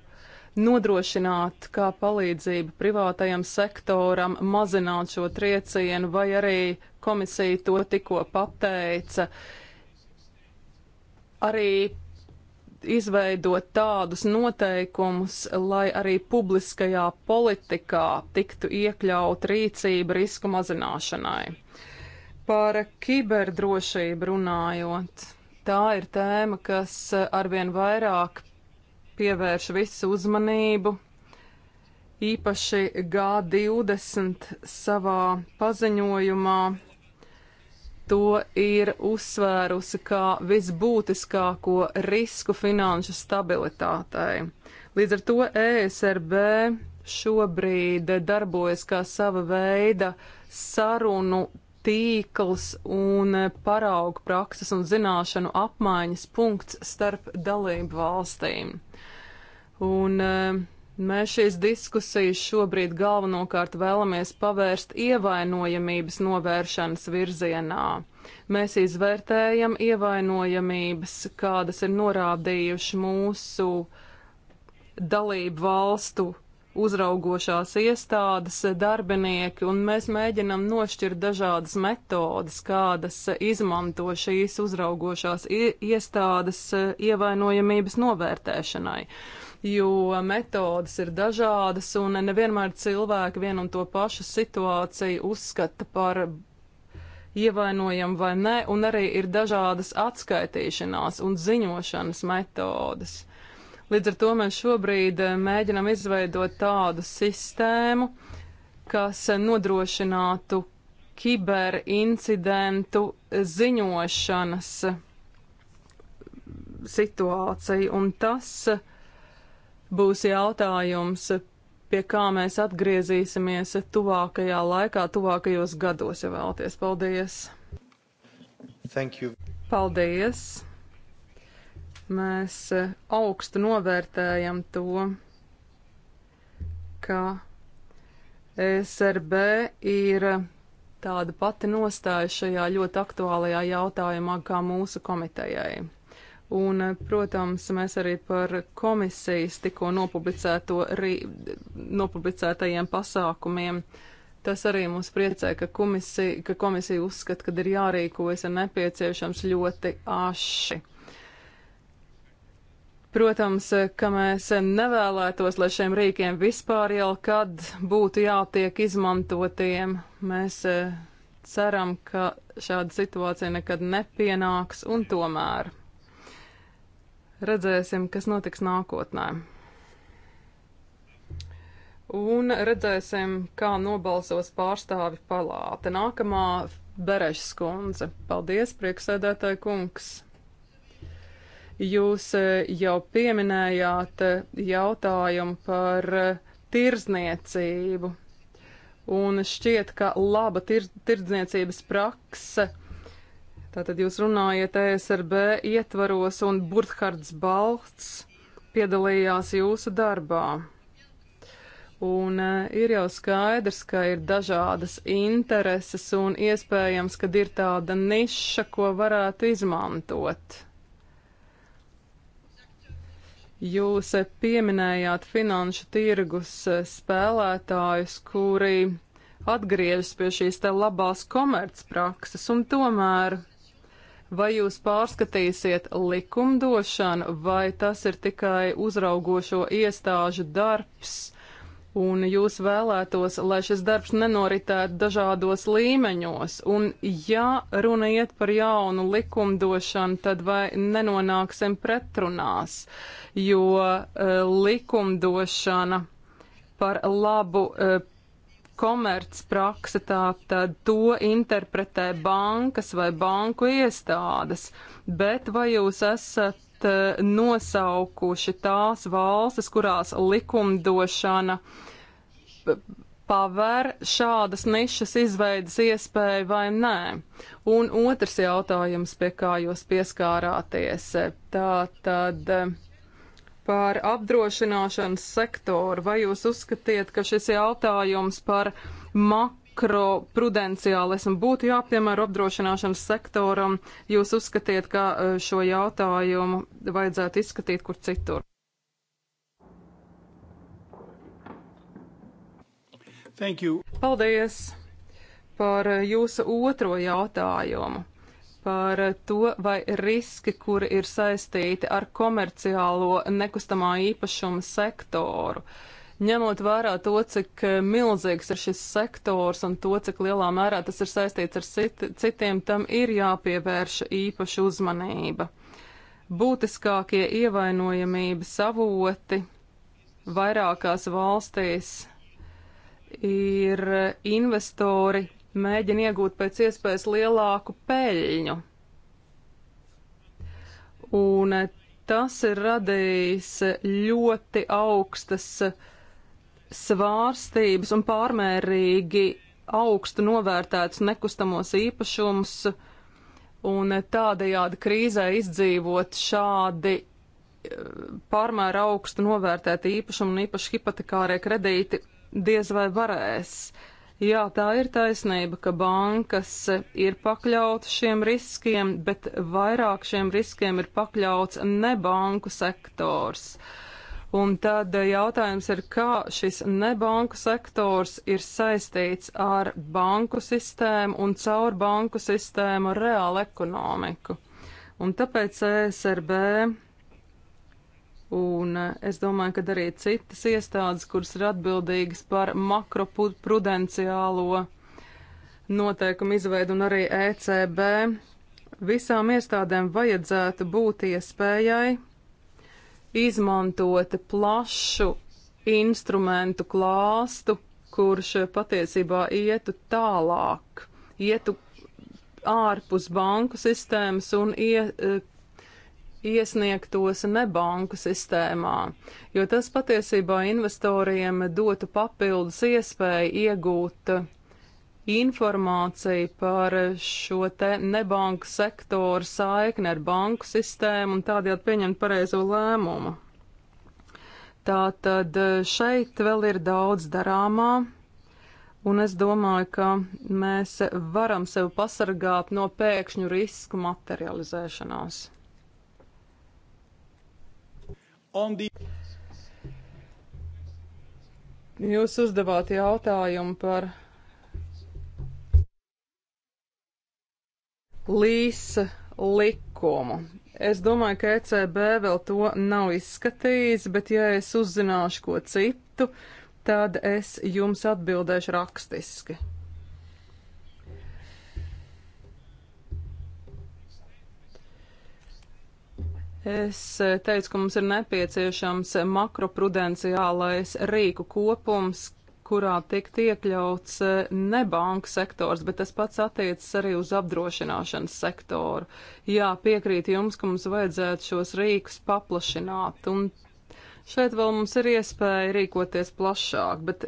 nodrošināt kā palīdzību privātajam sektoram, mazināt šo triecienu, vai arī komisija to tikko pateica, arī izveidot tādus noteikumus, lai arī publiskajā politikā tiktu iekļaut rīcība risku mazināšanai. Par kiberdrošību runājot, tā ir tēma, kas arvien vairāk pievērš visu uzmanību, īpaši G20 savā paziņojumā to ir uzsvērusi kā visbūtiskāko risku finanšu stabilitātei. Līdz ar to ESRB šobrīd darbojas kā sava veida sarunu tīkls un paraugu prakses un zināšanu apmaiņas punkts starp dalību valstīm. Un eh, Mēs šīs diskusijas šobrīd galvenokārt vēlamies pavērst ievainojamības novēršanas virzienā. Mēs izvērtējam ievainojamības, kādas ir norādījuši mūsu dalību valstu uzraugošās iestādes darbinieki, un mēs mēģinam nošķirt dažādas metodas, kādas izmanto šīs uzraugošās iestādes ievainojamības novērtēšanai jo metodas ir dažādas un nevienmēr cilvēki vienu un to pašu situāciju uzskata par ievainojamu vai nē, un arī ir dažādas atskaitīšanās un ziņošanas metodas. Līdz ar to mēs šobrīd eh, mēģinam izveidot tādu sistēmu, kas nodrošinātu kiberincidentu ziņošanas situāciju, un tas uh, būs jautājums, pie kā mēs atgriezīsimies tuvākajā laikā, tuvākajos gados, ja vēlaties. Paldies! Thank you! Paldies! Mēs e, augstu novērtējam to, ka SRB ir tāda pati nostāja šajā ļoti aktuālajā jautājumā kā mūsu komitejai. Un, eh, protams, mēs arī par komisijas tikko ri, nopublicētajiem pasākumiem. Tas arī mūs priecē, ka komisija, ka komisija uzskata, ka ir jārīkojas un nepieciešams ļoti aši. Protams, ka mēs nevēlētos, lai šiem rīkiem vispār jau kad būtu jātiek izmantotiem. Mēs eh, ceram, ka šāda situācija nekad nepienāks un tomēr Redzēsim, kas notiks nākotnē. Un redzēsim, kā nobalsos pārstāvi palāte. Nākamā Bereša skundze. Paldies, prieksēdētāji kungs! Jūs e, jau pieminējāt e, jautājumu par e, tirzniecību, un šķiet, ka laba tir tirdzniecības prakse Tātad jūs runājat ESRB ietvaros un Burthards Balts piedalījās jūsu darbā. Un uh, ir jau skaidrs, ka ir dažādas intereses un iespējams, ka ir tāda niša, ko varētu izmantot. Jūs e, pieminējāt finanšu tirgus e, spēlētājus, kuri atgriežas pie šīs te labās komercprakses, un tomēr Vai jūs pārskatīsiet likumdošanu, vai tas ir tikai uzraugošo iestāžu darbs? Un jūs vēlētos, lai šis darbs nenoritētu dažādos līmeņos, un ja runa iet par jaunu likumdošanu, tad vai nenonāksim pretrunās, jo uh, likumdošana par labu uh, komercprakse, tātad to interpretē bankas vai banku iestādes, bet vai jūs esat eh, nosaukuši tās valstis, kurās likumdošana eh, paver šādas nišas izveidas iespēju vai nē? Un otrs jautājums, pie kā jūs pieskārāties, eh, tā tad. tad par apdrošināšanas sektoru. Vai jūs uzskatiet, ka šis jautājums par makroprudenciālismu būtu jāpiemēro apdrošināšanas sektoram? Jūs uzskatiet, ka eh, šo jautājumu vajadzētu izskatīt kur citur? Paldies par eh, jūsu otro jautājumu par to, vai riski, kuri ir saistīti ar komerciālo nekustamā īpašuma sektoru. Ņemot vērā to, cik milzīgs ir šis sektors un to, cik lielā mērā tas ir saistīts ar cit citiem, tam ir jāpievērš īpaša uzmanība. Būtiskākie ievainojamības avoti vairākās valstīs ir investori, mēģina iegūt pēc iespējas lielāku peļņu. Un tas ir radījis ļoti augstas svārstības un pārmērīgi augstu novērtētus nekustamos īpašumus, un tādējādi krīzē izdzīvot šādi eh, pārmēr augstu novērtēti īpašumi un īpaši hipotekārie kredīti diez vai varēs. Uh, Jā, tā ir taisnība, ka bankas ir pakļautas šiem riskiem, bet vairāk šiem riskiem ir pakļauts nebanku sektors. Un tad jautājums ir, kā šis nebanku sektors ir saistīts ar banku sistēmu un caur banku sistēmu reālu ekonomiku. Un tāpēc ESRB Un eh, es domāju, ka arī citas iestādes, kuras ir atbildīgas par makroprudenciālo noteikumu izveidu un arī ECB, visām iestādēm vajadzētu būt iespējai izmantot plašu instrumentu klāstu, kurš patiesībā ietu tālāk, ietu ārpus banku sistēmas un ie, iesniegtos ne banku sistēmā, jo tas patiesībā investoriem dotu papildus iespēju iegūt informāciju par šo te nebanku sektoru saikni ar banku sistēmu un tādējādi pieņemt pareizo lēmumu. Tātad šeit vēl ir daudz darāmā, un es domāju, ka mēs varam sevi pasargāt no pēkšņu risku materializēšanās. The... Jūs uzdevāt jautājumu par līsa likumu. Es domāju, ka ECB vēl to nav izskatījis, bet ja es uzzināšu ko citu, tad es jums atbildēšu rakstiski. Es teicu, ka mums ir nepieciešams makroprudenciālais rīku kopums, kurā tiktu iekļauts e, ne banka sektors, bet tas pats attiecas arī uz apdrošināšanas sektoru. Jā, piekrīt jums, ka mums vajadzētu šos rīkus paplašināt, un šeit vēl mums ir iespēja rīkoties plašāk, bet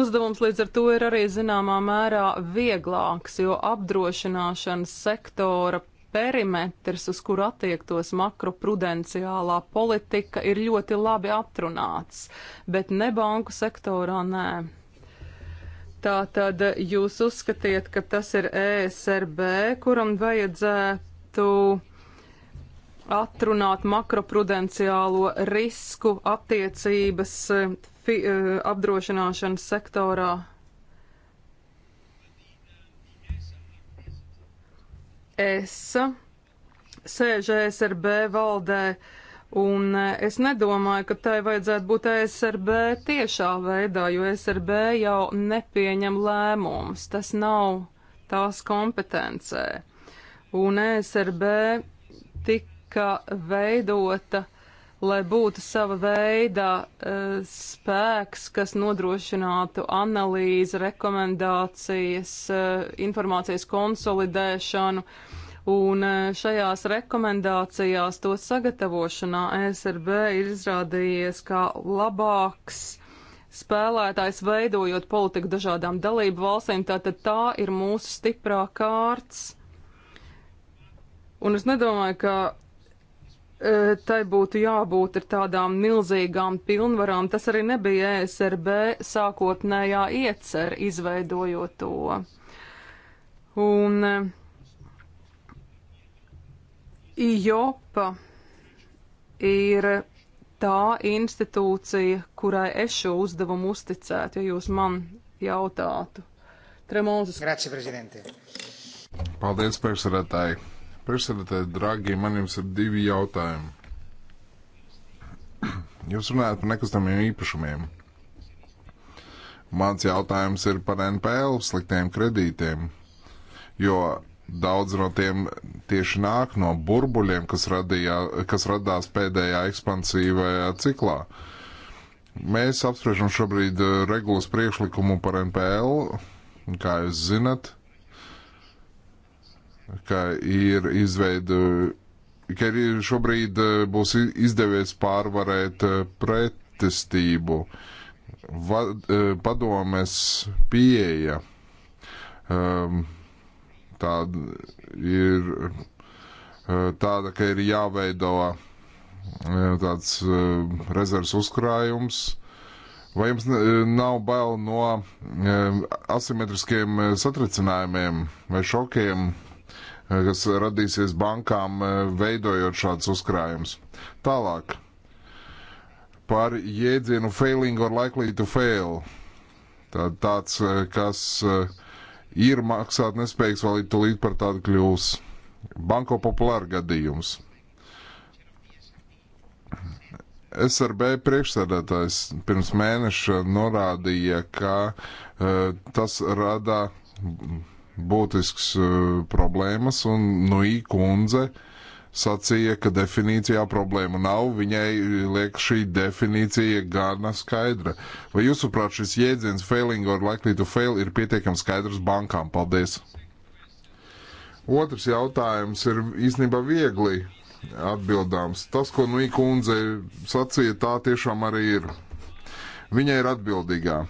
Uzdevums līdz ar to ir arī zināmā mērā vieglāks, jo apdrošināšanas sektora perimetrs, uz kuru attiektos makroprudenciālā politika, ir ļoti labi atrunāts, bet ne banku sektorā nē. Tā tad jūs uzskatiet, ka tas ir ESRB, kuram vajadzētu atrunāt makroprudenciālo risku attiecības fi, eh, apdrošināšanas sektorā ESA sēž ESRB valdē. Un e, es nedomāju, ka tai vajadzētu būt ESRB tiešā veidā, jo ESRB jau nepieņem lēmumus. Tas nav tās kompetencē. Un ESRB tika veidota uh, lai būtu sava veida uh, spēks, kas nodrošinātu analīzi, rekomendācijas, uh, informācijas konsolidēšanu. Un uh, šajās rekomendācijās to sagatavošanā ESRB ir izrādījies kā labāks spēlētājs veidojot politiku dažādām dalību valstīm, tātad tā ir mūsu stiprā kārts. Un es nedomāju, ka E, tai būtu jābūt ar tādām milzīgām pilnvarām. Tas arī nebija ESRB sākotnējā iecer izveidojot to. Un e, IJOPA ir tā institūcija, kurai es šo uzdevumu uzticētu, ja jūs man jautātu. Tremozes. Grazie, prezidente. Paldies, priekšsēdētāji. Priekšsēdētāji, draugi, man jums ir divi jautājumi. Jūs runājat par nekustamiem īpašumiem. Mans jautājums ir par NPL sliktiem kredītiem, jo daudz no tiem tieši nāk no burbuļiem, kas, radījā, kas radās pēdējā ekspansīvajā ciklā. Mēs apspriežam šobrīd eh, regulas priekšlikumu par NPL, kā jūs zinat ka ir izveidu, ka ir šobrīd eh, būs izdevies pārvarēt eh, pretestību. Va, eh, padomes pieeja um, ehm, tāda ir tāda, ka ir jāveido tāds rezerves uzkrājums. Vai jums nav bail no asimetriskiem satricinājumiem vai šokiem? Eh, kas radīsies bankām, eh, veidojot šādus uzkrājumus. Tālāk par jēdzienu failing or likely to fail. Tad tāds, eh, kas ir maksāt nespējīgs, vēl tūlīt par tādu kļūs. Banko populāra gadījums. SRB priekšsēdētājs pirms mēneša norādīja, ka uh, tas rada būtisks e, problēmas, un Nui kundze sacīja, ka definīcijā problēma nav, viņai liek šī definīcija gana skaidra. Vai jūsuprāt šis jēdziens failing or likely to fail ir pietiekams skaidrs bankām? Paldies! Otrs jautājums ir īstenībā viegli atbildāms. Tas, ko Nui kundze sacīja, tā tiešām arī ir. Viņa ir atbildīgā.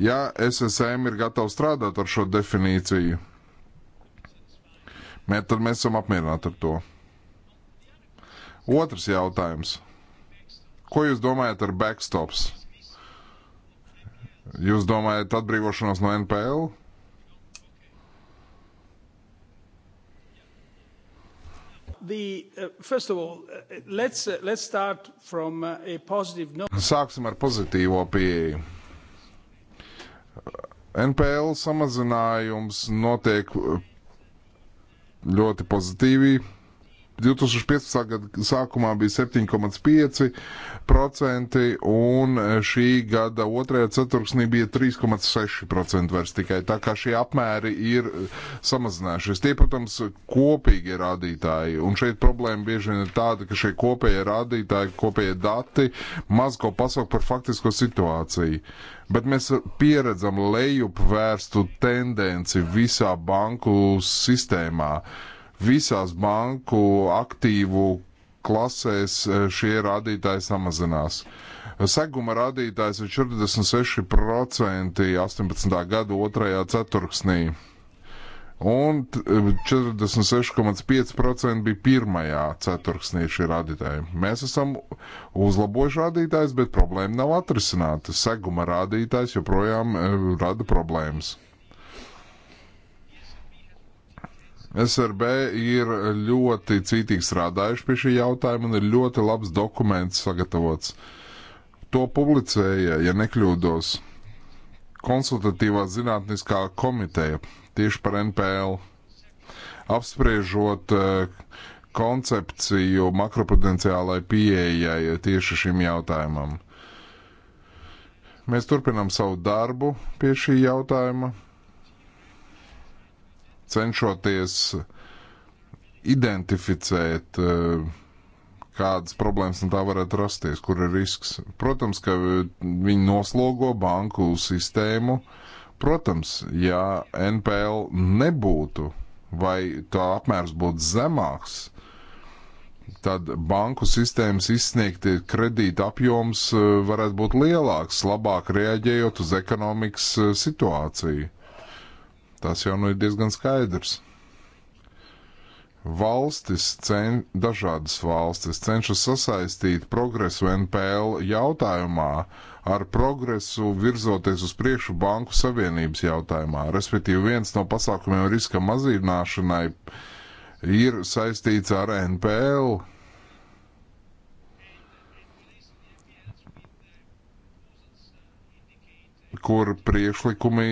Ja SSM ir gatava strādāt ar šo definīciju, Mē, tad mēs esam apmierināti ar to. Otrs jautājums. Ko jūs domājat ar backstops? Jūs domājat atbrīvošanos no NPL? The, uh, all, uh, let's, uh, let's from, uh, positive... Sāksim ar pozitīvo pieeju. NPL samazinājums notiek uh, ļoti pozitīvi 2015. gada sākumā bija 7,5% un šī gada otrajā ceturksnī bija 3,6% vairs tikai. Tā kā šie apmēri ir samazinājušies. Tie, protams, kopīgi rādītāji. Un šeit problēma bieži vien ir tāda, ka šie kopējie rādītāji, kopējie dati maz ko pasaka par faktisko situāciju bet mēs pieredzam lejupvērstu tendenci visā banku sistēmā visās banku aktīvu klasēs e, šie rādītāji samazinās. Seguma rādītājs ir 46% 18. gada 2. ceturksnī un 46,5% e, bija pirmajā ceturksnī šī rādītāja. Mēs esam uzlabojuši rādītājs, bet problēma nav atrisināta. Seguma rādītājs joprojām e, rada problēmas. SRB ir ļoti cītīgi strādājuši pie šī jautājuma un ir ļoti labs dokuments sagatavots. To publicēja, ja nekļūdos, konsultatīvā zinātniskā komiteja tieši par NPL, apspriežot eh, koncepciju makroprudenciālai pieejai tieši šim jautājumam. Mēs turpinām savu darbu pie šī jautājuma cenšoties identificēt, eh, kādas problēmas no tā varētu rasties, kur ir risks. Protams, ka viņi noslogo banku sistēmu. Protams, ja NPL nebūtu vai tā apmērs būtu zemāks, tad banku sistēmas izsniegtie kredīta apjoms eh, varētu būt lielāks, labāk reaģējot uz ekonomikas eh, situāciju. Tas jau nu ir diezgan skaidrs. Valstis, cen, dažādas valstis cenšas sasaistīt progresu NPL jautājumā ar progresu virzoties uz priekšu Banku Savienības jautājumā. Respektīvi, viens no pasākumiem riska mazināšanai ir saistīts ar NPL kur priekšlikumi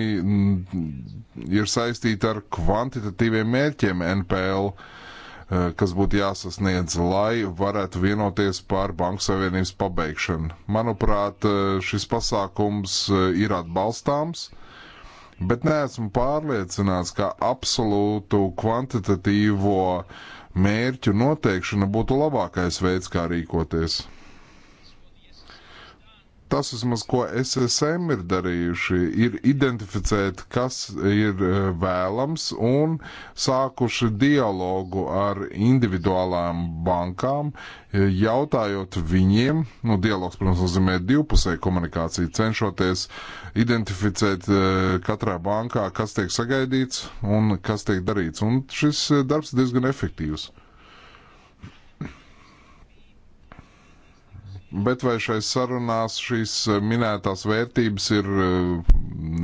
ir saistīti ar kvantitatīviem mērķiem NPL, eh, kas būtu jāsasniedz, lai varētu vienoties par Banku Savienības pabeigšanu. Manuprāt, eh, šis pasākums eh, ir atbalstāms, bet neesmu pārliecināts, ka absolūtu kvantitatīvo mērķu noteikšana būtu labākais veids, kā rīkoties tas, vismaz, ko SSM ir darījuši, ir identificēt, kas ir e, vēlams un sākuši dialogu ar individuālām bankām, e, jautājot viņiem, nu, dialogs, protams, nozīmē divpusēju komunikāciju, cenšoties identificēt e, katrā bankā, kas tiek sagaidīts un kas tiek darīts. Un šis darbs diezgan efektīvs. Bet vai šai sarunās šīs eh, minētās vērtības ir eh,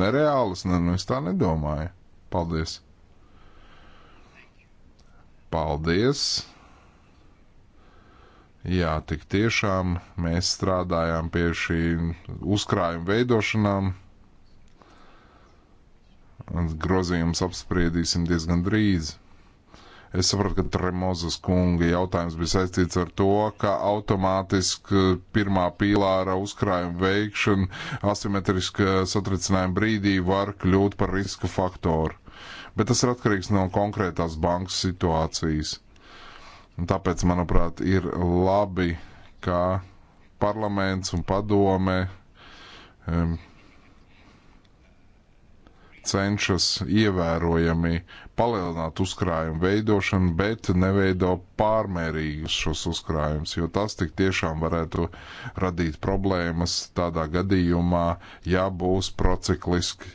nereālas? Nē, nu es tā nedomāju. Paldies! Paldies! Jā, tik tiešām mēs strādājām pie šī uzkrājuma veidošanām. Grozījums apspriedīsim diezgan drīz. Es saprotu, ka Tremozas kunga jautājums bija saistīts ar to, ka automātiski pirmā pīlāra uzkrājuma veikšana asimetriska satricinājuma brīdī var kļūt par riska faktoru. Bet tas ir atkarīgs no konkrētās bankas situācijas. Un tāpēc, manuprāt, ir labi, ka parlaments un padome um, cenšas ievērojami palielināt uzkrājumu veidošanu, bet neveido pārmērīgus šos uzkrājumus, jo tas tik tiešām varētu radīt problēmas tādā gadījumā, ja būs procikliski,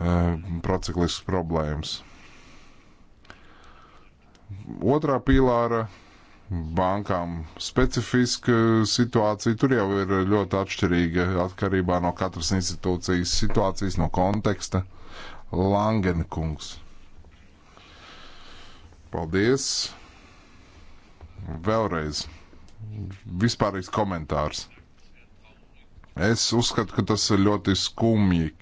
eh, prociklisks problēmas. Otrā pīlāra bankām specifiska situācija. Tur jau ir ļoti atšķirīga atkarībā no katras institūcijas situācijas, no konteksta. Uh, Langenkungs. Paldies! Vēlreiz vispārīgs komentārs. Es uzskatu, ka tas ir ļoti skumji eh,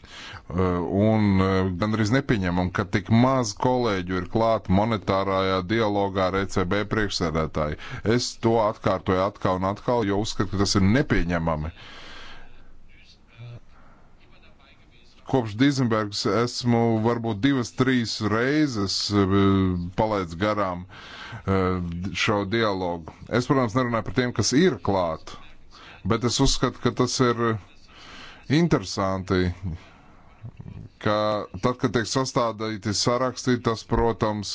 un eh, gandrīz nepieņemam, ka tik maz kolēģu ir klāt monetārajā dialogā ar ECB priekšsēdētāju. Es to atkārtoju atkal un atkal, jo uzskatu, ka tas ir nepieņemami. Uh, kopš Dizenbergs esmu varbūt divas, trīs reizes eh, palaidis garām eh, šo dialogu. Es, protams, nerunāju par tiem, kas ir klāt, bet es uzskatu, ka tas ir interesanti ka tad, kad tiek sastādīti saraksti, tas, protams,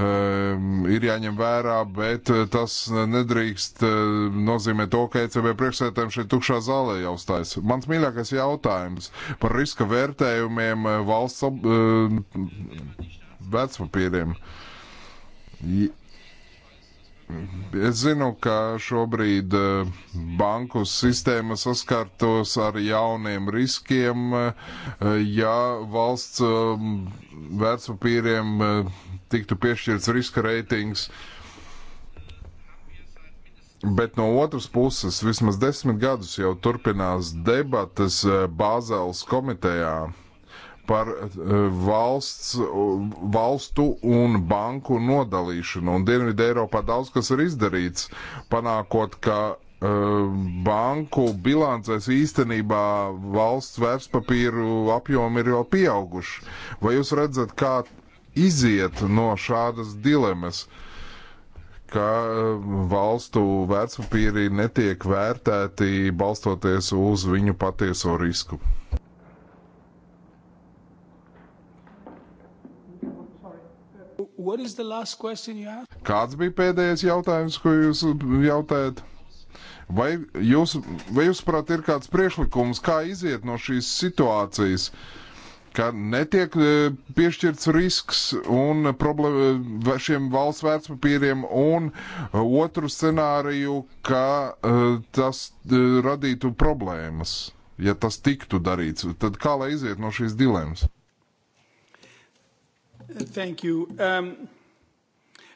ehm, ir jāņem vērā, bet eh, tas nedrīkst eh, nozīmē to, ka ECB priekšsētēm šeit tukšā zālē jau stājas. Mans mīļākais jautājums par riska vērtējumiem eh, valsts vecpapīriem. Es zinu, ka šobrīd eh, banku sistēma saskartos ar jauniem riskiem, eh, ja valsts mm, vērtspapīriem eh, tiktu piešķirts riska reitings. Bet no otras puses, vismaz desmit gadus jau turpinās debatas Bāzeles komitejā par eh, valsts, valstu un banku nodalīšanu. Un Dienvidu Eiropā daudz kas ir izdarīts, panākot, ka eh, banku bilancēs īstenībā valsts vērtspapīru apjomi ir jau pieauguši. Vai jūs redzat, kā iziet no šādas dilemas, ka eh, valstu vērtspapīri netiek vērtēti balstoties uz viņu patieso risku? Kāds bija pēdējais jautājums, ko jūs jautājat? Vai jūs, vai jūs prāt, ir kāds priešlikums, kā iziet no šīs situācijas, ka netiek e, piešķirts risks un problēma e, šiem valsts vērtspapīriem un e, otru scenāriju, ka tas radītu problēmas, ja tas tiktu darīts? Tad kā lai iziet no šīs dilemmas? Thank you. Um,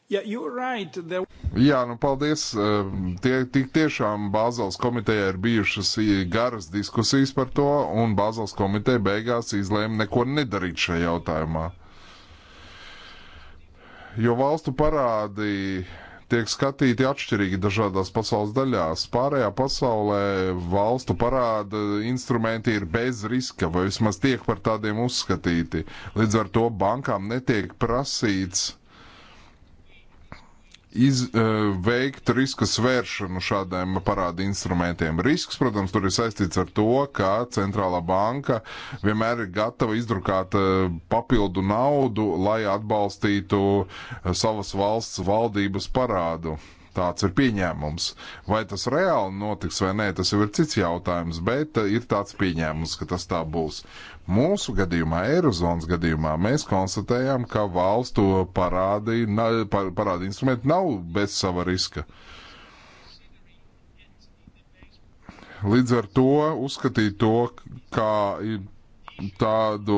yeah, you're right. There... Jā, nu paldies. Um, tie, tik tiešām Bāzels komiteja ir bijušas garas diskusijas par to, un Bāzels komiteja beigās izlēma neko nedarīt šajā jautājumā. Jo valstu parādi uh, tiek skatīti atšķirīgi dažādās pasaules daļās. Pārējā pasaulē valstu parāda instrumenti ir bez riska, vai vismaz tiek par tādiem uzskatīti. Līdz ar to bankām netiek prasīts Eh, veikt riska svēršanu šādiem parāda instrumentiem. Risks, protams, tur ir saistīts ar to, ka centrālā banka vienmēr ir gatava izdrukāt eh, papildu naudu, lai atbalstītu eh, savas valsts valdības parādu. Tāds ir pieņēmums. Vai tas reāli notiks vai nē, tas jau ir cits jautājums, bet ir tāds pieņēmums, ka tas tā būs. Mūsu gadījumā, Eirozonas gadījumā, mēs konstatējām, ka valstu parādi, par, parādi instrumenti nav bez sava riska. Līdz ar to uzskatīt to kā tādu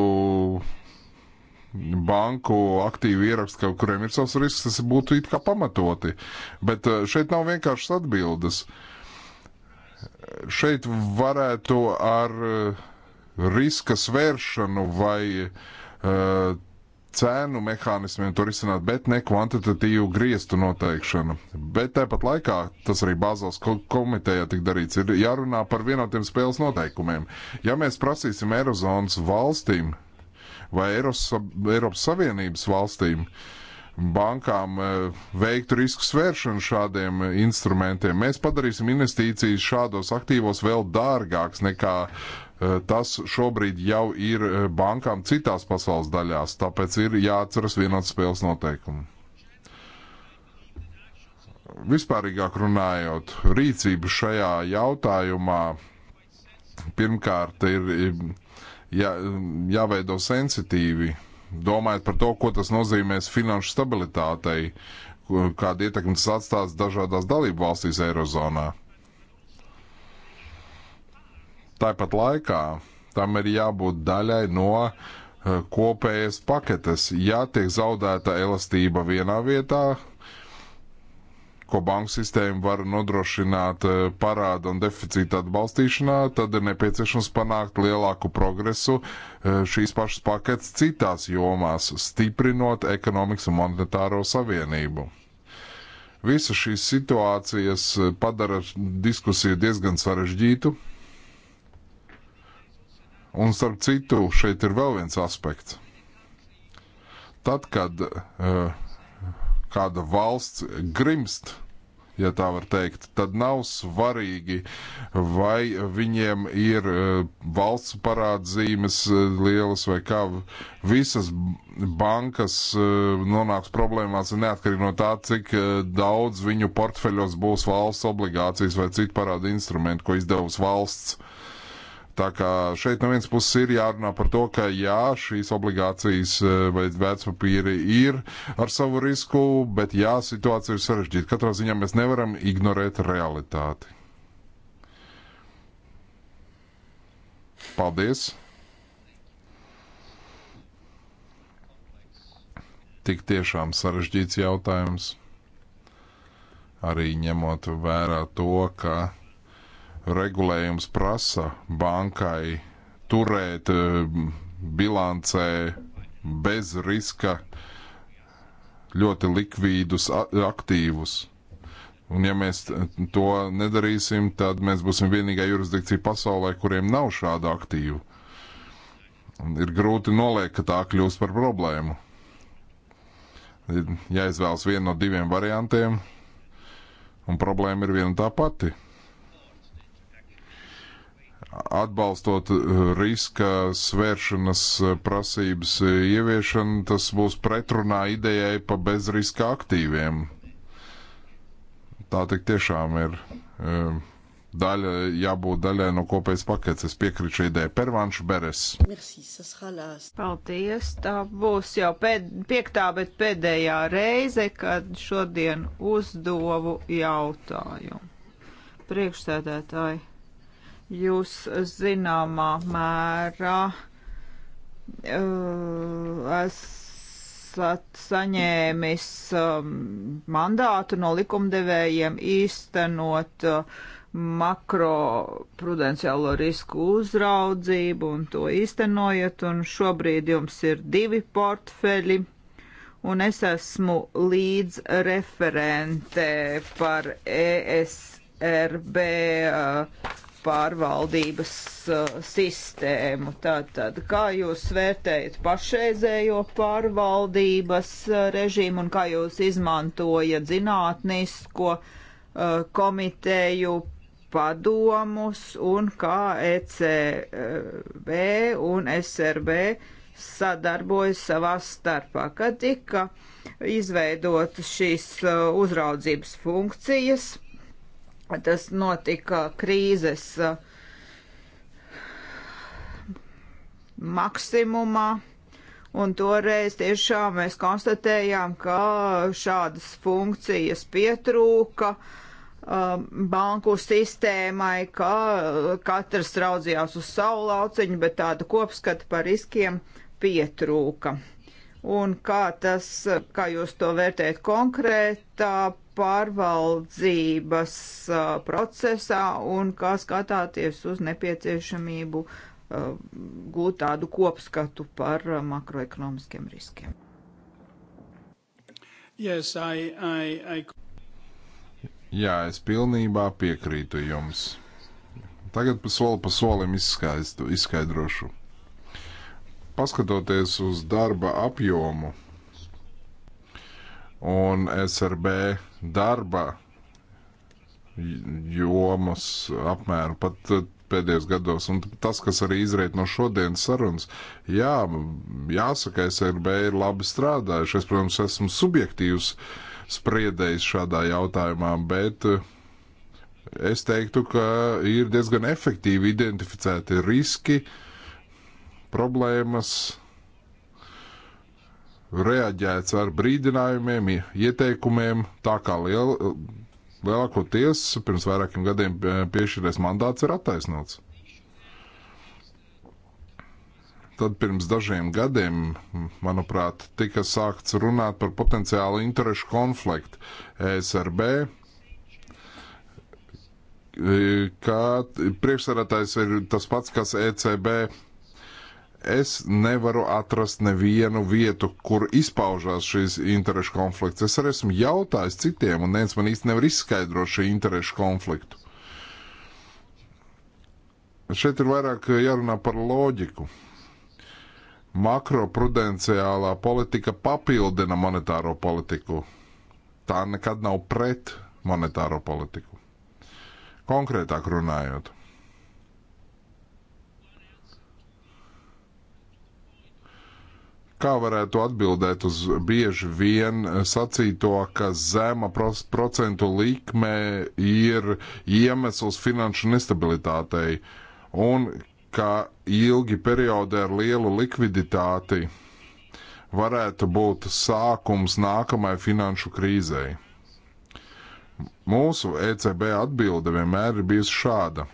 banku aktīvu ierakstu, ka kuriem ir savs risks, tas būtu it kā pamatoti. Bet e, šeit nav vienkāršas atbildes. Šeit varētu ar uh, riska svēršanu vai uh, cēnu mehānismiem to risināt, bet ne kvantitatīvu griestu noteikšanu. Bet tāpat laikā, tas arī Bāzels komitejā tik darīts, ir jārunā par vienotiem spēles noteikumiem. Ja mēs prasīsim Eirozonas valstīm vai Eiros, Eiropas Savienības valstīm, bankām eh, veikt risku svēršanu šādiem instrumentiem, mēs padarīsim investīcijas šādos aktīvos vēl dārgāks nekā uh, Eh, tas šobrīd jau ir eh, bankām citās pasaules daļās, tāpēc ir jāatceras vienotas spēles noteikumi. Vispārīgāk runājot, rīcība šajā jautājumā pirmkārt ir eh, jā, jāveido sensitīvi, domājot par to, ko tas nozīmēs finanšu stabilitātei, kāda ietekme tas atstās dažādās dalību valstīs Eirozonā. Tāpat laikā tam ir jābūt daļai no eh, kopējas paketes. Ja tiek zaudēta elastība vienā vietā, ko banku sistēma var nodrošināt eh, parāda un deficīta atbalstīšanā, tad ir nepieciešams panākt lielāku progresu eh, šīs pašas paketes citās jomās, stiprinot ekonomikas un monetāro savienību. Visas šīs situācijas padara diskusiju diezgan sarežģītu, Un starp citu, šeit ir vēl viens aspekts. Tad, kad uh, kāda valsts grimst, ja tā var teikt, tad nav svarīgi, vai viņiem ir eh, valsts parādzīmes eh, lielas vai kā. Visas bankas nonāks problēmās neatkarīgi no tā, cik daudz viņu portfeļos būs valsts obligācijas vai citu parādu instrumentu, ko izdevusi valsts. Tā kā šeit no vienas puses ir jārunā par to, ka jā, šīs obligācijas e, vai vērtspapīri ir ar savu risku, bet jā, situācija ir sarežģīta. Katrā ziņā mēs nevaram ignorēt realitāti. Paldies! Tik tiešām sarežģīts jautājums. Arī ņemot vērā to, ka regulējums prasa bankai turēt eh, bilancē bez riska ļoti likvīdus aktīvus. Un ja mēs to nedarīsim, tad mēs būsim vienīgā jurisdikcija pasaulē, kuriem nav šāda aktīva. Ir grūti noliekt, ka tā kļūst par problēmu. Ir jāizvēlas viena no diviem variantiem, un problēma ir viena tā pati atbalstot eh, riska svēršanas eh, prasības eh, ieviešanu, tas būs pretrunā idejai pa bezriska aktīviem. Tā tik tiešām ir daļa, jābūt daļai no kopējas paketes. Es piekrītu šai idejai. Pervanš Beres. Paldies. Tā būs jau pēd, piektā, bet pēdējā reize, kad šodien uzdovu jautājumu. Priekšsēdētāji jūs zināmā mērā uh, esat saņēmis um, mandātu no likumdevējiem īstenot uh, makroprudenciālo risku uzraudzību un to īstenojat, un šobrīd jums ir divi portfeļi, un es esmu līdz referente par ESRB uh, pārvaldības uh, sistēmu. Tātad, kā jūs vērtējat pašreizējo pārvaldības uh, režīmu un kā jūs izmantojat zinātnisko uh, komiteju padomus un kā ECB un SRB sadarbojas savā starpā, kad tika izveidotas šīs uh, uzraudzības funkcijas Tas notika krīzes uh, maksimumā. Un toreiz tiešām mēs konstatējām, ka šādas funkcijas pietrūka um, banku sistēmai, ka katrs raudzījās uz savu lauciņu, bet tāda kopskata par riskiem pietrūka. Un kā tas, kā jūs to vērtējat konkrētā pārvaldzības uh, procesā un kā skatāties uz nepieciešamību uh, gūt tādu kopskatu par uh, makroekonomiskiem riskiem. Yes, I, I, I... Jā, es pilnībā piekrītu jums. Tagad pa soli pa solim izskaistu, izskaidrošu. Paskatoties uz darba apjomu, un SRB darba jomas apmēru pat pēdējos gados. Un tas, kas arī izriet no šodienas sarunas, jā, jāsaka, SRB ir labi strādājuši. Es, protams, esmu subjektīvs spriedējis šādā jautājumā, bet eh, es teiktu, ka ir diezgan efektīvi identificēti riski, problēmas, reaģēts ar brīdinājumiem, ieteikumiem, tā kā liel, lielākoties pirms vairākiem gadiem eh, piešķirtais mandāts ir attaisnots. Tad pirms dažiem gadiem, manuprāt, tika sākts runāt par potenciālu interešu konfliktu ESRB, eh, kā priekšsarātājs ir tas pats, kas ECB es nevaru atrast nevienu vietu, kur izpaužās šīs interešu konflikts. Es arī esmu jautājis citiem, un neviens man īsti nevar izskaidrot šo interešu konfliktu. Šeit ir vairāk jārunā par loģiku. Makroprudenciālā politika papildina monetāro politiku. Tā nekad nav pret monetāro politiku. Konkrētāk runājot. Kā varētu atbildēt uz bieži vien sacīto, ka zema procentu likme ir iemesls finanšu nestabilitātei un ka ilgi periodi ar lielu likviditāti varētu būt sākums nākamai finanšu krīzei? Mūsu ECB atbilde vienmēr ir bijusi šāda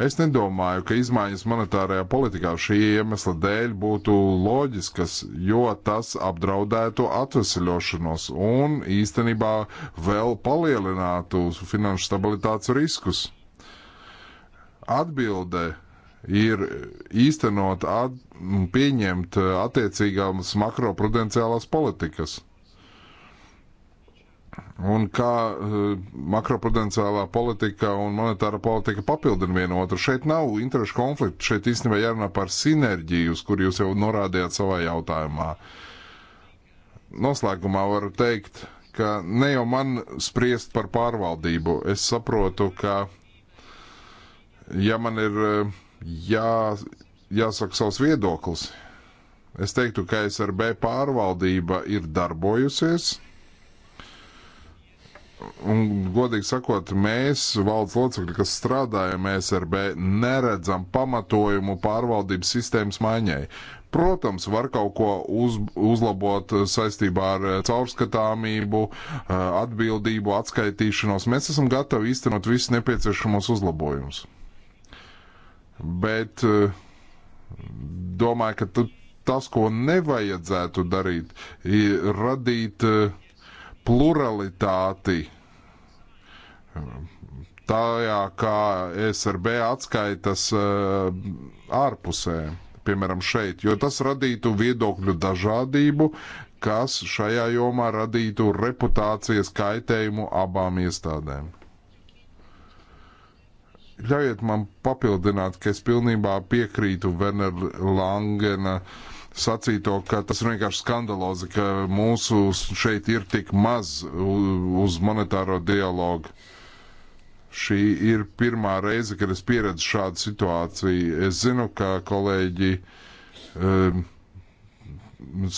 Es nedomāju, ka izmaiņas monetārajā politikā šī iemesla dēļ būtu loģiskas, jo tas apdraudētu atvesaļošanos un īstenībā vēl palielinātu finanšu stabilitātes riskus. Atbilde ir īstenot un at, pieņemt attiecīgās makroprudenciālās politikas un kā eh, makroprudenciālā politika un monetāra politika papildina vienu otru. Šeit nav interešu konflikta, šeit īstenībā jārunā par sinerģiju, uz kur jūs jau norādījāt savā jautājumā. Noslēgumā varu teikt, ka ne jau man spriest par pārvaldību. Es saprotu, ka ja man ir eh, jā, jāsaka savs viedoklis, es teiktu, ka SRB pārvaldība ir darbojusies un, godīgi sakot, mēs, valdes locekļi, kas strādājam SRB, neredzam pamatojumu pārvaldības sistēmas maiņai. Protams, var kaut ko uz, uzlabot saistībā ar eh, caurskatāmību, eh, atbildību, atskaitīšanos. Mēs esam gatavi īstenot visus nepieciešamos uzlabojumus. Bet eh, domāju, ka tas, ko nevajadzētu darīt, ir radīt uh, pluralitāti tajā, kā SRB atskaitas eh, ārpusē, piemēram, šeit, jo tas radītu viedokļu dažādību, kas šajā jomā radītu reputācijas kaitējumu abām iestādēm. Ļaujiet man papildināt, ka es pilnībā piekrītu Venera Langena uh, sacīto, ka tas ir vienkārši skandalozi, ka mūsu šeit ir tik maz uz monetāro dialogu. Šī ir pirmā reize, kad es pieredzu šādu situāciju. Es zinu, ka kolēģi um,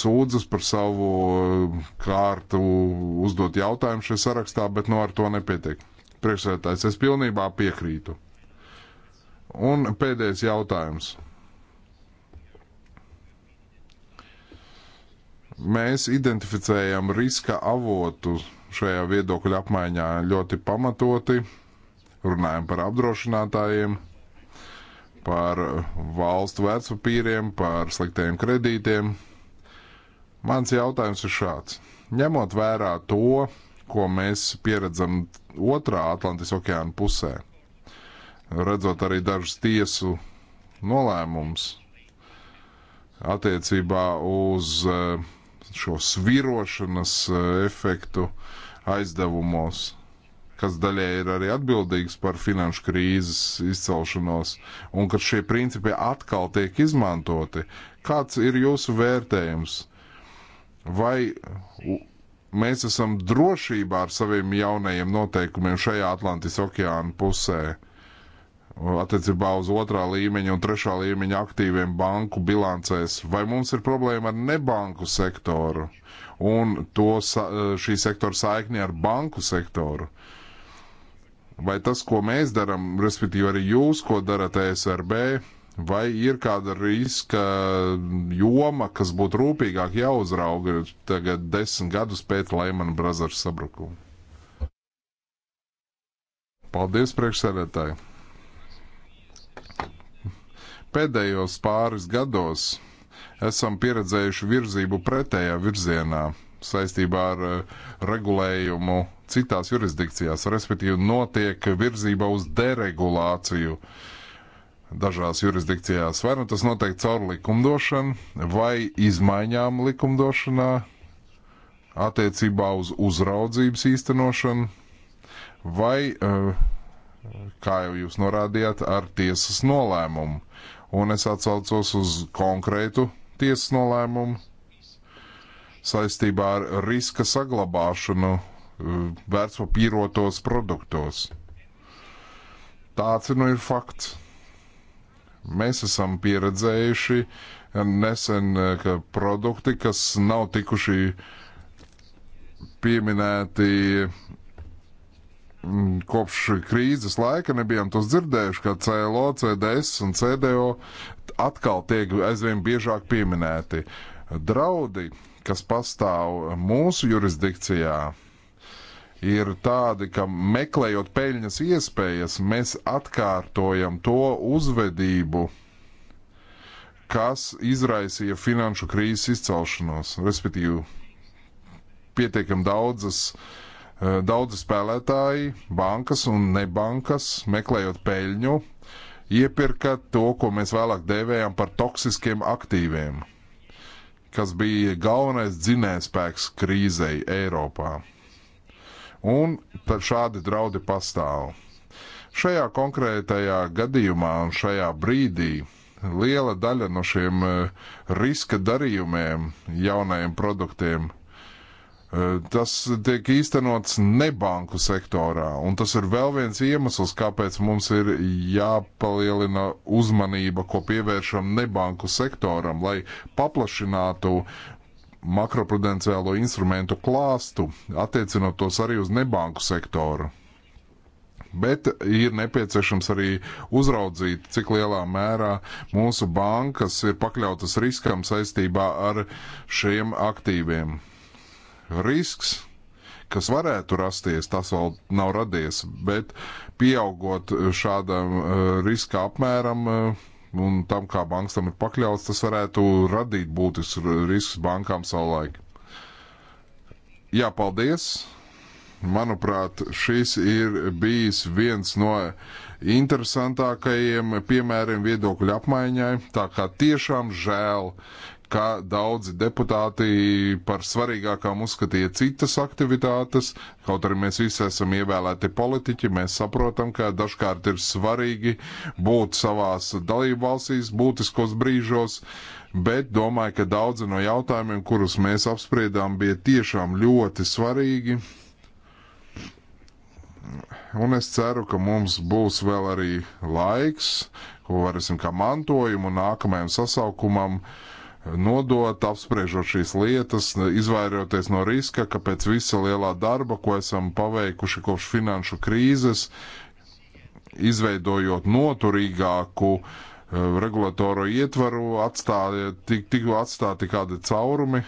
sūdzas par savu um, kārtu uzdot jautājumu šajā sarakstā, bet no nu ar to nepietiek. Priekšsētājs, es pilnībā piekrītu. Un pēdējais jautājums. Mēs identificējam riska avotu šajā viedokļa apmaiņā ļoti pamatoti, runājam par apdrošinātājiem, par valstu vērtspapīriem, par sliktiem kredītiem. Mans jautājums ir šāds. Ņemot vērā to, ko mēs pieredzam otrā Atlantijas okeāna pusē, redzot arī dažus tiesu nolēmumus attiecībā uz uh, šo svirošanas eh, efektu aizdevumos, kas daļai ir arī atbildīgs par finanšu krīzes izcelšanos, un ka šie principi atkal tiek izmantoti. Kāds ir jūsu vērtējums? Vai mēs esam drošībā ar saviem jaunajiem noteikumiem šajā Atlantijas okeāna pusē? attiecībā uz otrā līmeņa un trešā līmeņa aktīviem banku bilancēs, vai mums ir problēma ar nebanku sektoru un to, šī sektora saikni ar banku sektoru? Vai tas, ko mēs darām, respektīvi arī jūs, ko darat ESRB, vai ir kāda riska joma, kas būtu rūpīgāk jāuzrauga tagad desmit gadus pēc Lehman Brothers sabrukuma? Paldies, priekšsēdētāji! pēdējos pāris gados esam pieredzējuši virzību pretējā virzienā saistībā ar eh, regulējumu citās jurisdikcijās, respektīvi notiek virzība uz deregulāciju dažās jurisdikcijās. Vai nu tas notiek caur likumdošanu vai izmaiņām likumdošanā attiecībā uz uzraudzības īstenošanu vai, eh, kā jau jūs norādījāt, ar tiesas nolēmumu un es atsaucos uz konkrētu tiesas nolēmumu saistībā ar riska saglabāšanu eh, vērtspapīrotos produktos. Tāds nu ir fakts. Mēs esam pieredzējuši nesen, eh, ka produkti, kas nav tikuši pieminēti Mm, kopš krīzes laika nebijām tos dzirdējuši, ka CLO, CDS un CDO atkal tiek aizvien biežāk pieminēti. Draudi, kas pastāv mūsu jurisdikcijā, ir tādi, ka meklējot peļņas iespējas, mēs atkārtojam to uzvedību, kas izraisīja finanšu krīzes izcelšanos, respektīvi pietiekam daudzas uh, Eh, daudzi spēlētāji, bankas un nebankas, meklējot peļņu, iepirka to, ko mēs vēlāk dēvējām par toksiskiem aktīviem, kas bija galvenais dzinējspēks krīzei Eiropā. Un tad šādi draudi pastāv. Šajā konkrētajā gadījumā un šajā brīdī liela daļa no šiem eh, riska darījumiem jaunajiem produktiem Tas tiek īstenots nebanku sektorā, un tas ir vēl viens iemesls, kāpēc mums ir jāpalielina uzmanība, ko pievēršam nebanku sektoram, lai paplašinātu makroprudenciālo instrumentu klāstu, attiecinot tos arī uz nebanku sektoru bet ir nepieciešams arī uzraudzīt, cik lielā mērā mūsu bankas ir pakļautas riskam saistībā ar šiem aktīviem risks, kas varētu rasties, tas vēl nav radies, bet pieaugot šādam uh, riska apmēram uh, un tam, kā banks tam ir pakļauts, tas varētu radīt būtisks risks bankām savulaik. Jā, paldies! Manuprāt, šis ir bijis viens no interesantākajiem piemēriem viedokļu apmaiņai. Tā kā tiešām žēl, ka daudzi deputāti par svarīgākām uzskatīja citas aktivitātes, kaut arī mēs visi esam ievēlēti politiķi, mēs saprotam, ka dažkārt ir svarīgi būt savās dalību valstīs būtiskos brīžos, bet domāju, ka daudzi no jautājumiem, kurus mēs apspriedām, bija tiešām ļoti svarīgi. Un es ceru, ka mums būs vēl arī laiks, ko varēsim kā mantojumu nākamajam sasaukumam uh, nodot, apspriežot šīs lietas, izvairoties no riska, ka pēc visa lielā darba, ko esam paveikuši kopš finanšu krīzes, izveidojot noturīgāku eh, regulatoro ietvaru, atstāja, tik, tik atstāti kādi caurumi,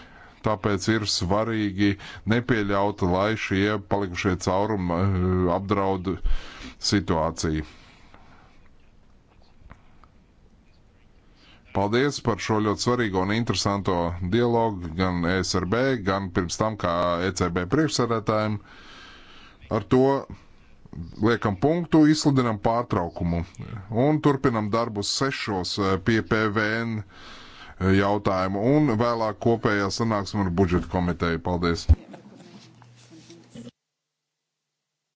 tāpēc ir svarīgi nepieļaut, lai šie palikušie caurumi eh, apdraud situāciju. Paldies par šo ļoti svarīgo un interesanto dialogu gan e SRB, gan pirms tam kā ECB priekšsēdētājiem. Ar to liekam punktu, izsludinam pārtraukumu un turpinam darbu sešos pie eh, PVN jautājumu un vēlāk kopējā sanāksme ar budžeta komiteju. Paldies!